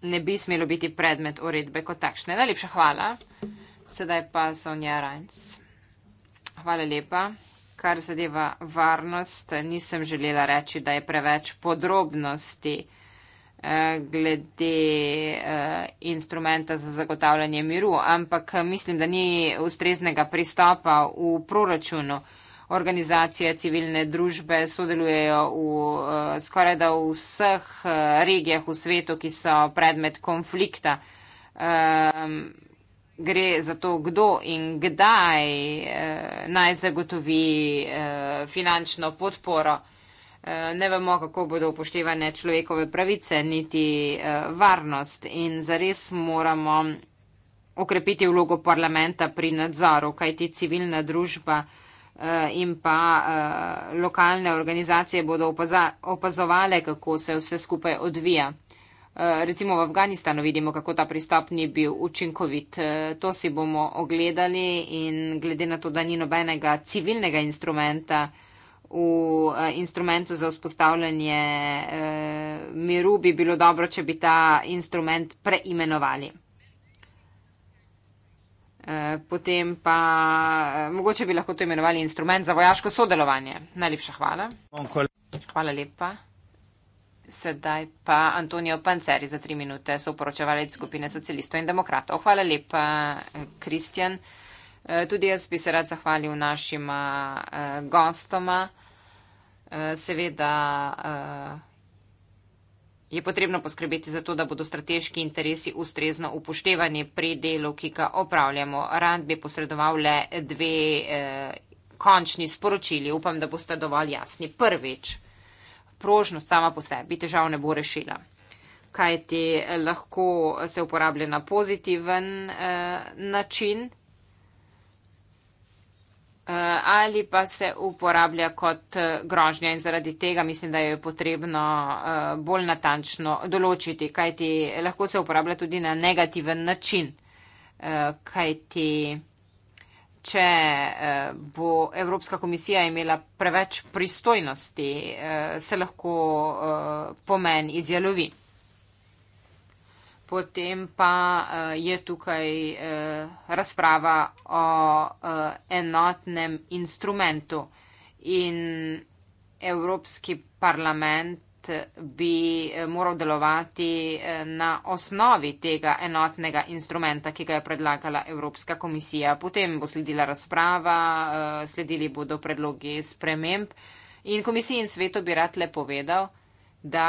Ne bi smelo biti predmet uredbe kot takšne. Najlepša hvala. Sedaj pa Sonja Reinz. Hvala lepa. Kar zadeva varnost, nisem želela reči, da je preveč podrobnosti glede eh, instrumenta za zagotavljanje miru, ampak eh, mislim, da ni ustreznega pristopa v proračunu. Organizacije civilne družbe sodelujejo v eh, skoraj da vseh regijah v svetu, ki so predmet konflikta. Ehm, gre za to, kdo in kdaj naj zagotovi finančno podporo ne vemo, kako bodo upoštevane človekove pravice, niti eh, varnost in zares moramo okrepiti vlogo parlamenta pri nadzoru, kajti civilna družba eh, in pa eh, lokalne organizacije bodo opazovale, kako se vse skupaj odvija. Recimo v Afganistanu vidimo, kako ta pristop ni bil učinkovit. To si bomo ogledali in glede na to, da ni nobenega civilnega instrumenta, v uh, instrumentu za vzpostavljanje uh, miru, bi bilo dobro, če bi ta instrument preimenovali. Eh, potem pa mogoče bi lahko to imenovali instrument za vojaško sodelovanje. Najlepša hvala. Hvala lepa. Sedaj pa Antonijo Panceri za tri minute, soporočevalec skupine socialistov in demokratov. Hvala lepa, Kristjan. Tudi jaz bi se rad zahvalil našima gostoma. Eh, seveda eh, je potrebno poskrbeti za to, da bodo strateški interesi ustrezno upoštevani pri delu, ki ga opravljamo. Rand bi posredoval le dve eh, končni sporočili. Upam, da boste dovolj jasni. Prvič, prožnost sama po sebi težav ne bo rešila. Kaj ti lahko se uporablja na pozitiven eh, način, Eh, ali pa se uporablja kot eh, grožnja in zaradi tega mislim, da je potrebno eh, bolj natančno določiti, kajti lahko se uporablja tudi na negativen način, kajti če bo Evropska komisija imela preveč pristojnosti, se lahko pomen izjalovi. Potem pa eh, je tukaj eh, razprava o eh, enotnem instrumentu in Evropski parlament bi moral delovati na osnovi tega enotnega instrumenta, ki ga je predlagala Evropska komisija. Potem bo sledila razprava, sledili bodo predlogi sprememb in komisiji in svetu bi rad le povedal, da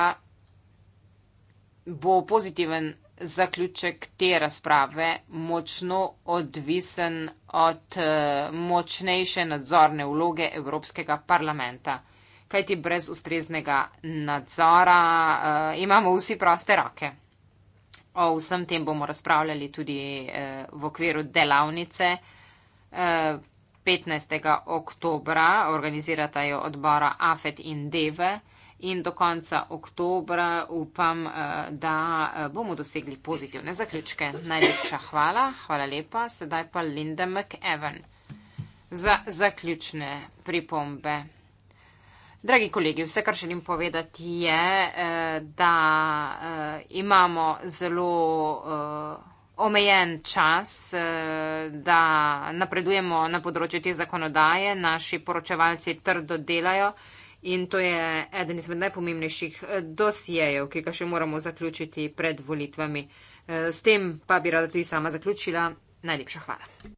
bo pozitiven zaključek te razprave močno odvisen od eh, močnejše nadzorne vloge Evropskega parlamenta. Kajti brez ustreznega nadzora uh, imamo vsi proste rake. O vsem tem bomo razpravljali tudi uh, v okviru delavnice uh, 15. oktobra. Organizirata jo odbora AFET in DEVE. Uh, in do konca oktobra upam, eh, da eh, bomo dosegli pozitivne zaključke. Najlepša hvala, hvala lepa. Sedaj pa Linda McEwen za zaključne pripombe. Dragi kolegi, vse, kar želim povedati, je, eh, da imamo zelo omejen čas, da napredujemo na področju te zakonodaje. Naši poročevalci trdo delajo. In to je eden izmed najpomembnejših eh, dosijejev, ki ga še moramo zaključiti pred volitvami. Eh, s tem pa bi rada tudi sama zaključila. Najlepša hvala.